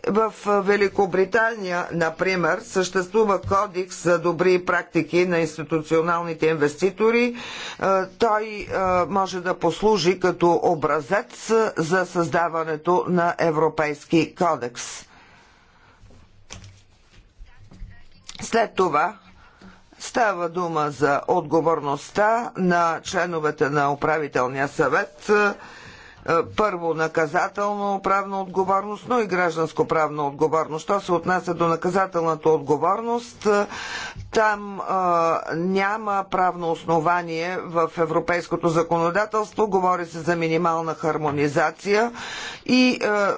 Speaker 1: в Великобритания, например, съществува кодекс за добри практики на институционалните инвеститори. Е, той е, може да послужи като образец за създаването на Европейски кодекс. След това Става дума за отговорността на членовете на управителния съвет е, първо наказателно правна отговорност, но и гражданско правна отговорност. Що се отнася до наказателната отговорност, е, там а, е, няма правно основание в европейското законодателство. Говори се за минимална хармонизация. И а,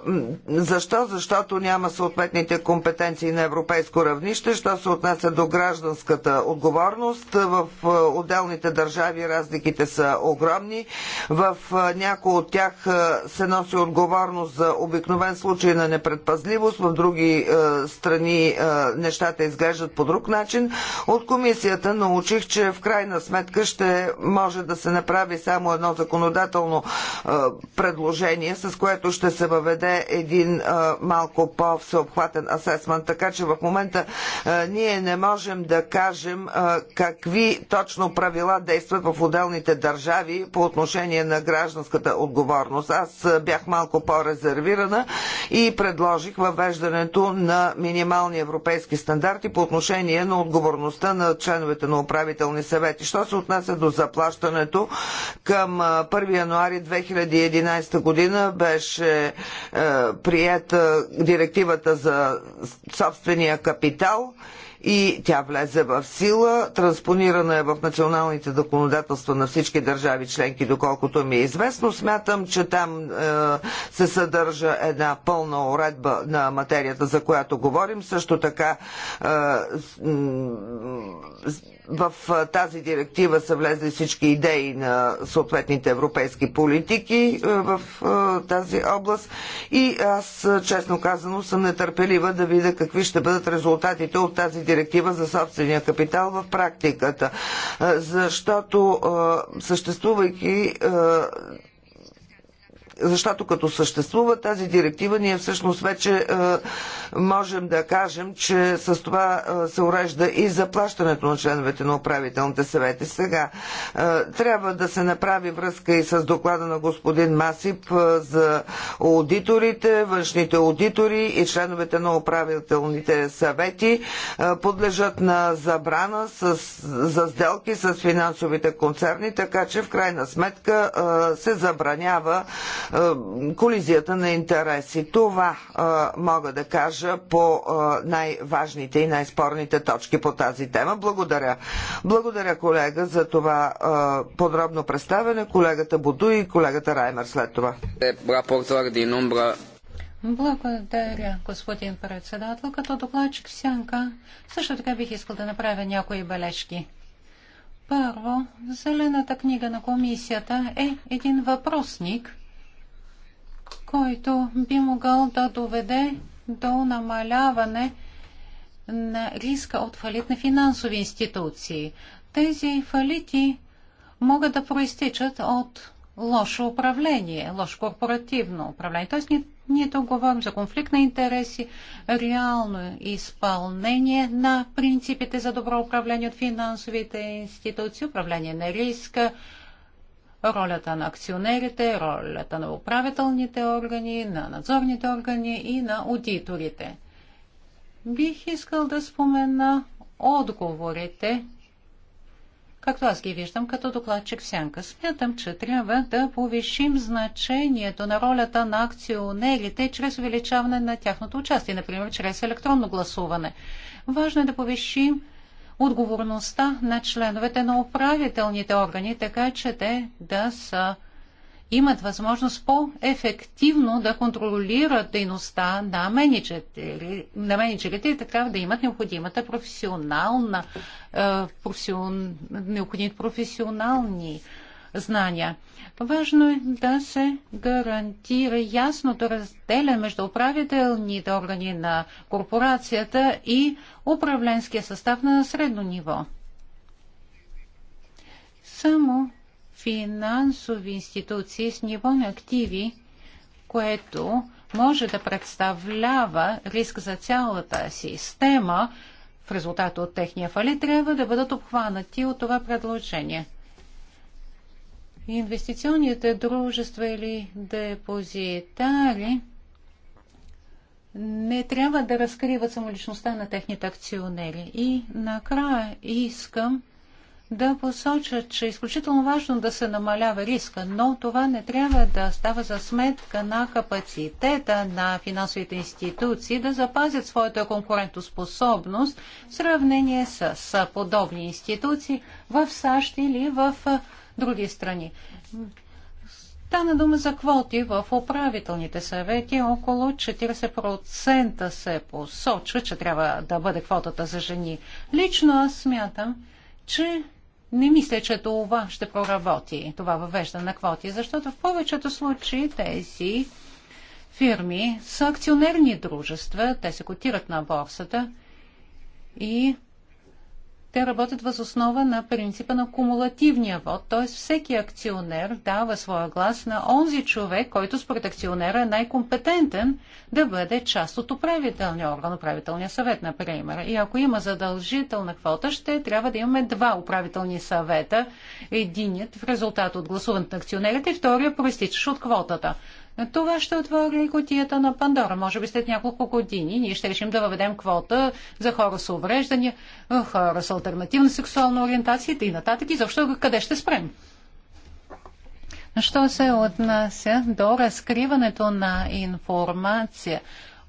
Speaker 1: защо? Защото няма съответните компетенции на европейско равнище. Що се отнася до гражданската отговорност, в отделните държави разликите са огромни. В някои от тях тях е, се носи отговорност за обикновен случай на непредпазливост, в други е, страни е, нещата изглеждат по друг начин. От комисията научих, че в крайна сметка ще може да се направи само едно законодателно предложение, с което ще се въведе един малко по-всеобхватен асесмент. Така че в момента ние не можем да кажем какви точно правила действат в отделните държави по отношение на гражданската отговорност отговорност. Аз бях малко по-резервирана и предложих въвеждането на минимални европейски стандарти по отношение на отговорността на членовете на управителни съвети. Що се отнася до заплащането, към 1 януари 2011 година беше е, директивата за собствения капитал – и тя влезе в сила. Транспонирана е в националните законодателства на всички държави членки, доколкото ми е известно. Смятам, че там е, се съдържа една пълна уредба на материята, за която говорим. Също така е, в тази директива са влезли всички идеи на съответните европейски политики в тази област и аз, честно казано, съм нетърпелива да видя какви ще бъдат резултатите от тази директива за собствения капитал в практиката. Защото съществувайки защото като съществува тази директива, ние всъщност вече е, можем да кажем, че с това е, се урежда и заплащането на членовете на управителните съвети. Сега е, трябва да се направи връзка и с доклада на господин Масип за аудиторите, външните аудитори и членовете на управителните съвети подлежат на забрана с, за сделки с финансовите концерни, така че в крайна сметка се забранява е, колизията на интереси. Това е, мога да кажа по е, най-важните и най-спорните точки по тази тема. Благодаря. Благодаря, колега, за това подробно представяне. Колегата Буду и колегата Раймер след това.
Speaker 3: Благодаря, господин председател. Като докладчик Сянка, също така бих искал да направя някои бележки. Първо, зелената книга на комисията е един въпросник – който би могъл да доведе до намаляване на риска от фалит на финансови институции. Тези фалити могат да проистичат от лошо управление, лошо корпоративно управление. Тоест ние, ние тук говорим за конфликт на интереси, реално изпълнение на принципите за добро управление от финансовите институции, управление на риска, ролята на акционерите, ролята на управителните органи, на надзорните органи и на аудиторите. Бих искал да спомена отговорите, както аз ги виждам като докладчик в сянка. Смятам, че трябва да повишим значението на ролята на акционерите чрез увеличаване на тяхното участие, например, чрез електронно гласуване. Важно е да повишим отговорността на членовете на управителните органи, така че те да са, имат възможност по-ефективно да контролират дейността на менеджерите, на менеджерите и така да имат необходимата професионална, е, професион, необходимите професионални знания. Важно е да се гарантира ясното разделяне между управителните органи на корпорацията и управленския състав на средно ниво. Само финансови институции с ниво на активи, което може да представлява риск за цялата система в резултат от техния фалит, трябва да бъдат обхванати от това предложение инвестиционните дружества или депозитари не трябва да разкриват самоличността на техните акционери. И накрая искам да посоча, че е изключително важно да се намалява риска, но това не трябва да става за сметка на капацитета на финансовите институции да запазят своята конкурентоспособност в сравнение с подобни институции в САЩ или в други страни. Стана дума за квоти в управителните съвети. Около 40% се посочва, че трябва да бъде квотата за жени. Лично аз смятам, че не мисля, че това ще проработи, това въвеждане на квоти, защото в повечето случаи тези фирми са акционерни дружества, те се котират на борсата и те работят въз основа на принципа на кумулативния вод, т.е. всеки акционер дава своя глас на онзи човек, който според акционера е най-компетентен да бъде част от управителния орган, управителния съвет, например. И ако има задължителна квота, ще трябва да имаме два управителни съвета. Единият в резултат от гласуването на акционерите и втория проистичащ от квотата това ще отвори котията на Пандора. Може би след няколко години ние ще решим да въведем квота за хора с увреждания, хора с альтернативна сексуална ориентация и нататък. И защо къде ще спрем? Що се отнася до разкриването на информация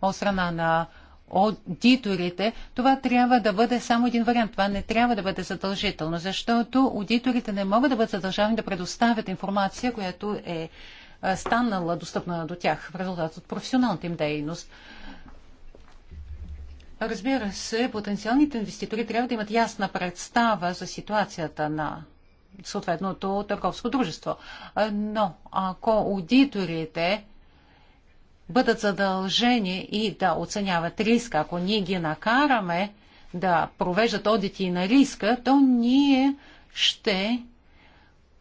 Speaker 3: от страна на аудиторите, това трябва да бъде само един вариант. Това не трябва да бъде задължително, защото аудиторите не могат да бъдат задължавани да предоставят информация, която е е, станала достъпна до тях в резултат от професионалната им дейност. Разбира се, потенциалните инвеститори трябва да имат ясна представа за ситуацията на съответното търговско дружество. Е, но ако аудиторите бъдат задължени и да оценяват риска, ако ние ги накараме да провеждат одити на риска, то ние ще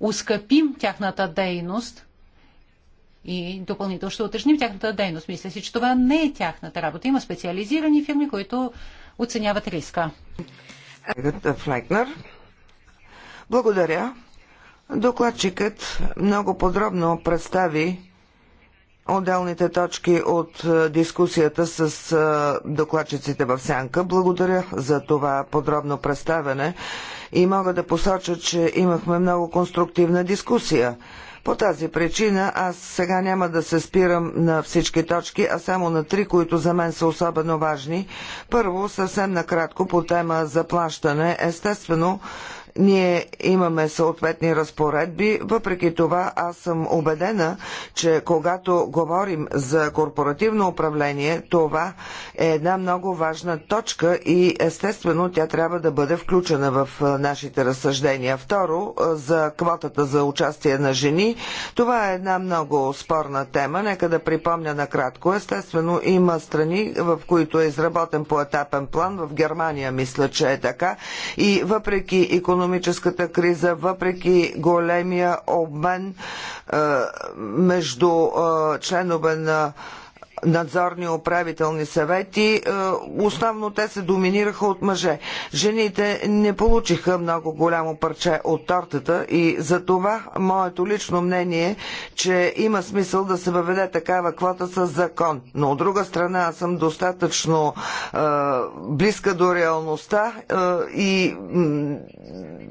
Speaker 3: ускъпим тяхната дейност и допълнително ще уточним тяхната дейност. Мисля си, че това не е тяхната работа. Има специализирани фирми, които оценяват риска.
Speaker 1: Флекнер. Благодаря. Докладчикът много подробно представи отделните точки от дискусията с докладчиците в Сянка. Благодаря за това подробно представяне и мога да посоча, че имахме много конструктивна дискусия. По тази причина аз сега няма да се спирам на всички точки, а само на три, които за мен са особено важни. Първо, съвсем накратко по тема заплащане. Естествено, ние имаме съответни разпоредби, въпреки това аз съм убедена, че когато говорим за корпоративно управление, това е една много важна точка и естествено тя трябва да бъде включена в нашите разсъждения. Второ, за квотата за участие на жени, това е една много спорна тема. Нека да припомня накратко. Естествено има страни, в които е изработен по етапен план. В Германия мисля, че е така. И въпреки економическите економическата криза, въпреки големия обмен е, между е, членове на надзорни управителни съвети, е, основно те се доминираха от мъже. Жените не получиха много голямо парче от тортата и за това моето лично мнение, че има смисъл да се въведе такава квота с закон. Но от друга страна аз съм достатъчно е, близка до реалността е, и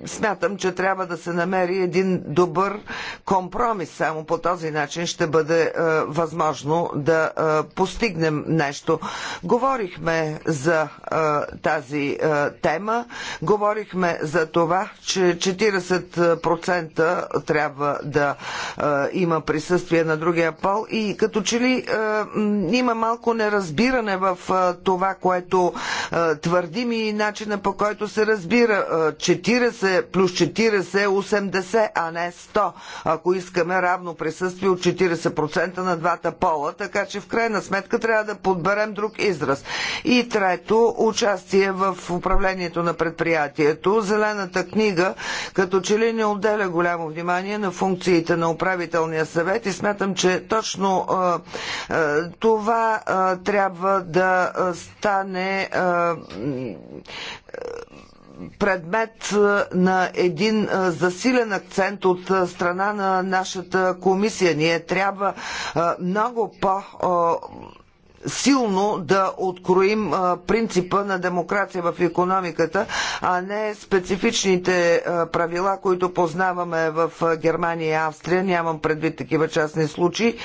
Speaker 1: смятам, че трябва да се намери един добър компромис. Само по този начин ще бъде е, възможно да е, постигнем нещо. Говорихме за тази тема, говорихме за това, че 40% трябва да има присъствие на другия пол и като че ли има малко неразбиране в това, което твърдим и начина по който се разбира 40 плюс 40 е 80, а не 100, ако искаме равно присъствие от 40% на двата пола, така че в край крайна сметка трябва да подберем друг израз. И трето, участие в управлението на предприятието. Зелената книга като че ли не отделя голямо внимание на функциите на управителния съвет и смятам, че точно това трябва да стане предмет на един засилен акцент от страна на нашата комисия. Ние трябва много по- силно да откроим принципа на демокрация в економиката, а не специфичните правила, които познаваме в Германия и Австрия. Нямам предвид такива частни случаи.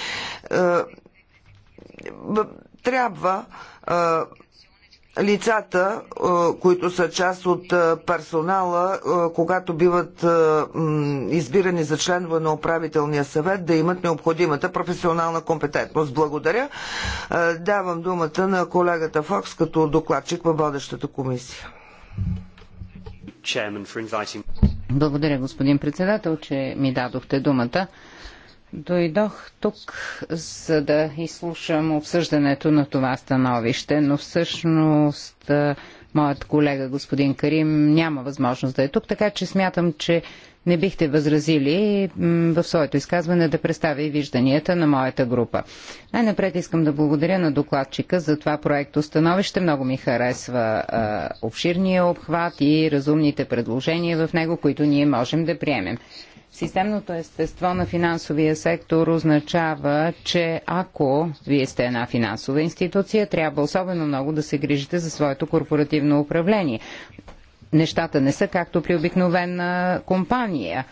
Speaker 1: Трябва лицата, е, които са част от е, персонала, е, когато биват избирани за членове на управителния съвет, да имат необходимата професионална компетентност. Благодаря. Давам думата на колегата Фокс като докладчик във водещата комисия. Благодаря,
Speaker 2: господин председател, че ми дадохте думата. Дойдох тук, за да изслушам обсъждането на това становище, но всъщност моят колега господин Карим няма възможност да е тук, така че смятам, че не бихте възразили в своето изказване да представя и вижданията на моята група. Най-напред искам да благодаря на докладчика за това проекто становище. Много ми харесва а, обширния обхват и разумните предложения в него, които ние можем да приемем. Системното естество на финансовия сектор означава, че ако вие сте една финансова институция, трябва особено много да се грижите за своето корпоративно управление. Нещата не са както при обикновена компания.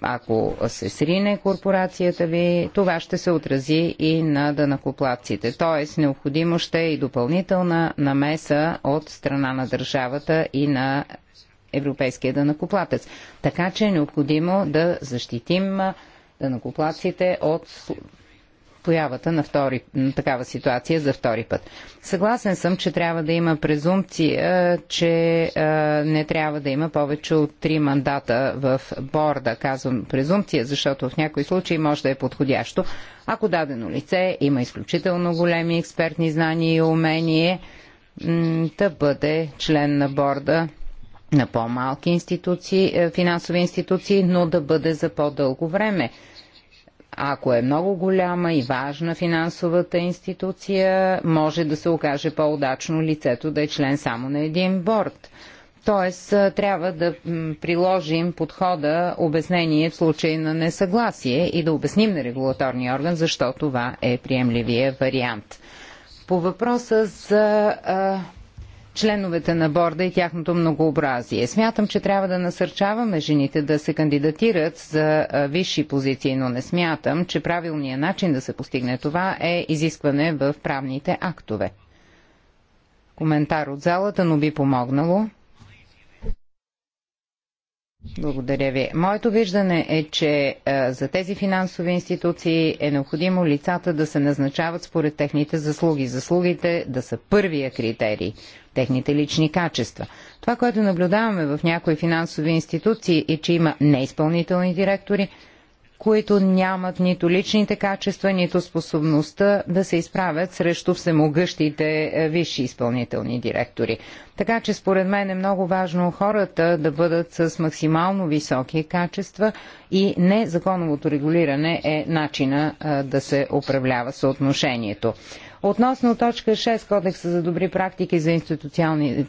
Speaker 2: Ако се срине корпорацията ви, това ще се отрази и на дънакоплаците. Тоест, необходимо ще е и допълнителна намеса от страна на държавата и на европейския дънакоплатец. Така че е необходимо да защитим дънакоплаците от появата на, втори, на такава ситуация за втори път. Съгласен съм, че трябва да има презумпция, че а, не трябва да има повече от три мандата в борда. Казвам презумпция, защото в някои случаи може да е подходящо. Ако дадено лице има изключително големи експертни знания и умение да бъде член на борда на по-малки институции, е, финансови институции, но да бъде за по-дълго време. Ако е много голяма и важна финансовата институция, може да се окаже по-удачно лицето да е член само на един борт. Тоест, е, трябва да приложим подхода обяснение в случай на несъгласие и да обясним на регулаторния орган защо това е приемливия вариант. По въпроса за е, членовете на борда и тяхното многообразие. Смятам, че трябва да насърчаваме жените да се кандидатират за висши позиции, но не смятам, че правилният начин да се постигне това е изискване в правните актове. Коментар от залата, но би помогнало. Благодаря ви. Моето виждане е, че е, за тези финансови институции е необходимо лицата да се назначават според техните заслуги. Заслугите да са първия критерий техните лични качества. Това, което наблюдаваме в някои финансови институции е, че има неизпълнителни директори, които нямат нито личните качества, нито способността да се изправят срещу всемогъщите е, висши изпълнителни директори. Така че според мен е много важно хората да бъдат с максимално високи качества и незаконовото регулиране е начина е, да се управлява съотношението. Относно точка 6 Кодекса за добри практики за институционални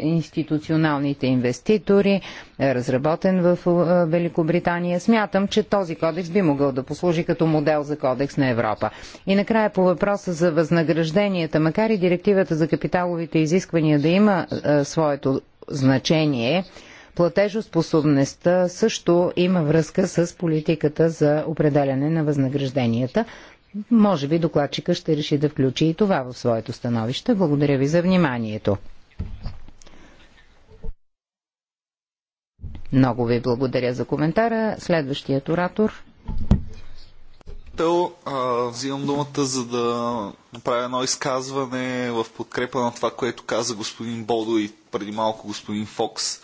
Speaker 2: институционалните инвеститори, разработен в е, Великобритания. Смятам, че този кодекс би могъл да послужи като модел за кодекс на Европа. И накрая по въпроса за възнагражденията, макар и директивата за капиталовите изисквания да има а, е, своето значение, платежоспособността също има връзка с политиката за определяне на възнагражденията. Може би докладчика ще реши да включи и това в своето становище. Благодаря ви за вниманието. Много ви благодаря за коментара. Следващият оратор.
Speaker 4: Тъл, взимам думата, за да направя едно изказване в подкрепа на това, което каза господин Бодо и преди малко господин Фокс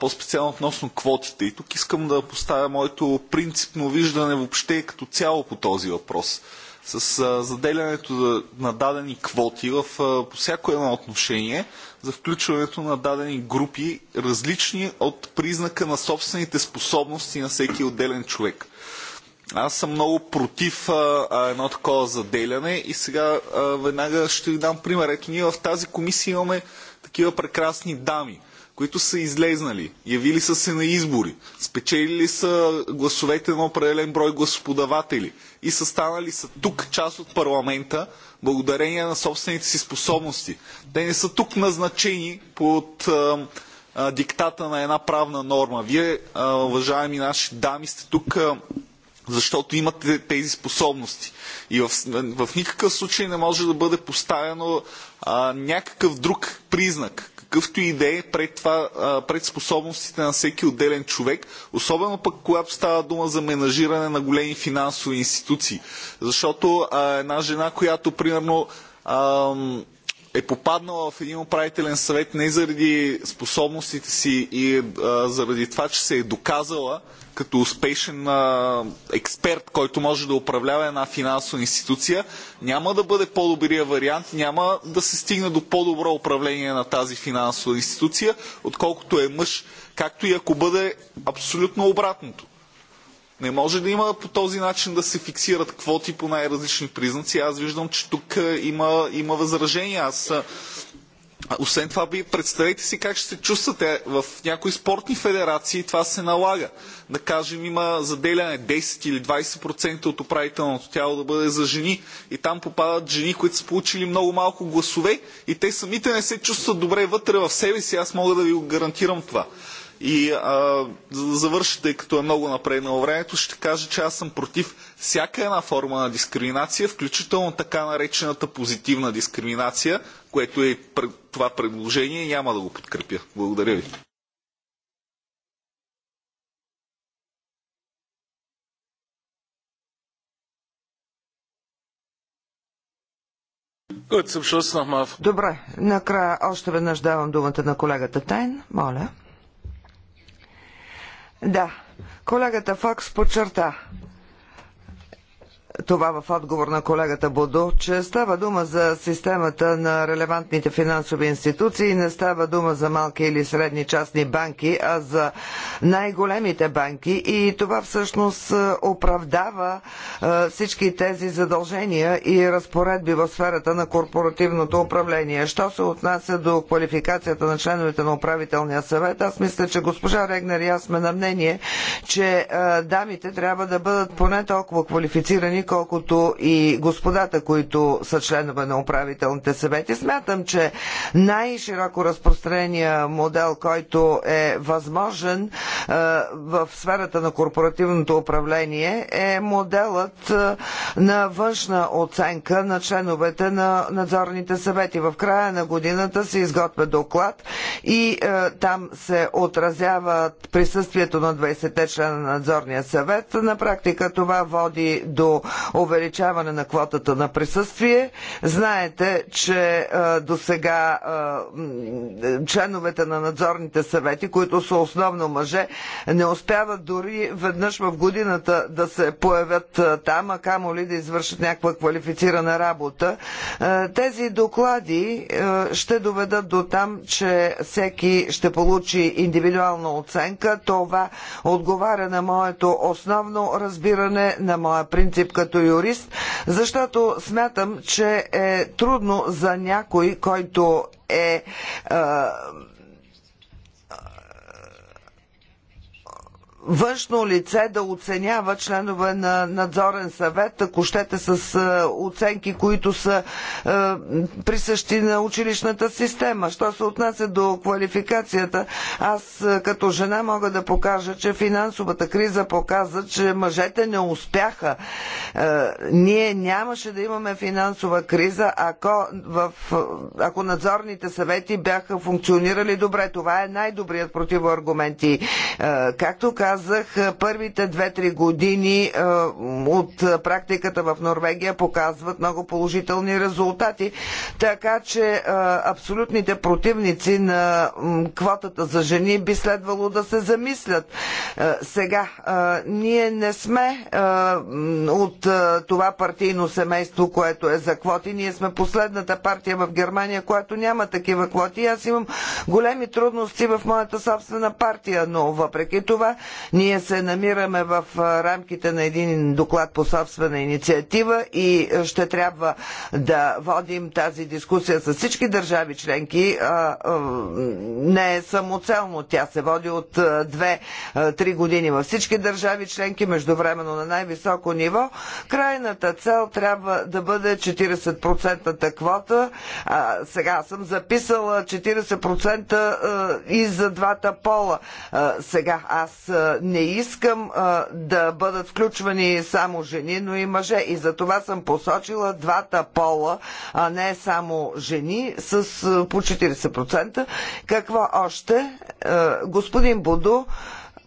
Speaker 4: по-специално относно квотите. И тук искам да поставя моето принципно виждане въобще като цяло по този въпрос. С а, заделянето на дадени квоти в, а, по всяко едно отношение за включването на дадени групи, различни от признака на собствените способности на всеки отделен човек. Аз съм много против а, а, едно такова заделяне и сега а, веднага ще ви дам пример. Ето ние в тази комисия имаме такива прекрасни дами – които са излезнали, явили са се на избори, спечелили са гласовете на определен брой гласоподаватели и са станали са тук част от парламента, благодарение на собствените си способности. Те не са тук назначени под а, а, диктата на една правна норма. Вие, а, уважаеми наши дами, сте тук. А, защото имате тези способности. И в, в никакъв случай не може да бъде поставено а, някакъв друг признак какъвто и да е пред, това, пред способностите на всеки отделен човек, особено пък когато става дума за менажиране на големи финансови институции. Защото а, една жена, която примерно е попаднала в един управителен съвет не заради способностите си и а, заради това, че се е доказала като успешен а, експерт, който може да управлява една финансова институция, няма да бъде по-добрия вариант, няма да се стигне до по-добро управление на тази финансова институция, отколкото е мъж, както и ако бъде абсолютно обратното. Не може да има по този начин да се фиксират квоти по най-различни признаци. Аз виждам, че тук има, има възражения. Аз освен това, би, представете си как ще се чувствате. В някои спортни федерации това се налага. Да кажем, има заделяне 10 или 20% от управителното тяло да бъде за жени. И там попадат жени, които са получили много малко гласове и те самите не се чувстват добре вътре в себе си. Аз мога да ви гарантирам това и а, за да завърши, тъй като е много напреднало времето, ще кажа, че аз съм против всяка една форма на дискриминация, включително така наречената позитивна дискриминация, което е това предложение, няма да го подкрепя. Благодаря ви.
Speaker 1: Добре, накрая още веднъж давам думата на колегата Тайн. Моля. Да, колегата Фокс подчерта това в отговор на колегата Бодо, че става дума за системата на релевантните финансови институции, не става дума за малки или средни частни банки, а за най-големите банки и това всъщност е, оправдава е, всички тези задължения и разпоредби в сферата на корпоративното управление. Що се отнася до квалификацията на членовете на управителния съвет, аз мисля, че госпожа Регнер и аз сме на мнение, че е, дамите трябва да бъдат поне толкова квалифицирани, колкото и господата, които са членове на управителните съвети. Смятам, че най-широко разпространения модел, който е възможен е, в сферата на корпоративното управление, е моделът е, на външна оценка на членовете на надзорните съвети. В края на годината се изготвя доклад и е, там се отразява присъствието на 20-те члена на надзорния съвет. На практика това води до увеличаване на квотата на присъствие. Знаете, че до сега членовете на надзорните съвети, които са основно мъже, не успяват дори веднъж в годината да се появят там, а камо ли да извършат някаква квалифицирана работа. Тези доклади ще доведат до там, че всеки ще получи индивидуална оценка. Това отговаря на моето основно разбиране, на моя принцип като като юрист, защото смятам, че е трудно за някой, който е, е външно лице да оценява членове на надзорен съвет, ако щете с е, оценки, които са е, присъщи на училищната система. Що се отнася до квалификацията, аз е, като жена мога да покажа, че финансовата криза показа, че мъжете не успяха. ние нямаше да имаме финансова криза, ако, в, ако надзорните съвети бяха функционирали добре. Това е най-добрият противоаргумент. И, както казах, казах, е, първите 2-3 години е, от практиката в Норвегия показват много положителни резултати. Така че е, абсолютните противници на квотата за жени би следвало да се замислят. Сега, ние не сме от това партийно семейство, което е за квоти. Ние сме последната партия в Германия, която няма такива квоти. Аз имам големи трудности в моята собствена партия, но въпреки това ние се намираме в рамките на един доклад по собствена инициатива и ще трябва да водим тази дискусия с всички държави членки. Не е самоцелно. Тя се води от 2-3 години във всички държави членки, междувременно на най-високо ниво. Крайната цел трябва да бъде 40% квота. А, сега съм записала 40% и за двата пола. сега аз не искам да бъдат включвани само жени, но и мъже. И за това съм посочила двата пола, а не само жени, с по 40%. Какво още? Господин Будо,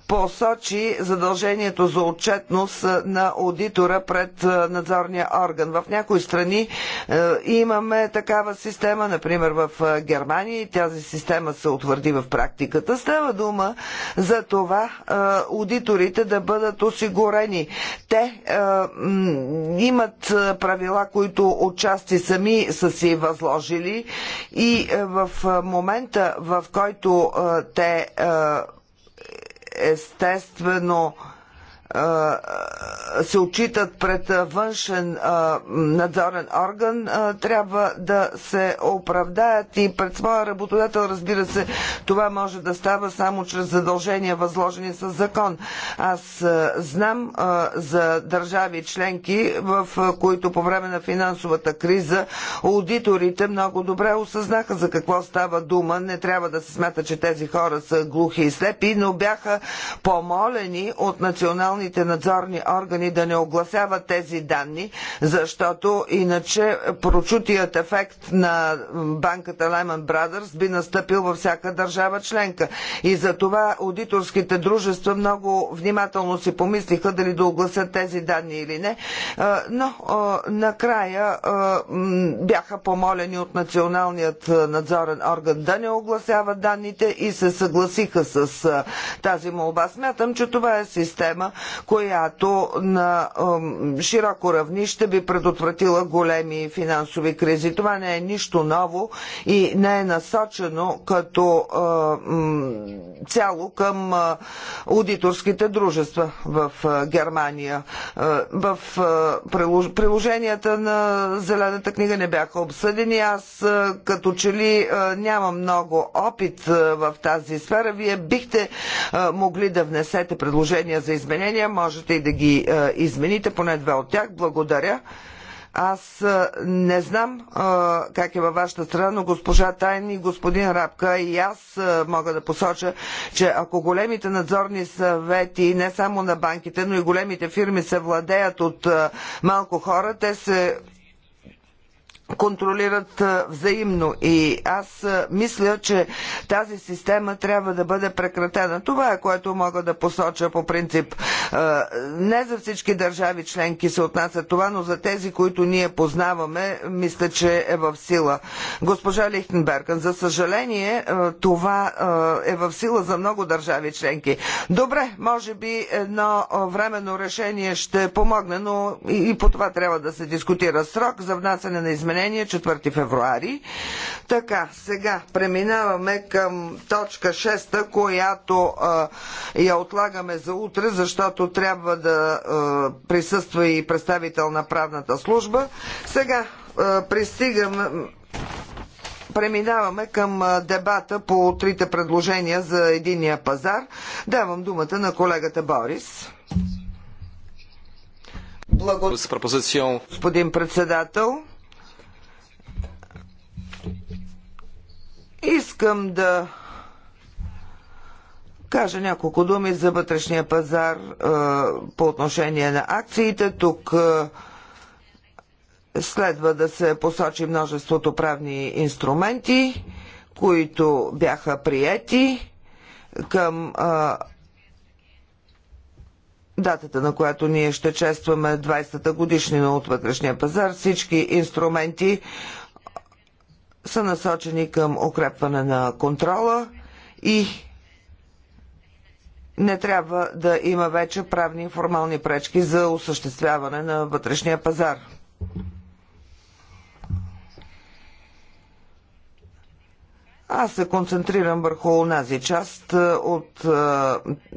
Speaker 1: посочи задължението за отчетност на аудитора пред е, надзорния орган. В някои страни е, имаме такава система, например в е, Германия, и тази система се утвърди в практиката. Става дума за това аудиторите да бъдат осигурени. Те имат правила, които отчасти сами са си възложили и в момента, в който те естествено се отчитат пред външен надзорен орган, трябва да се оправдаят и пред своя работодател, разбира се, това може да става само чрез задължения, възложени с закон. Аз знам за държави членки, в които по време на финансовата криза аудиторите много добре осъзнаха за какво става дума. Не трябва да се смята, че тези хора са глухи и слепи, но бяха помолени от национални националните надзорни органи да не огласяват тези данни, защото иначе прочутият ефект на банката Lehman Brothers би настъпил във всяка държава членка. И за това аудиторските дружества много внимателно си помислиха дали да огласят тези данни или не. Но накрая бяха помолени от националният надзорен орган да не огласяват данните и се съгласиха с тази молба. Смятам, че това е система, която на широко равнище би предотвратила големи финансови кризи. Това не е нищо ново и не е насочено като цяло към аудиторските дружества в Германия. В приложенията на Зелената книга не бяха обсъдени. Аз като че ли нямам много опит в тази сфера. Вие бихте могли да внесете предложения за изменения изменения. Можете и да ги а, е, измените, поне две от тях. Благодаря. Аз е, не знам а, е, как е във вашата страна, но госпожа Тайн и господин Рапка и аз а, мога да посоча, че ако големите надзорни съвети не само на банките, но и големите фирми се владеят от а, малко хора, те се контролират взаимно. И аз мисля, че тази система трябва да бъде прекратена. Това е което мога да посоча по принцип. Не за всички държави членки се отнася това, но за тези, които ние познаваме, мисля, че е в сила. Госпожа Лихтенберген, за съжаление, това е в сила за много държави членки. Добре, може би едно временно решение ще помогне, но и по това трябва да се дискутира. Срок за внасяне на изменения изменение 4 февруари. Така, сега преминаваме към точка 6, която а, я отлагаме за утре, защото трябва да а, присъства и представител на правната служба. Сега а, пристигам преминаваме към дебата по трите предложения за единия пазар. Давам думата на колегата Борис. Благодаря. Господин председател, Искам да кажа няколко думи за вътрешния пазар е, по отношение на акциите. Тук е, следва да се посочи множеството правни инструменти, които бяха приети към е, датата, на която ние ще честваме 20-та годишнина от вътрешния пазар. Всички инструменти са насочени към укрепване на контрола и не трябва да има вече правни и формални пречки за осъществяване на вътрешния пазар. Аз се концентрирам върху тази част е, от е,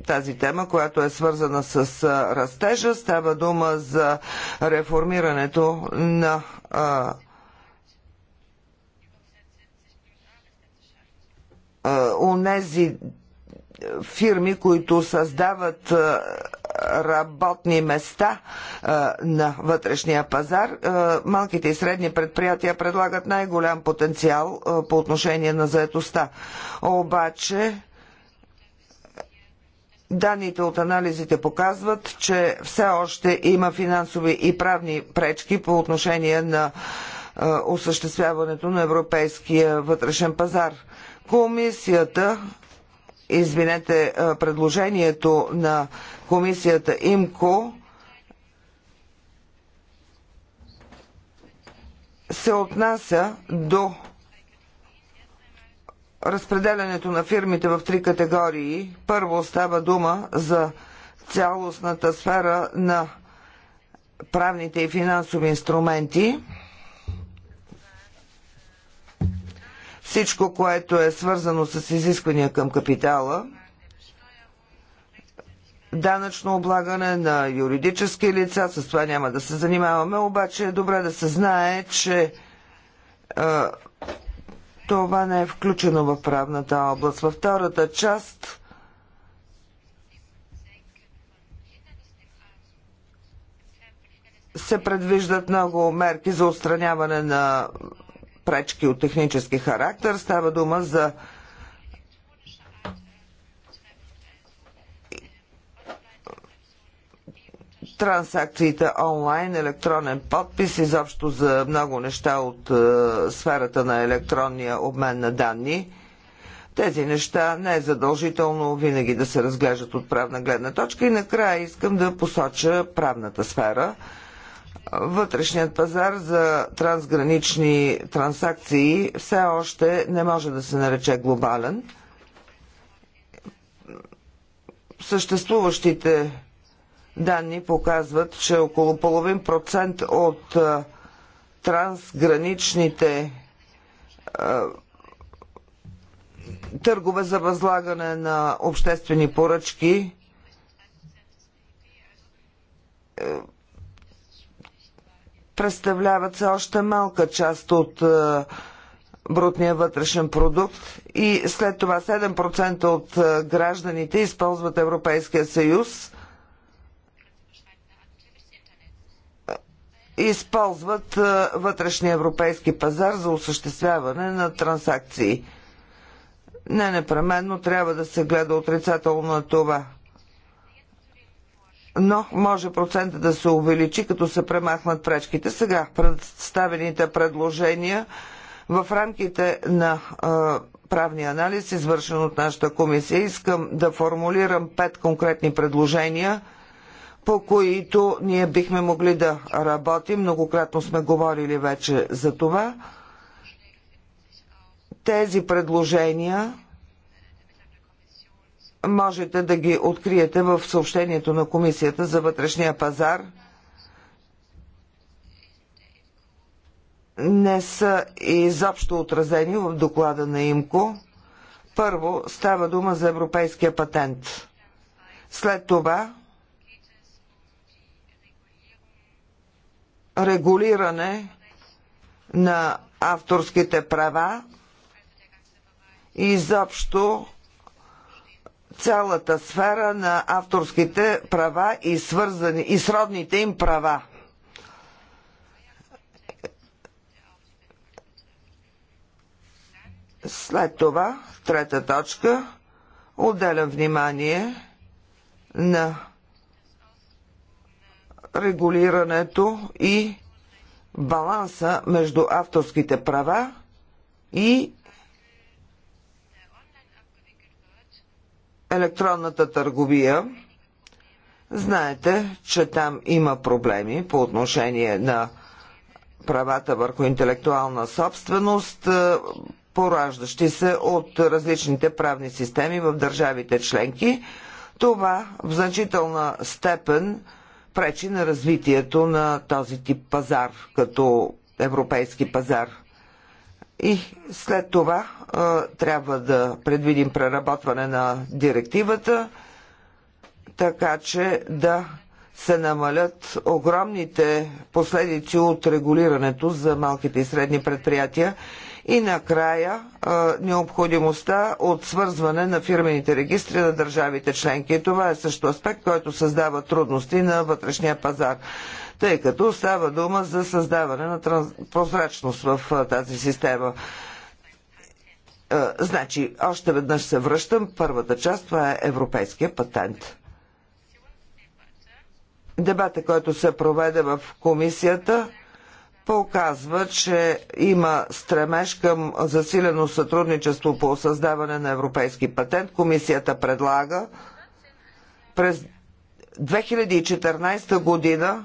Speaker 1: тази тема, която е свързана с е, растежа. Става дума за реформирането на Е, онези фирми, които създават е, работни места е, на вътрешния пазар. Малките и средни предприятия предлагат най-голям потенциал по отношение на заетостта. Обаче, Данните от анализите показват, че все още има финансови и правни пречки по отношение на осъществяването на европейския вътрешен пазар. Комисията, извинете, предложението на комисията ИМКО се отнася до разпределянето на фирмите в три категории. Първо става дума за цялостната сфера на правните и финансови инструменти – всичко, което е свързано с изисквания към капитала, данъчно облагане на юридически лица, с това няма да се занимаваме, обаче е добре да се знае, че а, е, това не е включено в правната област. Във втората част се предвиждат много мерки за устраняване на пречки от технически характер. Става дума за трансакциите онлайн, електронен подпис, изобщо за много неща от е, сферата на електронния обмен на данни. Тези неща не е задължително винаги да се разглеждат от правна гледна точка. И накрая искам да посоча правната сфера – вътрешният пазар за трансгранични транзакции все още не може да се нарече глобален. Съществуващите данни показват, че около половин процент от трансграничните търгове за възлагане на обществени поръчки е, представляват все още малка част от е, брутния вътрешен продукт и след това 7% от е, гражданите използват Европейския съюз, е, използват вътрешния европейски пазар за осъществяване на транзакции. Не непременно трябва да се гледа отрицателно на това но може процента да се увеличи, като се премахнат пречките. Сега представените предложения в рамките на правния анализ, извършен от нашата комисия, искам да формулирам пет конкретни предложения, по които ние бихме могли да работим. Многократно сме говорили вече за това. Тези предложения можете да ги откриете в съобщението на Комисията за вътрешния пазар. Не са изобщо отразени в доклада на ИМКО. Първо става дума за европейския патент. След това регулиране на авторските права и изобщо цялата сфера на авторските права и, свързани, и сродните им права. След това, трета точка, отделям внимание на регулирането и баланса между авторските права и електронната търговия. Знаете, че там има проблеми по отношение на правата върху интелектуална собственост, е, пораждащи се от различните правни системи в държавите членки. Това в значителна степен пречи на развитието на този тип пазар като европейски пазар – и след това трябва да предвидим преработване на директивата, така че да се намалят огромните последици от регулирането за малките и средни предприятия и накрая необходимостта от свързване на фирмените регистри на държавите членки. Това е също аспект, който създава трудности на вътрешния пазар тъй като става дума за създаване на прозрачност в тази система. Значи, още веднъж се връщам. Първата част това е европейския патент. Дебата, който се проведе в комисията, показва, че има стремеж към засилено сътрудничество по създаване на европейски патент. Комисията предлага през 2014 година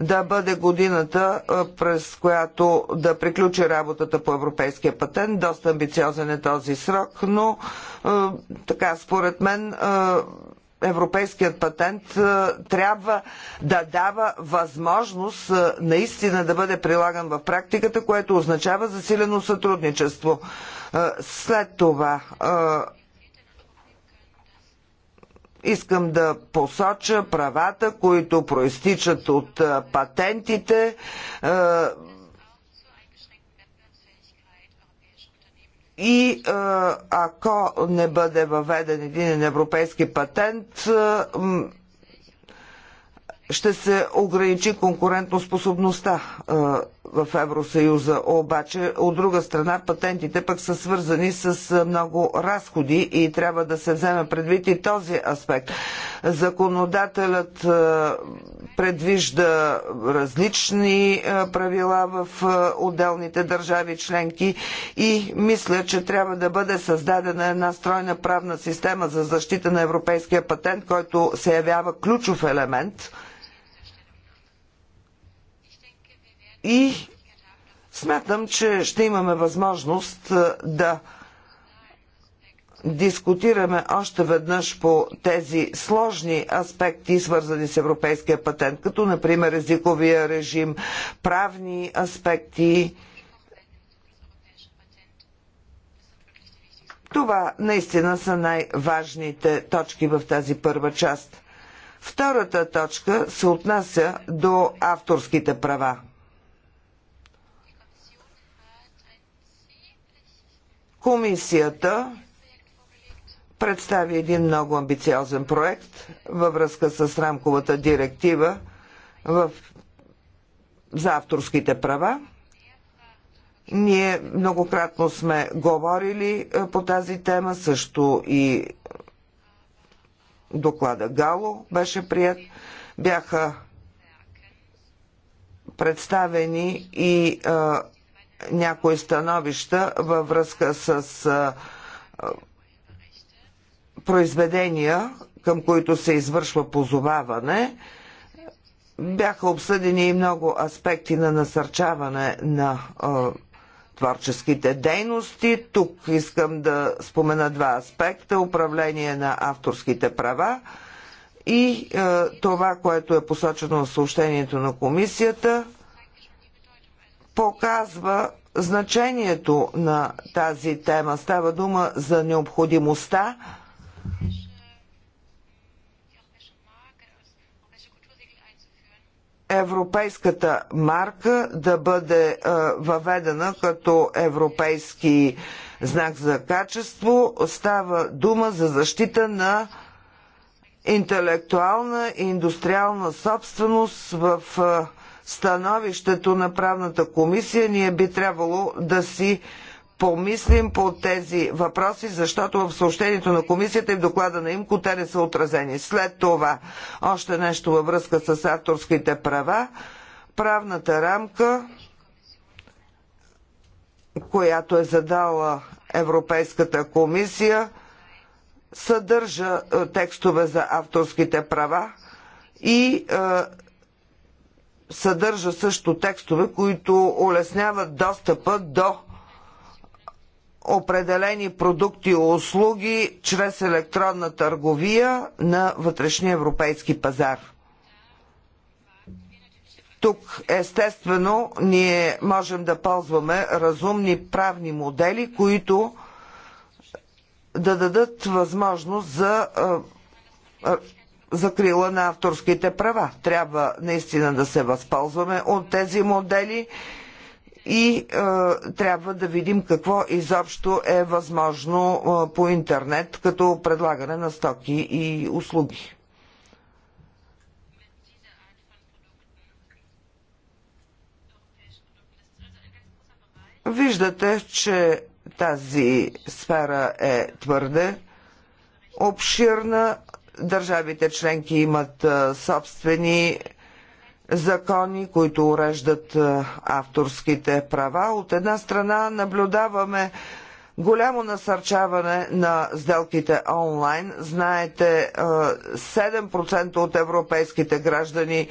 Speaker 1: да бъде годината, през която да приключи работата по европейския патент. Доста амбициозен е този срок, но така според мен европейският патент трябва да дава възможност наистина да бъде прилаган в практиката, което означава засилено сътрудничество. След това Искам да посоча правата, които проистичат от патентите и ако не бъде въведен един европейски патент, ще се ограничи конкурентоспособността в Евросъюза. Обаче, от друга страна, патентите пък са свързани с много разходи и трябва да се вземе предвид и този аспект. Законодателят предвижда различни правила в отделните държави членки и мисля, че трябва да бъде създадена една стройна правна система за защита на европейския патент, който се явява ключов елемент И смятам, че ще имаме възможност е, да дискутираме още веднъж по тези сложни аспекти, свързани с европейския патент, като например езиковия режим, правни аспекти. Това наистина са най-важните точки в тази първа част. Втората точка се отнася до авторските права. Комисията представи един много амбициозен проект във връзка с рамковата директива в... за авторските права. Ние многократно сме говорили е, по тази тема, също и доклада Гало беше прият. Бяха представени и а, е, някои становища във връзка с произведения, към които се извършва позоваване. Бяха обсъдени и много аспекти на насърчаване на творческите дейности. Тук искам да спомена два аспекта управление на авторските права и а, това, което е посочено в съобщението на комисията показва значението на тази тема. Става дума за необходимостта европейската марка да бъде е, въведена като европейски знак за качество. Става дума за защита на интелектуална и индустриална собственост в е, становището на правната комисия, ние би трябвало да си помислим по тези въпроси, защото в съобщението на комисията и в доклада на ИМКО те не са отразени. След това още нещо във връзка с авторските права. Правната рамка, която е задала Европейската комисия, съдържа е, текстове за авторските права и е, съдържа също текстове, които улесняват достъпа до определени продукти и услуги чрез електронна търговия на вътрешния европейски пазар. Тук естествено ние можем да ползваме разумни правни модели, които да дадат възможност за закрила на авторските права. Трябва наистина да се възползваме от тези модели и е, трябва да видим какво изобщо е възможно е, по интернет като предлагане на стоки и услуги. Виждате, че тази сфера е твърде обширна. Държавите членки имат собствени закони, които уреждат авторските права. От една страна наблюдаваме голямо насърчаване на сделките онлайн. Знаете, 7% от европейските граждани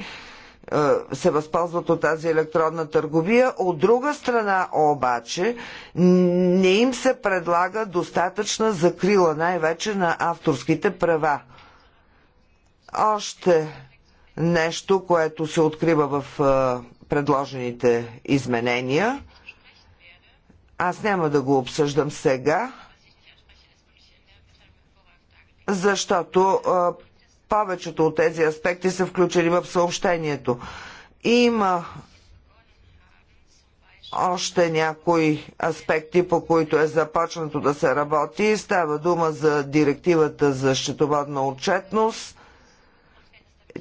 Speaker 1: се възползват от тази електронна търговия. От друга страна обаче не им се предлага достатъчна закрила, най-вече на авторските права. Още нещо, което се открива в предложените изменения. Аз няма да го обсъждам сега, защото повечето от тези аспекти са включени в съобщението. Има още някои аспекти, по които е започнато да се работи. Става дума за директивата за счетоводна отчетност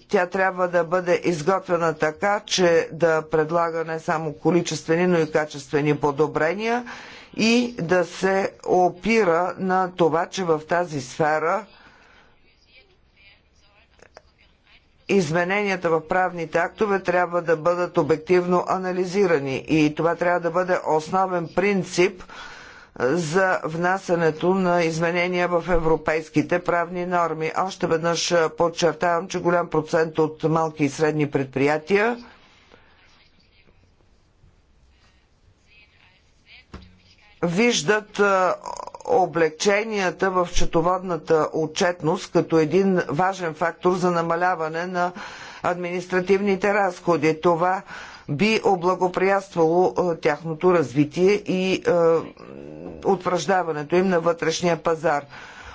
Speaker 1: тя трябва да бъде изготвена така, че да предлага не само количествени, но и качествени подобрения и да се опира на това, че в тази сфера измененията в правните актове трябва да бъдат обективно анализирани и това трябва да бъде основен принцип – за внасянето на изменения в европейските правни норми. Още веднъж подчертавам, че голям процент от малки и средни предприятия виждат облегченията в счетоводната отчетност като един важен фактор за намаляване на административните разходи. Това би облагоприятствало тяхното развитие и утвърждаването им на вътрешния пазар.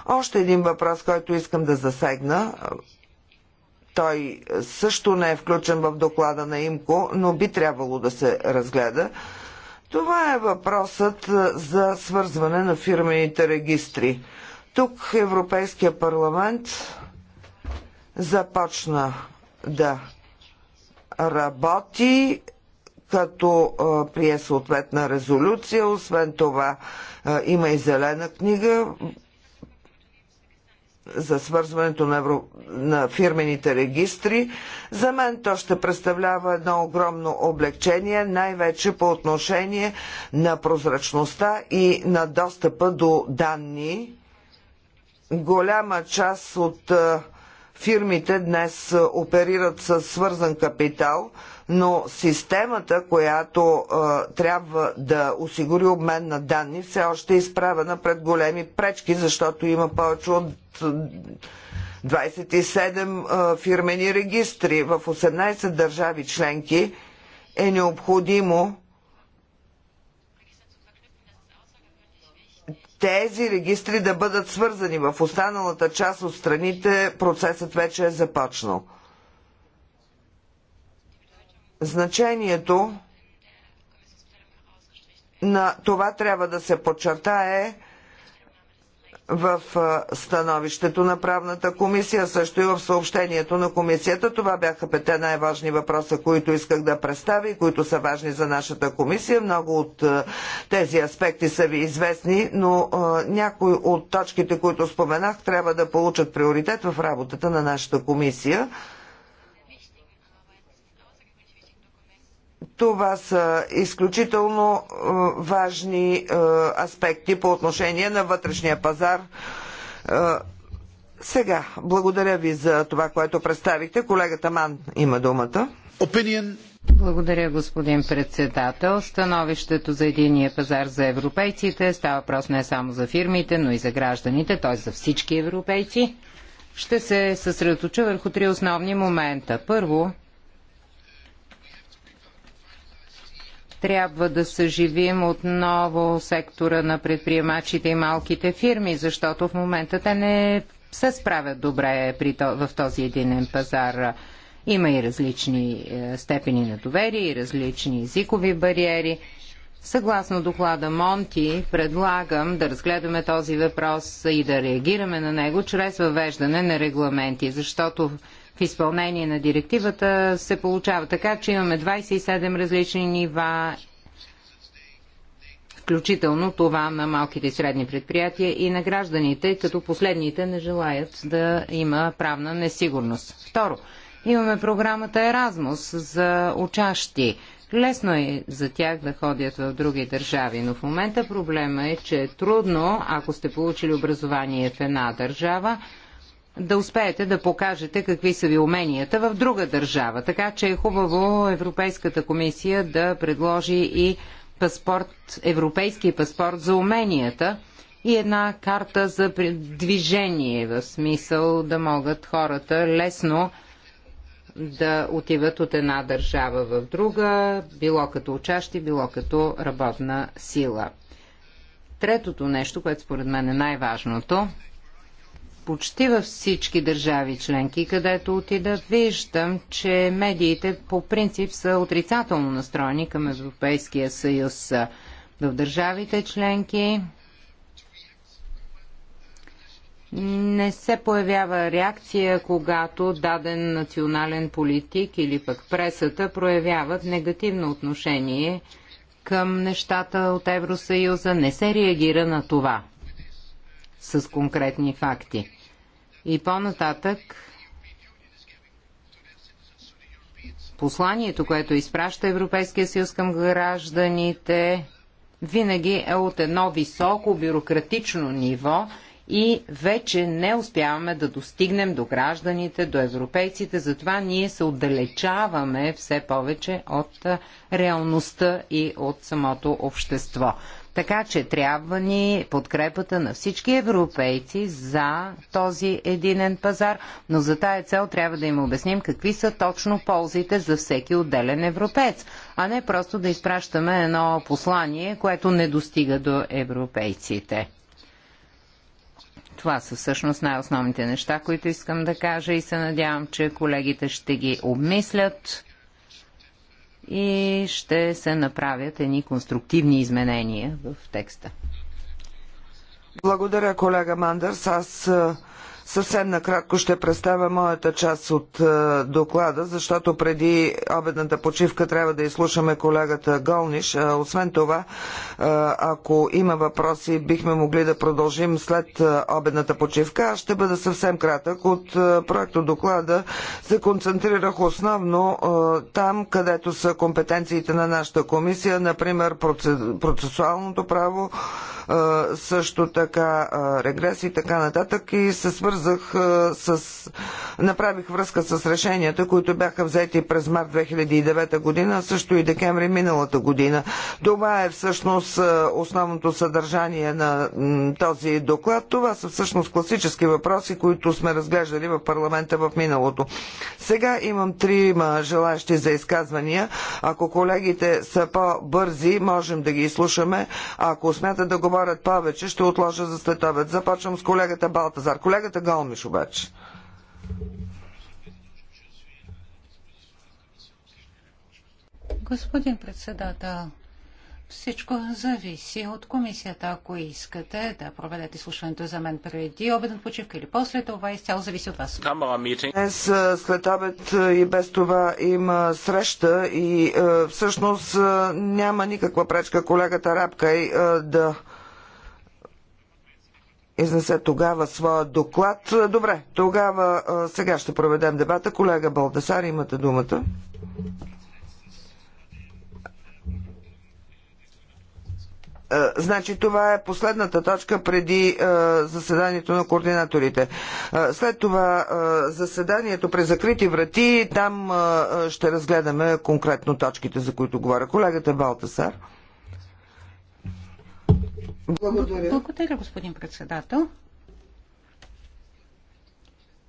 Speaker 1: Още един въпрос, който искам да засегна. Той също не е включен в доклада на ИМКО, но би трябвало да се разгледа. Това е въпросът е, за свързване на фирмените регистри. Тук Европейския парламент започна да работи като прие съответна резолюция. Освен това има и зелена книга за свързването на, евро... на фирмените регистри. За мен то ще представлява едно огромно облегчение, най-вече по отношение на прозрачността и на достъпа до данни. Голяма част от фирмите днес оперират със свързан капитал – но системата, която е, трябва да осигури обмен на данни, все още е изправена пред големи пречки, защото има повече от 27 е, фирмени регистри в 18 държави членки е необходимо тези регистри да бъдат свързани. В останалата част от страните процесът вече е започнал. Значението на това трябва да се подчертае в становището на правната комисия, също и в съобщението на комисията. Това бяха пете най-важни въпроса, които исках да представя и които са важни за нашата комисия. Много от тези аспекти са ви известни, но някои от точките, които споменах, трябва да получат приоритет в работата на нашата комисия. Това са изключително е, важни е, аспекти по отношение на вътрешния пазар. Е, сега, благодаря ви за това, което представихте. Колегата Ман има думата. Opinion.
Speaker 2: Благодаря, господин председател. Становището за единия пазар за европейците става въпрос не само за фирмите, но и за гражданите, т.е. за всички европейци. Ще се съсредоточа върху три основни момента. Първо, Трябва да съживим отново сектора на предприемачите и малките фирми, защото в момента те не се справят добре в този единен пазар. Има и различни е, степени на доверие и различни езикови бариери. Съгласно доклада Монти, предлагам да разгледаме този въпрос и да реагираме на него чрез въвеждане на регламенти, защото в изпълнение на директивата се получава. Така че имаме 27 различни нива, включително това на малките и средни предприятия и на гражданите, като последните не желаят да има правна несигурност. Второ, имаме програмата Еразмус за учащи. Лесно е за тях да ходят в други държави, но в момента проблема е, че е трудно, ако сте получили образование в една държава, да успеете да покажете какви са ви уменията в друга държава. Така че е хубаво Европейската комисия да предложи и паспорт, европейски паспорт за уменията и една карта за движение, в смисъл да могат хората лесно да отиват от една държава в друга, било като учащи, било като работна сила. Третото нещо, което според мен е най-важното, почти във всички държави членки, където отидат, виждам, че медиите по принцип са отрицателно настроени към Европейския съюз. В държавите членки не се появява реакция, когато даден национален политик или пък пресата проявяват негативно отношение към нещата от Евросъюза. Не се реагира на това с конкретни факти. И по-нататък посланието, което изпраща Европейския съюз към гражданите, винаги е от едно високо бюрократично ниво и вече не успяваме да достигнем до гражданите, до европейците, затова ние се отдалечаваме все повече от реалността и от самото общество. Така че трябва ни подкрепата на всички европейци за този единен пазар, но за тая цел трябва да им обясним какви са точно ползите за всеки отделен европеец, а не просто да изпращаме едно послание, което не достига до европейците. Това са всъщност най-основните неща, които искам да кажа и се надявам, че колегите ще ги обмислят и ще се направят едни конструктивни изменения в текста.
Speaker 1: Благодаря, колега Мандърс. Аз Съвсем накратко ще представя моята част от е, доклада, защото преди обедната почивка трябва да изслушаме колегата Голниш. Е, освен това, е, ако има въпроси, бихме могли да продължим след обедната почивка. Аз ще бъда съвсем кратък. От проекто доклада се концентрирах основно там, където са компетенциите на нашата комисия, например процесуалното право, също така регрес и така нататък и се свързва свързах с... направих връзка с решенията, които бяха взети през март 2009 година, също и декември миналата година. Това е всъщност основното съдържание на този доклад. Това са всъщност класически въпроси, които сме разглеждали в парламента в миналото. Сега имам трима желащи за изказвания. Ако колегите са по-бързи, можем да ги изслушаме. Ако смятат да говорят повече, ще отложа за след обед. Започвам с колегата Балтазар. Колегата Галмиш обаче.
Speaker 3: Господин председател, всичко зависи от комисията. Ако искате да проведете слушането за мен преди обеден почивка или после това, изцяло зависи от вас.
Speaker 1: Днес е, след обед е, и без това има среща и е, всъщност няма никаква пречка колегата Рапкай да изнесе тогава своя доклад. Добре, тогава сега ще проведем дебата. Колега Балдасар, имате думата. Значи това е последната точка преди е, заседанието на координаторите. Е, след това е, заседанието при закрити врати, там ще разгледаме конкретно точките, за които говоря. Колегата Балтасар.
Speaker 3: Благодаря. Благодаря, господин председател.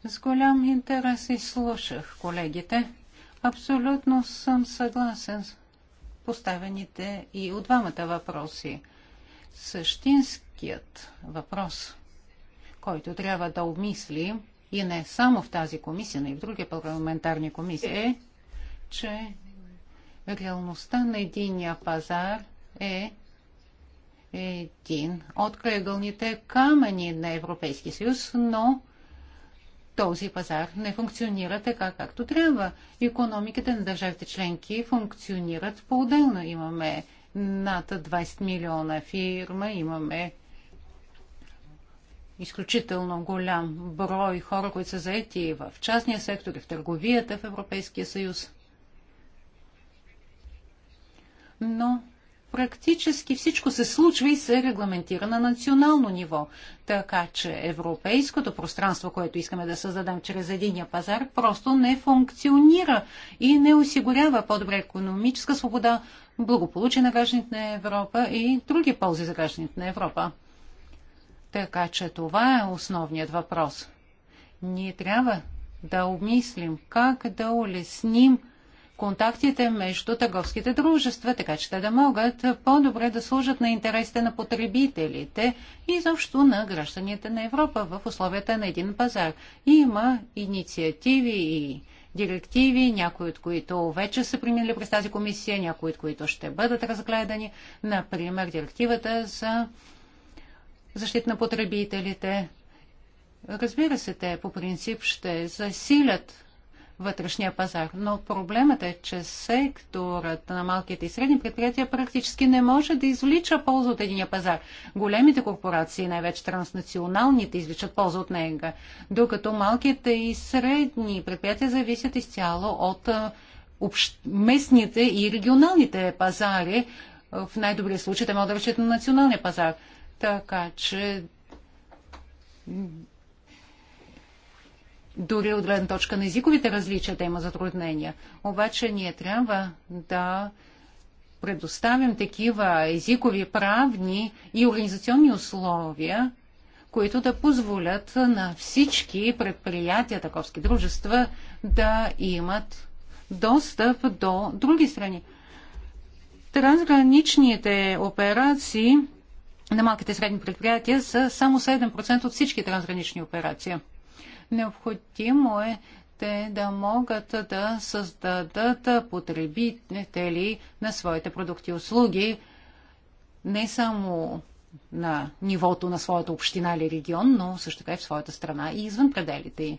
Speaker 3: С голям интерес изслушах колегите. Абсолютно съм съгласен с поставените и от двамата въпроси. Същинският въпрос, който трябва да обмислим, и не само в тази комисия, но и в други парламентарни комисии, е, че реалността на единия пазар е един от кръгълните камъни на Европейския съюз, но този пазар не функционира така, както трябва. Економиките на държавите членки функционират по-отделно. Имаме над 20 милиона фирма, имаме изключително голям брой хора, които са заети в частния сектор и в търговията в Европейския съюз. Но практически всичко се случва и се регламентира на национално ниво. Така че европейското пространство, което искаме да създадем чрез единия пазар, просто не функционира и не осигурява по-добре економическа свобода, благополучие на гражданите на Европа и други ползи за гражданите на Европа. Така че това е основният въпрос. Ние трябва да обмислим как да улесним контактите между търговските дружества, така че те да могат по-добре да служат на интересите на потребителите и защо на гражданите на Европа в условията на един пазар. Има инициативи и директиви, някои от които вече са преминали през тази комисия, някои от които ще бъдат разгледани. Например, директивата за защита на потребителите. Разбира се, те по принцип ще засилят вътрешния пазар. Но проблемът е, че секторът на малките и средни предприятия практически не може да извлича полза от единия пазар. Големите корпорации, най-вече транснационалните, извличат полза от него, докато малките и средни предприятия зависят изцяло от общ... местните и регионалните пазари. В най-добрия случай те могат да разчитат на националния пазар. Така че дори от гледна точка на езиковите различия да има затруднения. Обаче ние трябва да предоставим такива езикови, правни и организационни условия, които да позволят на всички предприятия, таковски дружества, да имат достъп до други страни. Трансграничните операции на малките и средни предприятия са само 7% от всички трансгранични операции. Необходимо е те да могат да създадат потребители на своите продукти и услуги не само на нивото на своята община или регион, но също така и в своята страна и извън пределите й.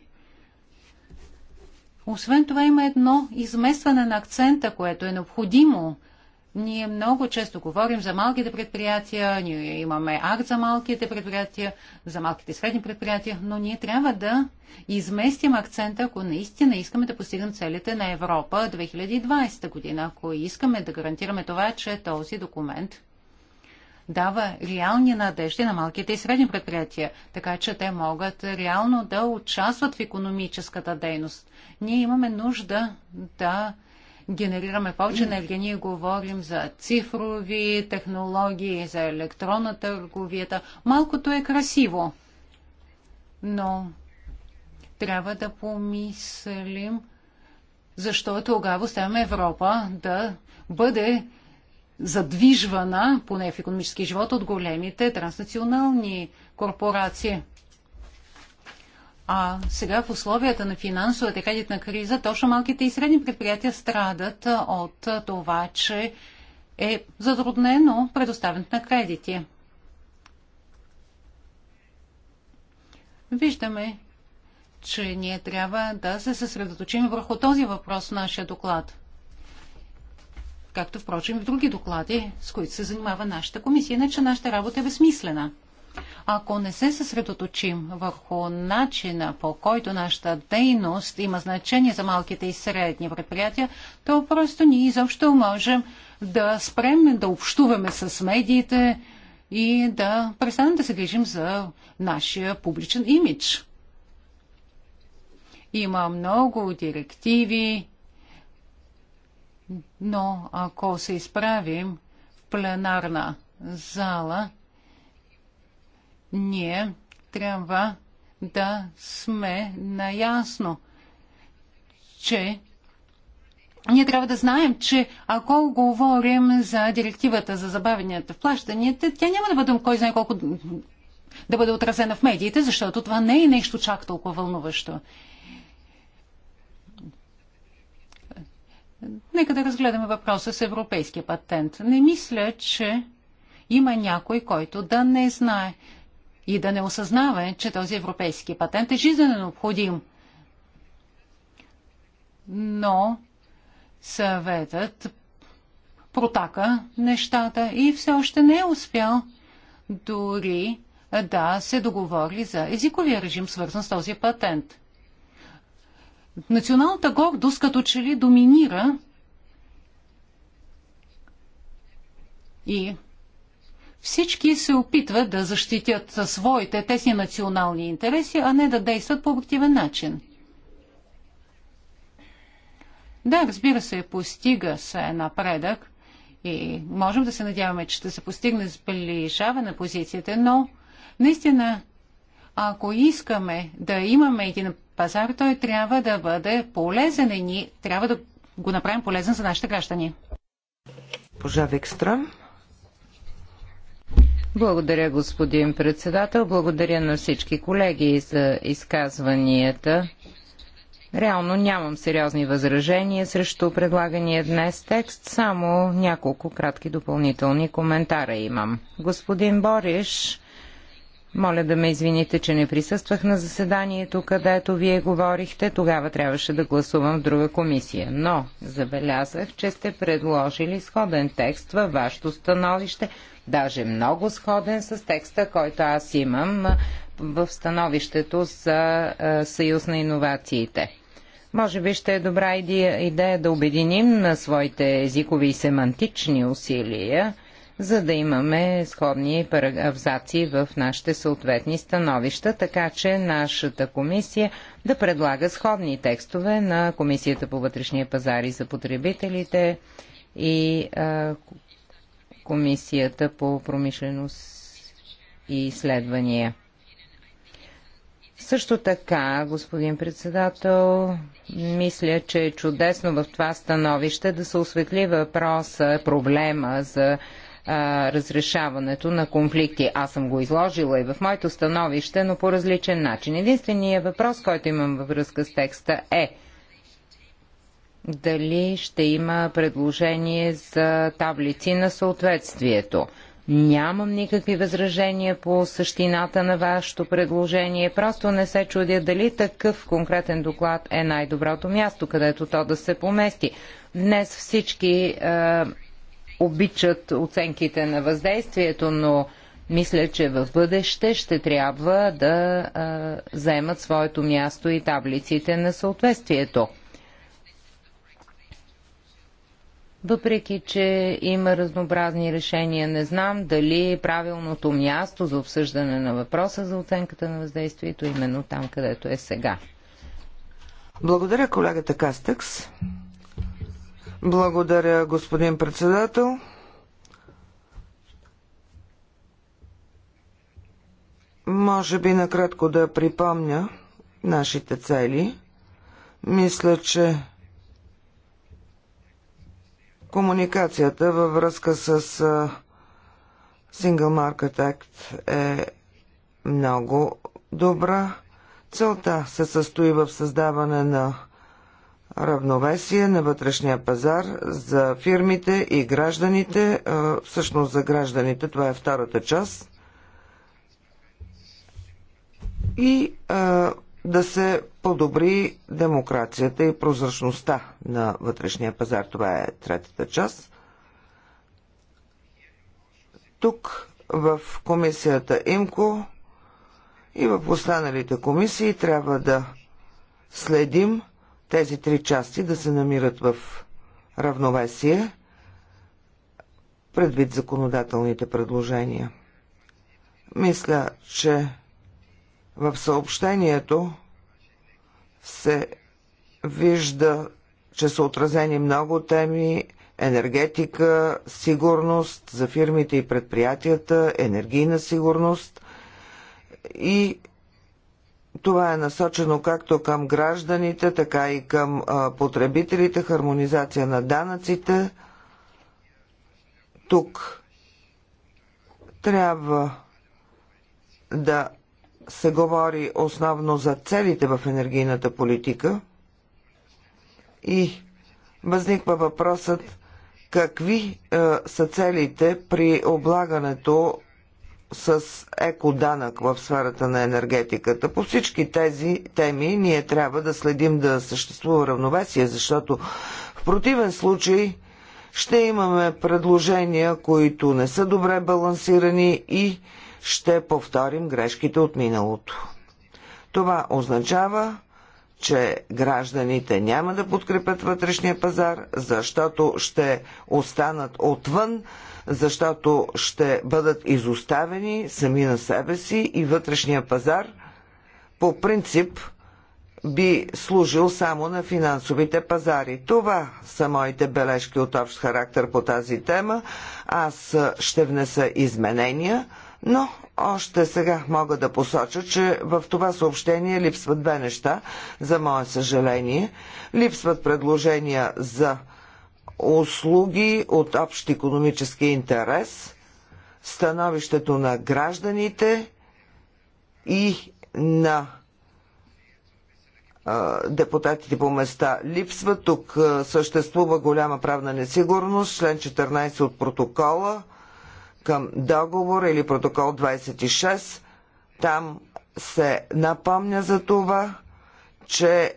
Speaker 3: Освен това има едно изместване на акцента, което е необходимо – ние много често говорим за малките предприятия, ние имаме акт за малките предприятия, за малките и средни предприятия, но ние трябва да изместим акцента, ако наистина искаме да постигнем целите на Европа 2020 година, ако искаме да гарантираме това, че този документ дава реални надежди на малките и средни предприятия, така че те могат реално да участват в економическата дейност. Ние имаме нужда да генерираме повече енергия. Ние говорим за цифрови технологии, за електронна търговията. Малкото е красиво, но трябва да помислим защо тогава оставяме Европа да бъде задвижвана, поне в економически живот, от големите транснационални корпорации. А сега в условията на финансовата и кредитна криза, точно малките и средни предприятия страдат от това, че е затруднено предоставянето на кредити. Виждаме, че ние трябва да се съсредоточим върху този въпрос в нашия доклад. Както, впрочем, в други доклади, с които се занимава нашата комисия, иначе нашата работа е безсмислена ако не се съсредоточим върху начина по който нашата дейност има значение за малките и средни предприятия, то просто ние изобщо можем да спрем да общуваме с медиите и да престанем да се грижим за нашия публичен имидж. Има много директиви, но ако се изправим в пленарна зала – ние трябва да сме наясно, че ние трябва да знаем, че ако говорим за директивата за забавенията в плащанията, тя няма да бъде кой знае колко да бъде отразена в медиите, защото това не е нещо чак толкова вълнуващо. Нека да разгледаме въпроса с европейския патент. Не мисля, че има някой, който да не знае и да не осъзнава, че този европейски патент е жизненно необходим. Но съветът протака нещата и все още не е успял дори да се договори за езиковия режим, свързан с този патент. Националната гордост като че ли доминира и всички се опитват да защитят своите тесни национални интереси, а не да действат по обективен начин. Да, разбира се, постига се напредък и можем да се надяваме, че ще се постигне сближаване на позициите, но наистина, ако искаме да имаме един пазар, той трябва да бъде полезен и ние трябва да го направим полезен за нашите граждани.
Speaker 1: Пожа Викстрам.
Speaker 2: Благодаря, господин председател. Благодаря на всички колеги за изказванията. Реално нямам сериозни възражения срещу предлагания днес текст, само няколко кратки допълнителни коментара имам. Господин Бориш моля да ме извините, че не присъствах на заседанието, където вие говорихте. Тогава трябваше да гласувам в друга комисия. Но забелязах, че сте предложили сходен текст във вашето становище, даже много сходен с текста, който аз имам в становището за Съюз на иновациите. Може би ще е добра идея, идея да обединим на своите езикови и семантични усилия – за да имаме сходни абзаци в нашите съответни становища, така че нашата комисия да предлага сходни текстове на Комисията по вътрешния пазар и за потребителите и а, Комисията по промишленост и изследвания. Също така, господин председател, мисля, че е чудесно в това становище да се осветли въпроса, проблема за а, разрешаването на конфликти. Аз съм го изложила и в моето становище, но по различен начин. Единственият въпрос, който имам във връзка с текста е дали ще има предложение за таблици на съответствието. Нямам никакви възражения по същината на вашето предложение. Просто не се чудя дали такъв конкретен доклад е най-доброто място, където то да се помести. Днес всички е, обичат оценките на въздействието, но мисля, че в бъдеще ще трябва да а, заемат своето място и таблиците на съответствието. Въпреки, че има разнообразни решения, не знам дали правилното място за обсъждане на въпроса за оценката на въздействието е именно там, където е сега.
Speaker 1: Благодаря колегата Кастъкс. Благодаря, господин председател. Може би накратко да припомня нашите цели. Мисля, че комуникацията във връзка с Single Market Act е много добра. Целта се състои в създаване на равновесие на вътрешния пазар за фирмите и гражданите. Всъщност за гражданите това е втората част. И да се подобри демокрацията и прозрачността на вътрешния пазар. Това е третата част. Тук в комисията ИМКО и в останалите комисии трябва да следим тези три части да се намират в равновесие предвид законодателните предложения. Мисля, че в съобщението се вижда, че са отразени много теми енергетика, сигурност за фирмите и предприятията, енергийна сигурност и това е насочено както към гражданите, така и към потребителите, хармонизация на данъците. Тук трябва да се говори основно за целите в енергийната политика и възниква въпросът какви е, са целите при облагането с екоданък в сферата на енергетиката. По всички тези теми ние трябва да следим да съществува равновесие, защото в противен случай ще имаме предложения, които не са добре балансирани и ще повторим грешките от миналото. Това означава, че гражданите няма да подкрепят вътрешния пазар, защото ще останат отвън защото ще бъдат изоставени сами на себе си и вътрешния пазар по принцип би служил само на финансовите пазари. Това са моите бележки от общ характер по тази тема. Аз ще внеса изменения, но още сега мога да посоча, че в това съобщение липсват две неща, за мое съжаление. Липсват предложения за услуги от общ економически интерес, становището на гражданите и на депутатите по места липсва. Тук съществува голяма правна несигурност. Член 14 от протокола към договор или протокол 26. Там се напомня за това, че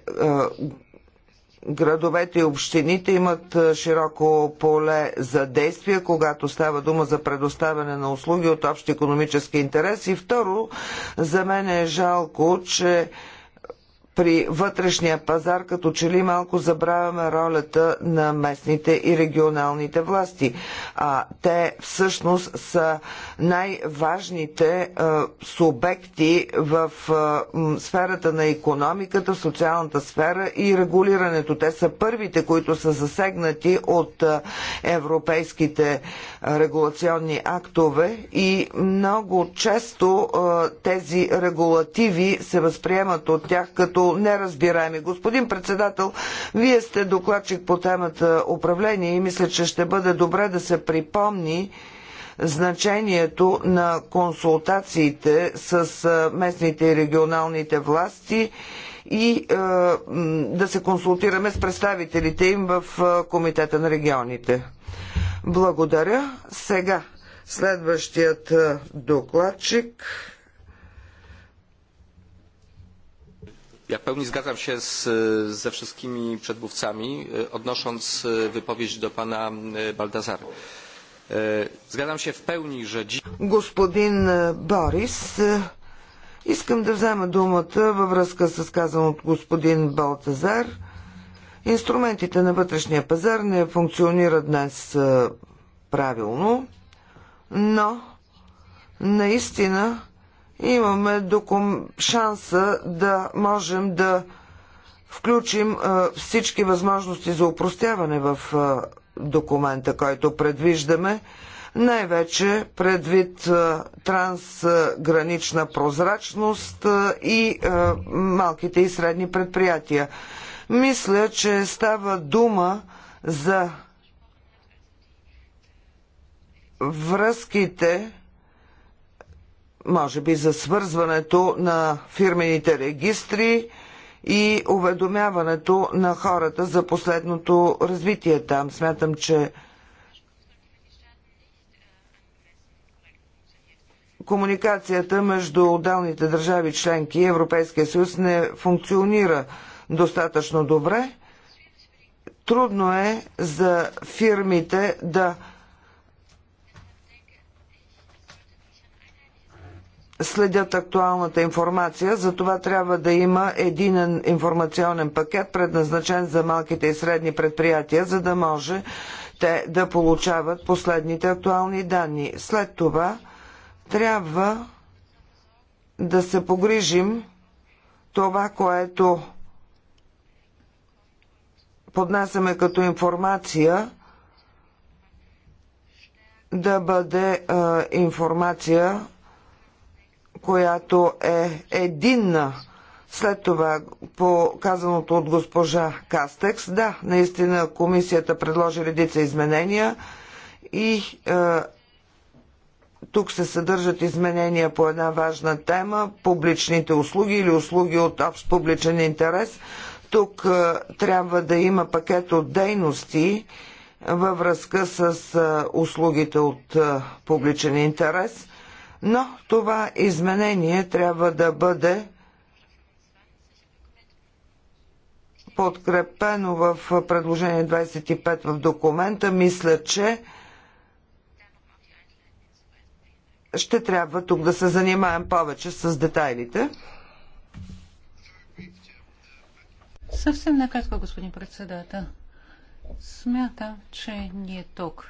Speaker 1: градовете и общините имат е, широко поле за действия, когато става дума за предоставяне на услуги от общ економически интерес. И второ, за мен е жалко, че при вътрешния пазар, като че ли малко забравяме ролята на местните и регионалните власти. А те всъщност са най-важните е, субекти в е, м, сферата на економиката, в социалната сфера и регулирането. Те са първите, които са засегнати от а, е, европейските регулационни актове и много често тези регулативи се възприемат от тях като неразбираеми. Господин председател, вие сте докладчик по темата управление и мисля, че ще бъде добре да се припомни значението на консултациите с местните и регионалните власти и е, да се консултираме с представителите им в Комитета на регионите. Благодаря. Сега следващият докладчик.
Speaker 4: Ja w pełni zgadzam się ze wszystkimi przedmówcami, e, odnosząc e, wypowiedź do pana e, Baldazara.
Speaker 1: Zgadzam się w pełni, że dziś... Господин Борис, искам да взема думата във връзка с казан от господин Балтазар. Инструментите на вътрешния пазар не функционират днес е, правилно, но наистина имаме докум... шанса да можем да включим всички възможности за упростяване в документа, който предвиждаме, най-вече предвид трансгранична прозрачност и малките и средни предприятия. Мисля, че става дума за връзките може би за свързването на фирмените регистри и уведомяването на хората за последното развитие там. Смятам, че комуникацията между отделните държави членки и Европейския съюз не функционира достатъчно добре. Трудно е за фирмите да следят актуалната информация, за това трябва да има един информационен пакет, предназначен за малките и средни предприятия, за да може те да получават последните актуални данни. След това трябва да се погрижим това, което поднасяме като информация, да бъде а, информация, която е единна. След това, по казаното от госпожа Кастекс, да, наистина комисията предложи редица изменения и е, тук се съдържат изменения по една важна тема публичните услуги или услуги от общ публичен интерес. Тук е, трябва да има пакет от дейности във връзка с е, услугите от е, публичен интерес – но това изменение трябва да бъде подкрепено в предложение 25 в документа. Мисля, че ще трябва тук да се занимаем повече с детайлите.
Speaker 3: Съвсем накратко, господин председател. Смятам, че ние тук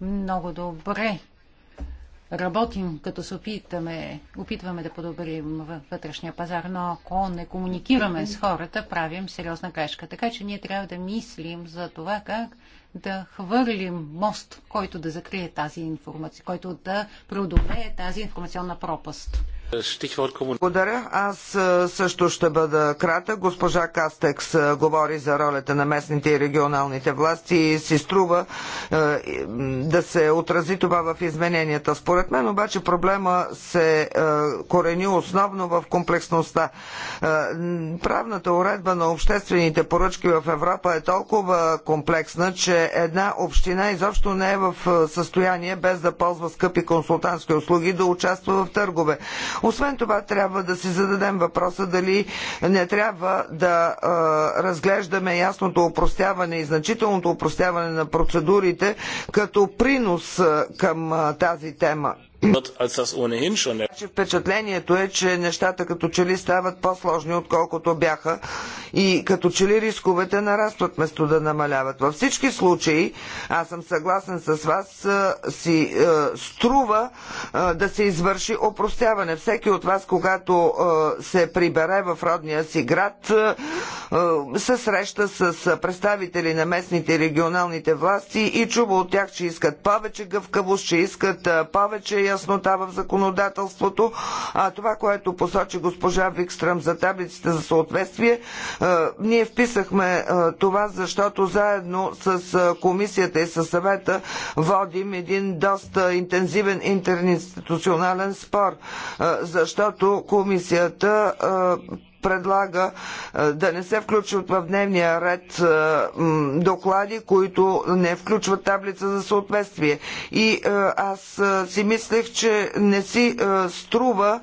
Speaker 3: много добре работим, като се опитаме, опитваме да подобрим вътрешния пазар, но ако не комуникираме с хората, правим сериозна грешка. Така че ние трябва да мислим за това как да хвърлим мост, който да закрие тази информация, който да преодолее тази информационна пропаст.
Speaker 1: Благодаря. Аз също ще бъда кратък. Госпожа Кастекс говори за ролята на местните и регионалните власти и си струва да се отрази това в измененията. Според мен обаче проблема се корени основно в комплексността. правната уредба на обществените поръчки в Европа е толкова комплексна, че една община изобщо не е в състояние без да ползва скъпи консултантски услуги да участва в търгове. Освен това, трябва да си зададем въпроса дали не трябва да разглеждаме ясното опростяване и значителното опростяване на процедурите като принос към тази тема. Значи впечатлението е, че нещата като че ли стават по-сложни, отколкото бяха и като че ли рисковете нарастват вместо да намаляват. Във всички случаи, аз съм съгласен с вас, си струва да се извърши опростяване. Всеки от вас, когато се прибере в родния си град, се среща с представители на местните и регионалните власти и чува от тях, че искат повече гъвкавост, че искат повече яснота в законодателството, а това, което посочи госпожа Викстрам за таблиците за съответствие, ние вписахме това, защото заедно с комисията и с съвета водим един доста интензивен интернституционален спор, защото комисията предлага е, да не се включват в дневния ред е, доклади, които не включват таблица за съответствие. И е, аз си мислех, че не си струва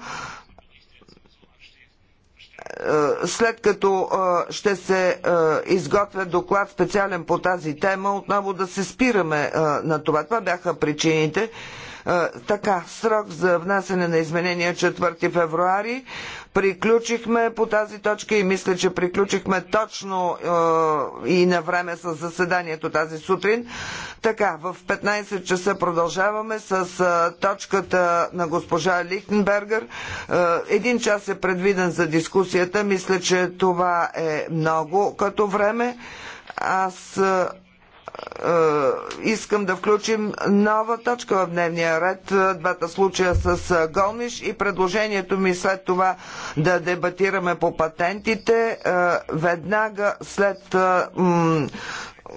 Speaker 1: след като ще се изготвя доклад специален по тази тема, отново да се спираме на това. Това бяха причините. Така, срок за внасене на изменения 4 февруари. Приключихме по тази точка и мисля, че приключихме точно е, и на време с заседанието тази сутрин. Така, в 15 часа продължаваме с е, точката на госпожа Лихтенбергер. Е, един час е предвиден за дискусията. Мисля, че това е много като време. Аз е, е, искам да включим нова точка в дневния ред. Двата случая с е, Голниш и предложението ми след това да дебатираме по патентите е, веднага след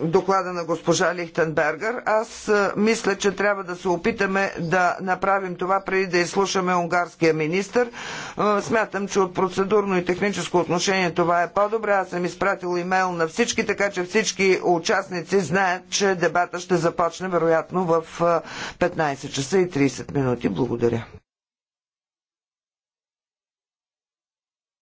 Speaker 1: доклада на госпожа Лихтенбергер. Аз мисля, че трябва да се опитаме да направим това преди да изслушаме унгарския министр. Смятам, че от процедурно и техническо отношение това е по-добре. Аз съм изпратил имейл на всички, така че всички участници знаят, че дебата ще започне вероятно в 15 часа и 30 минути. Благодаря.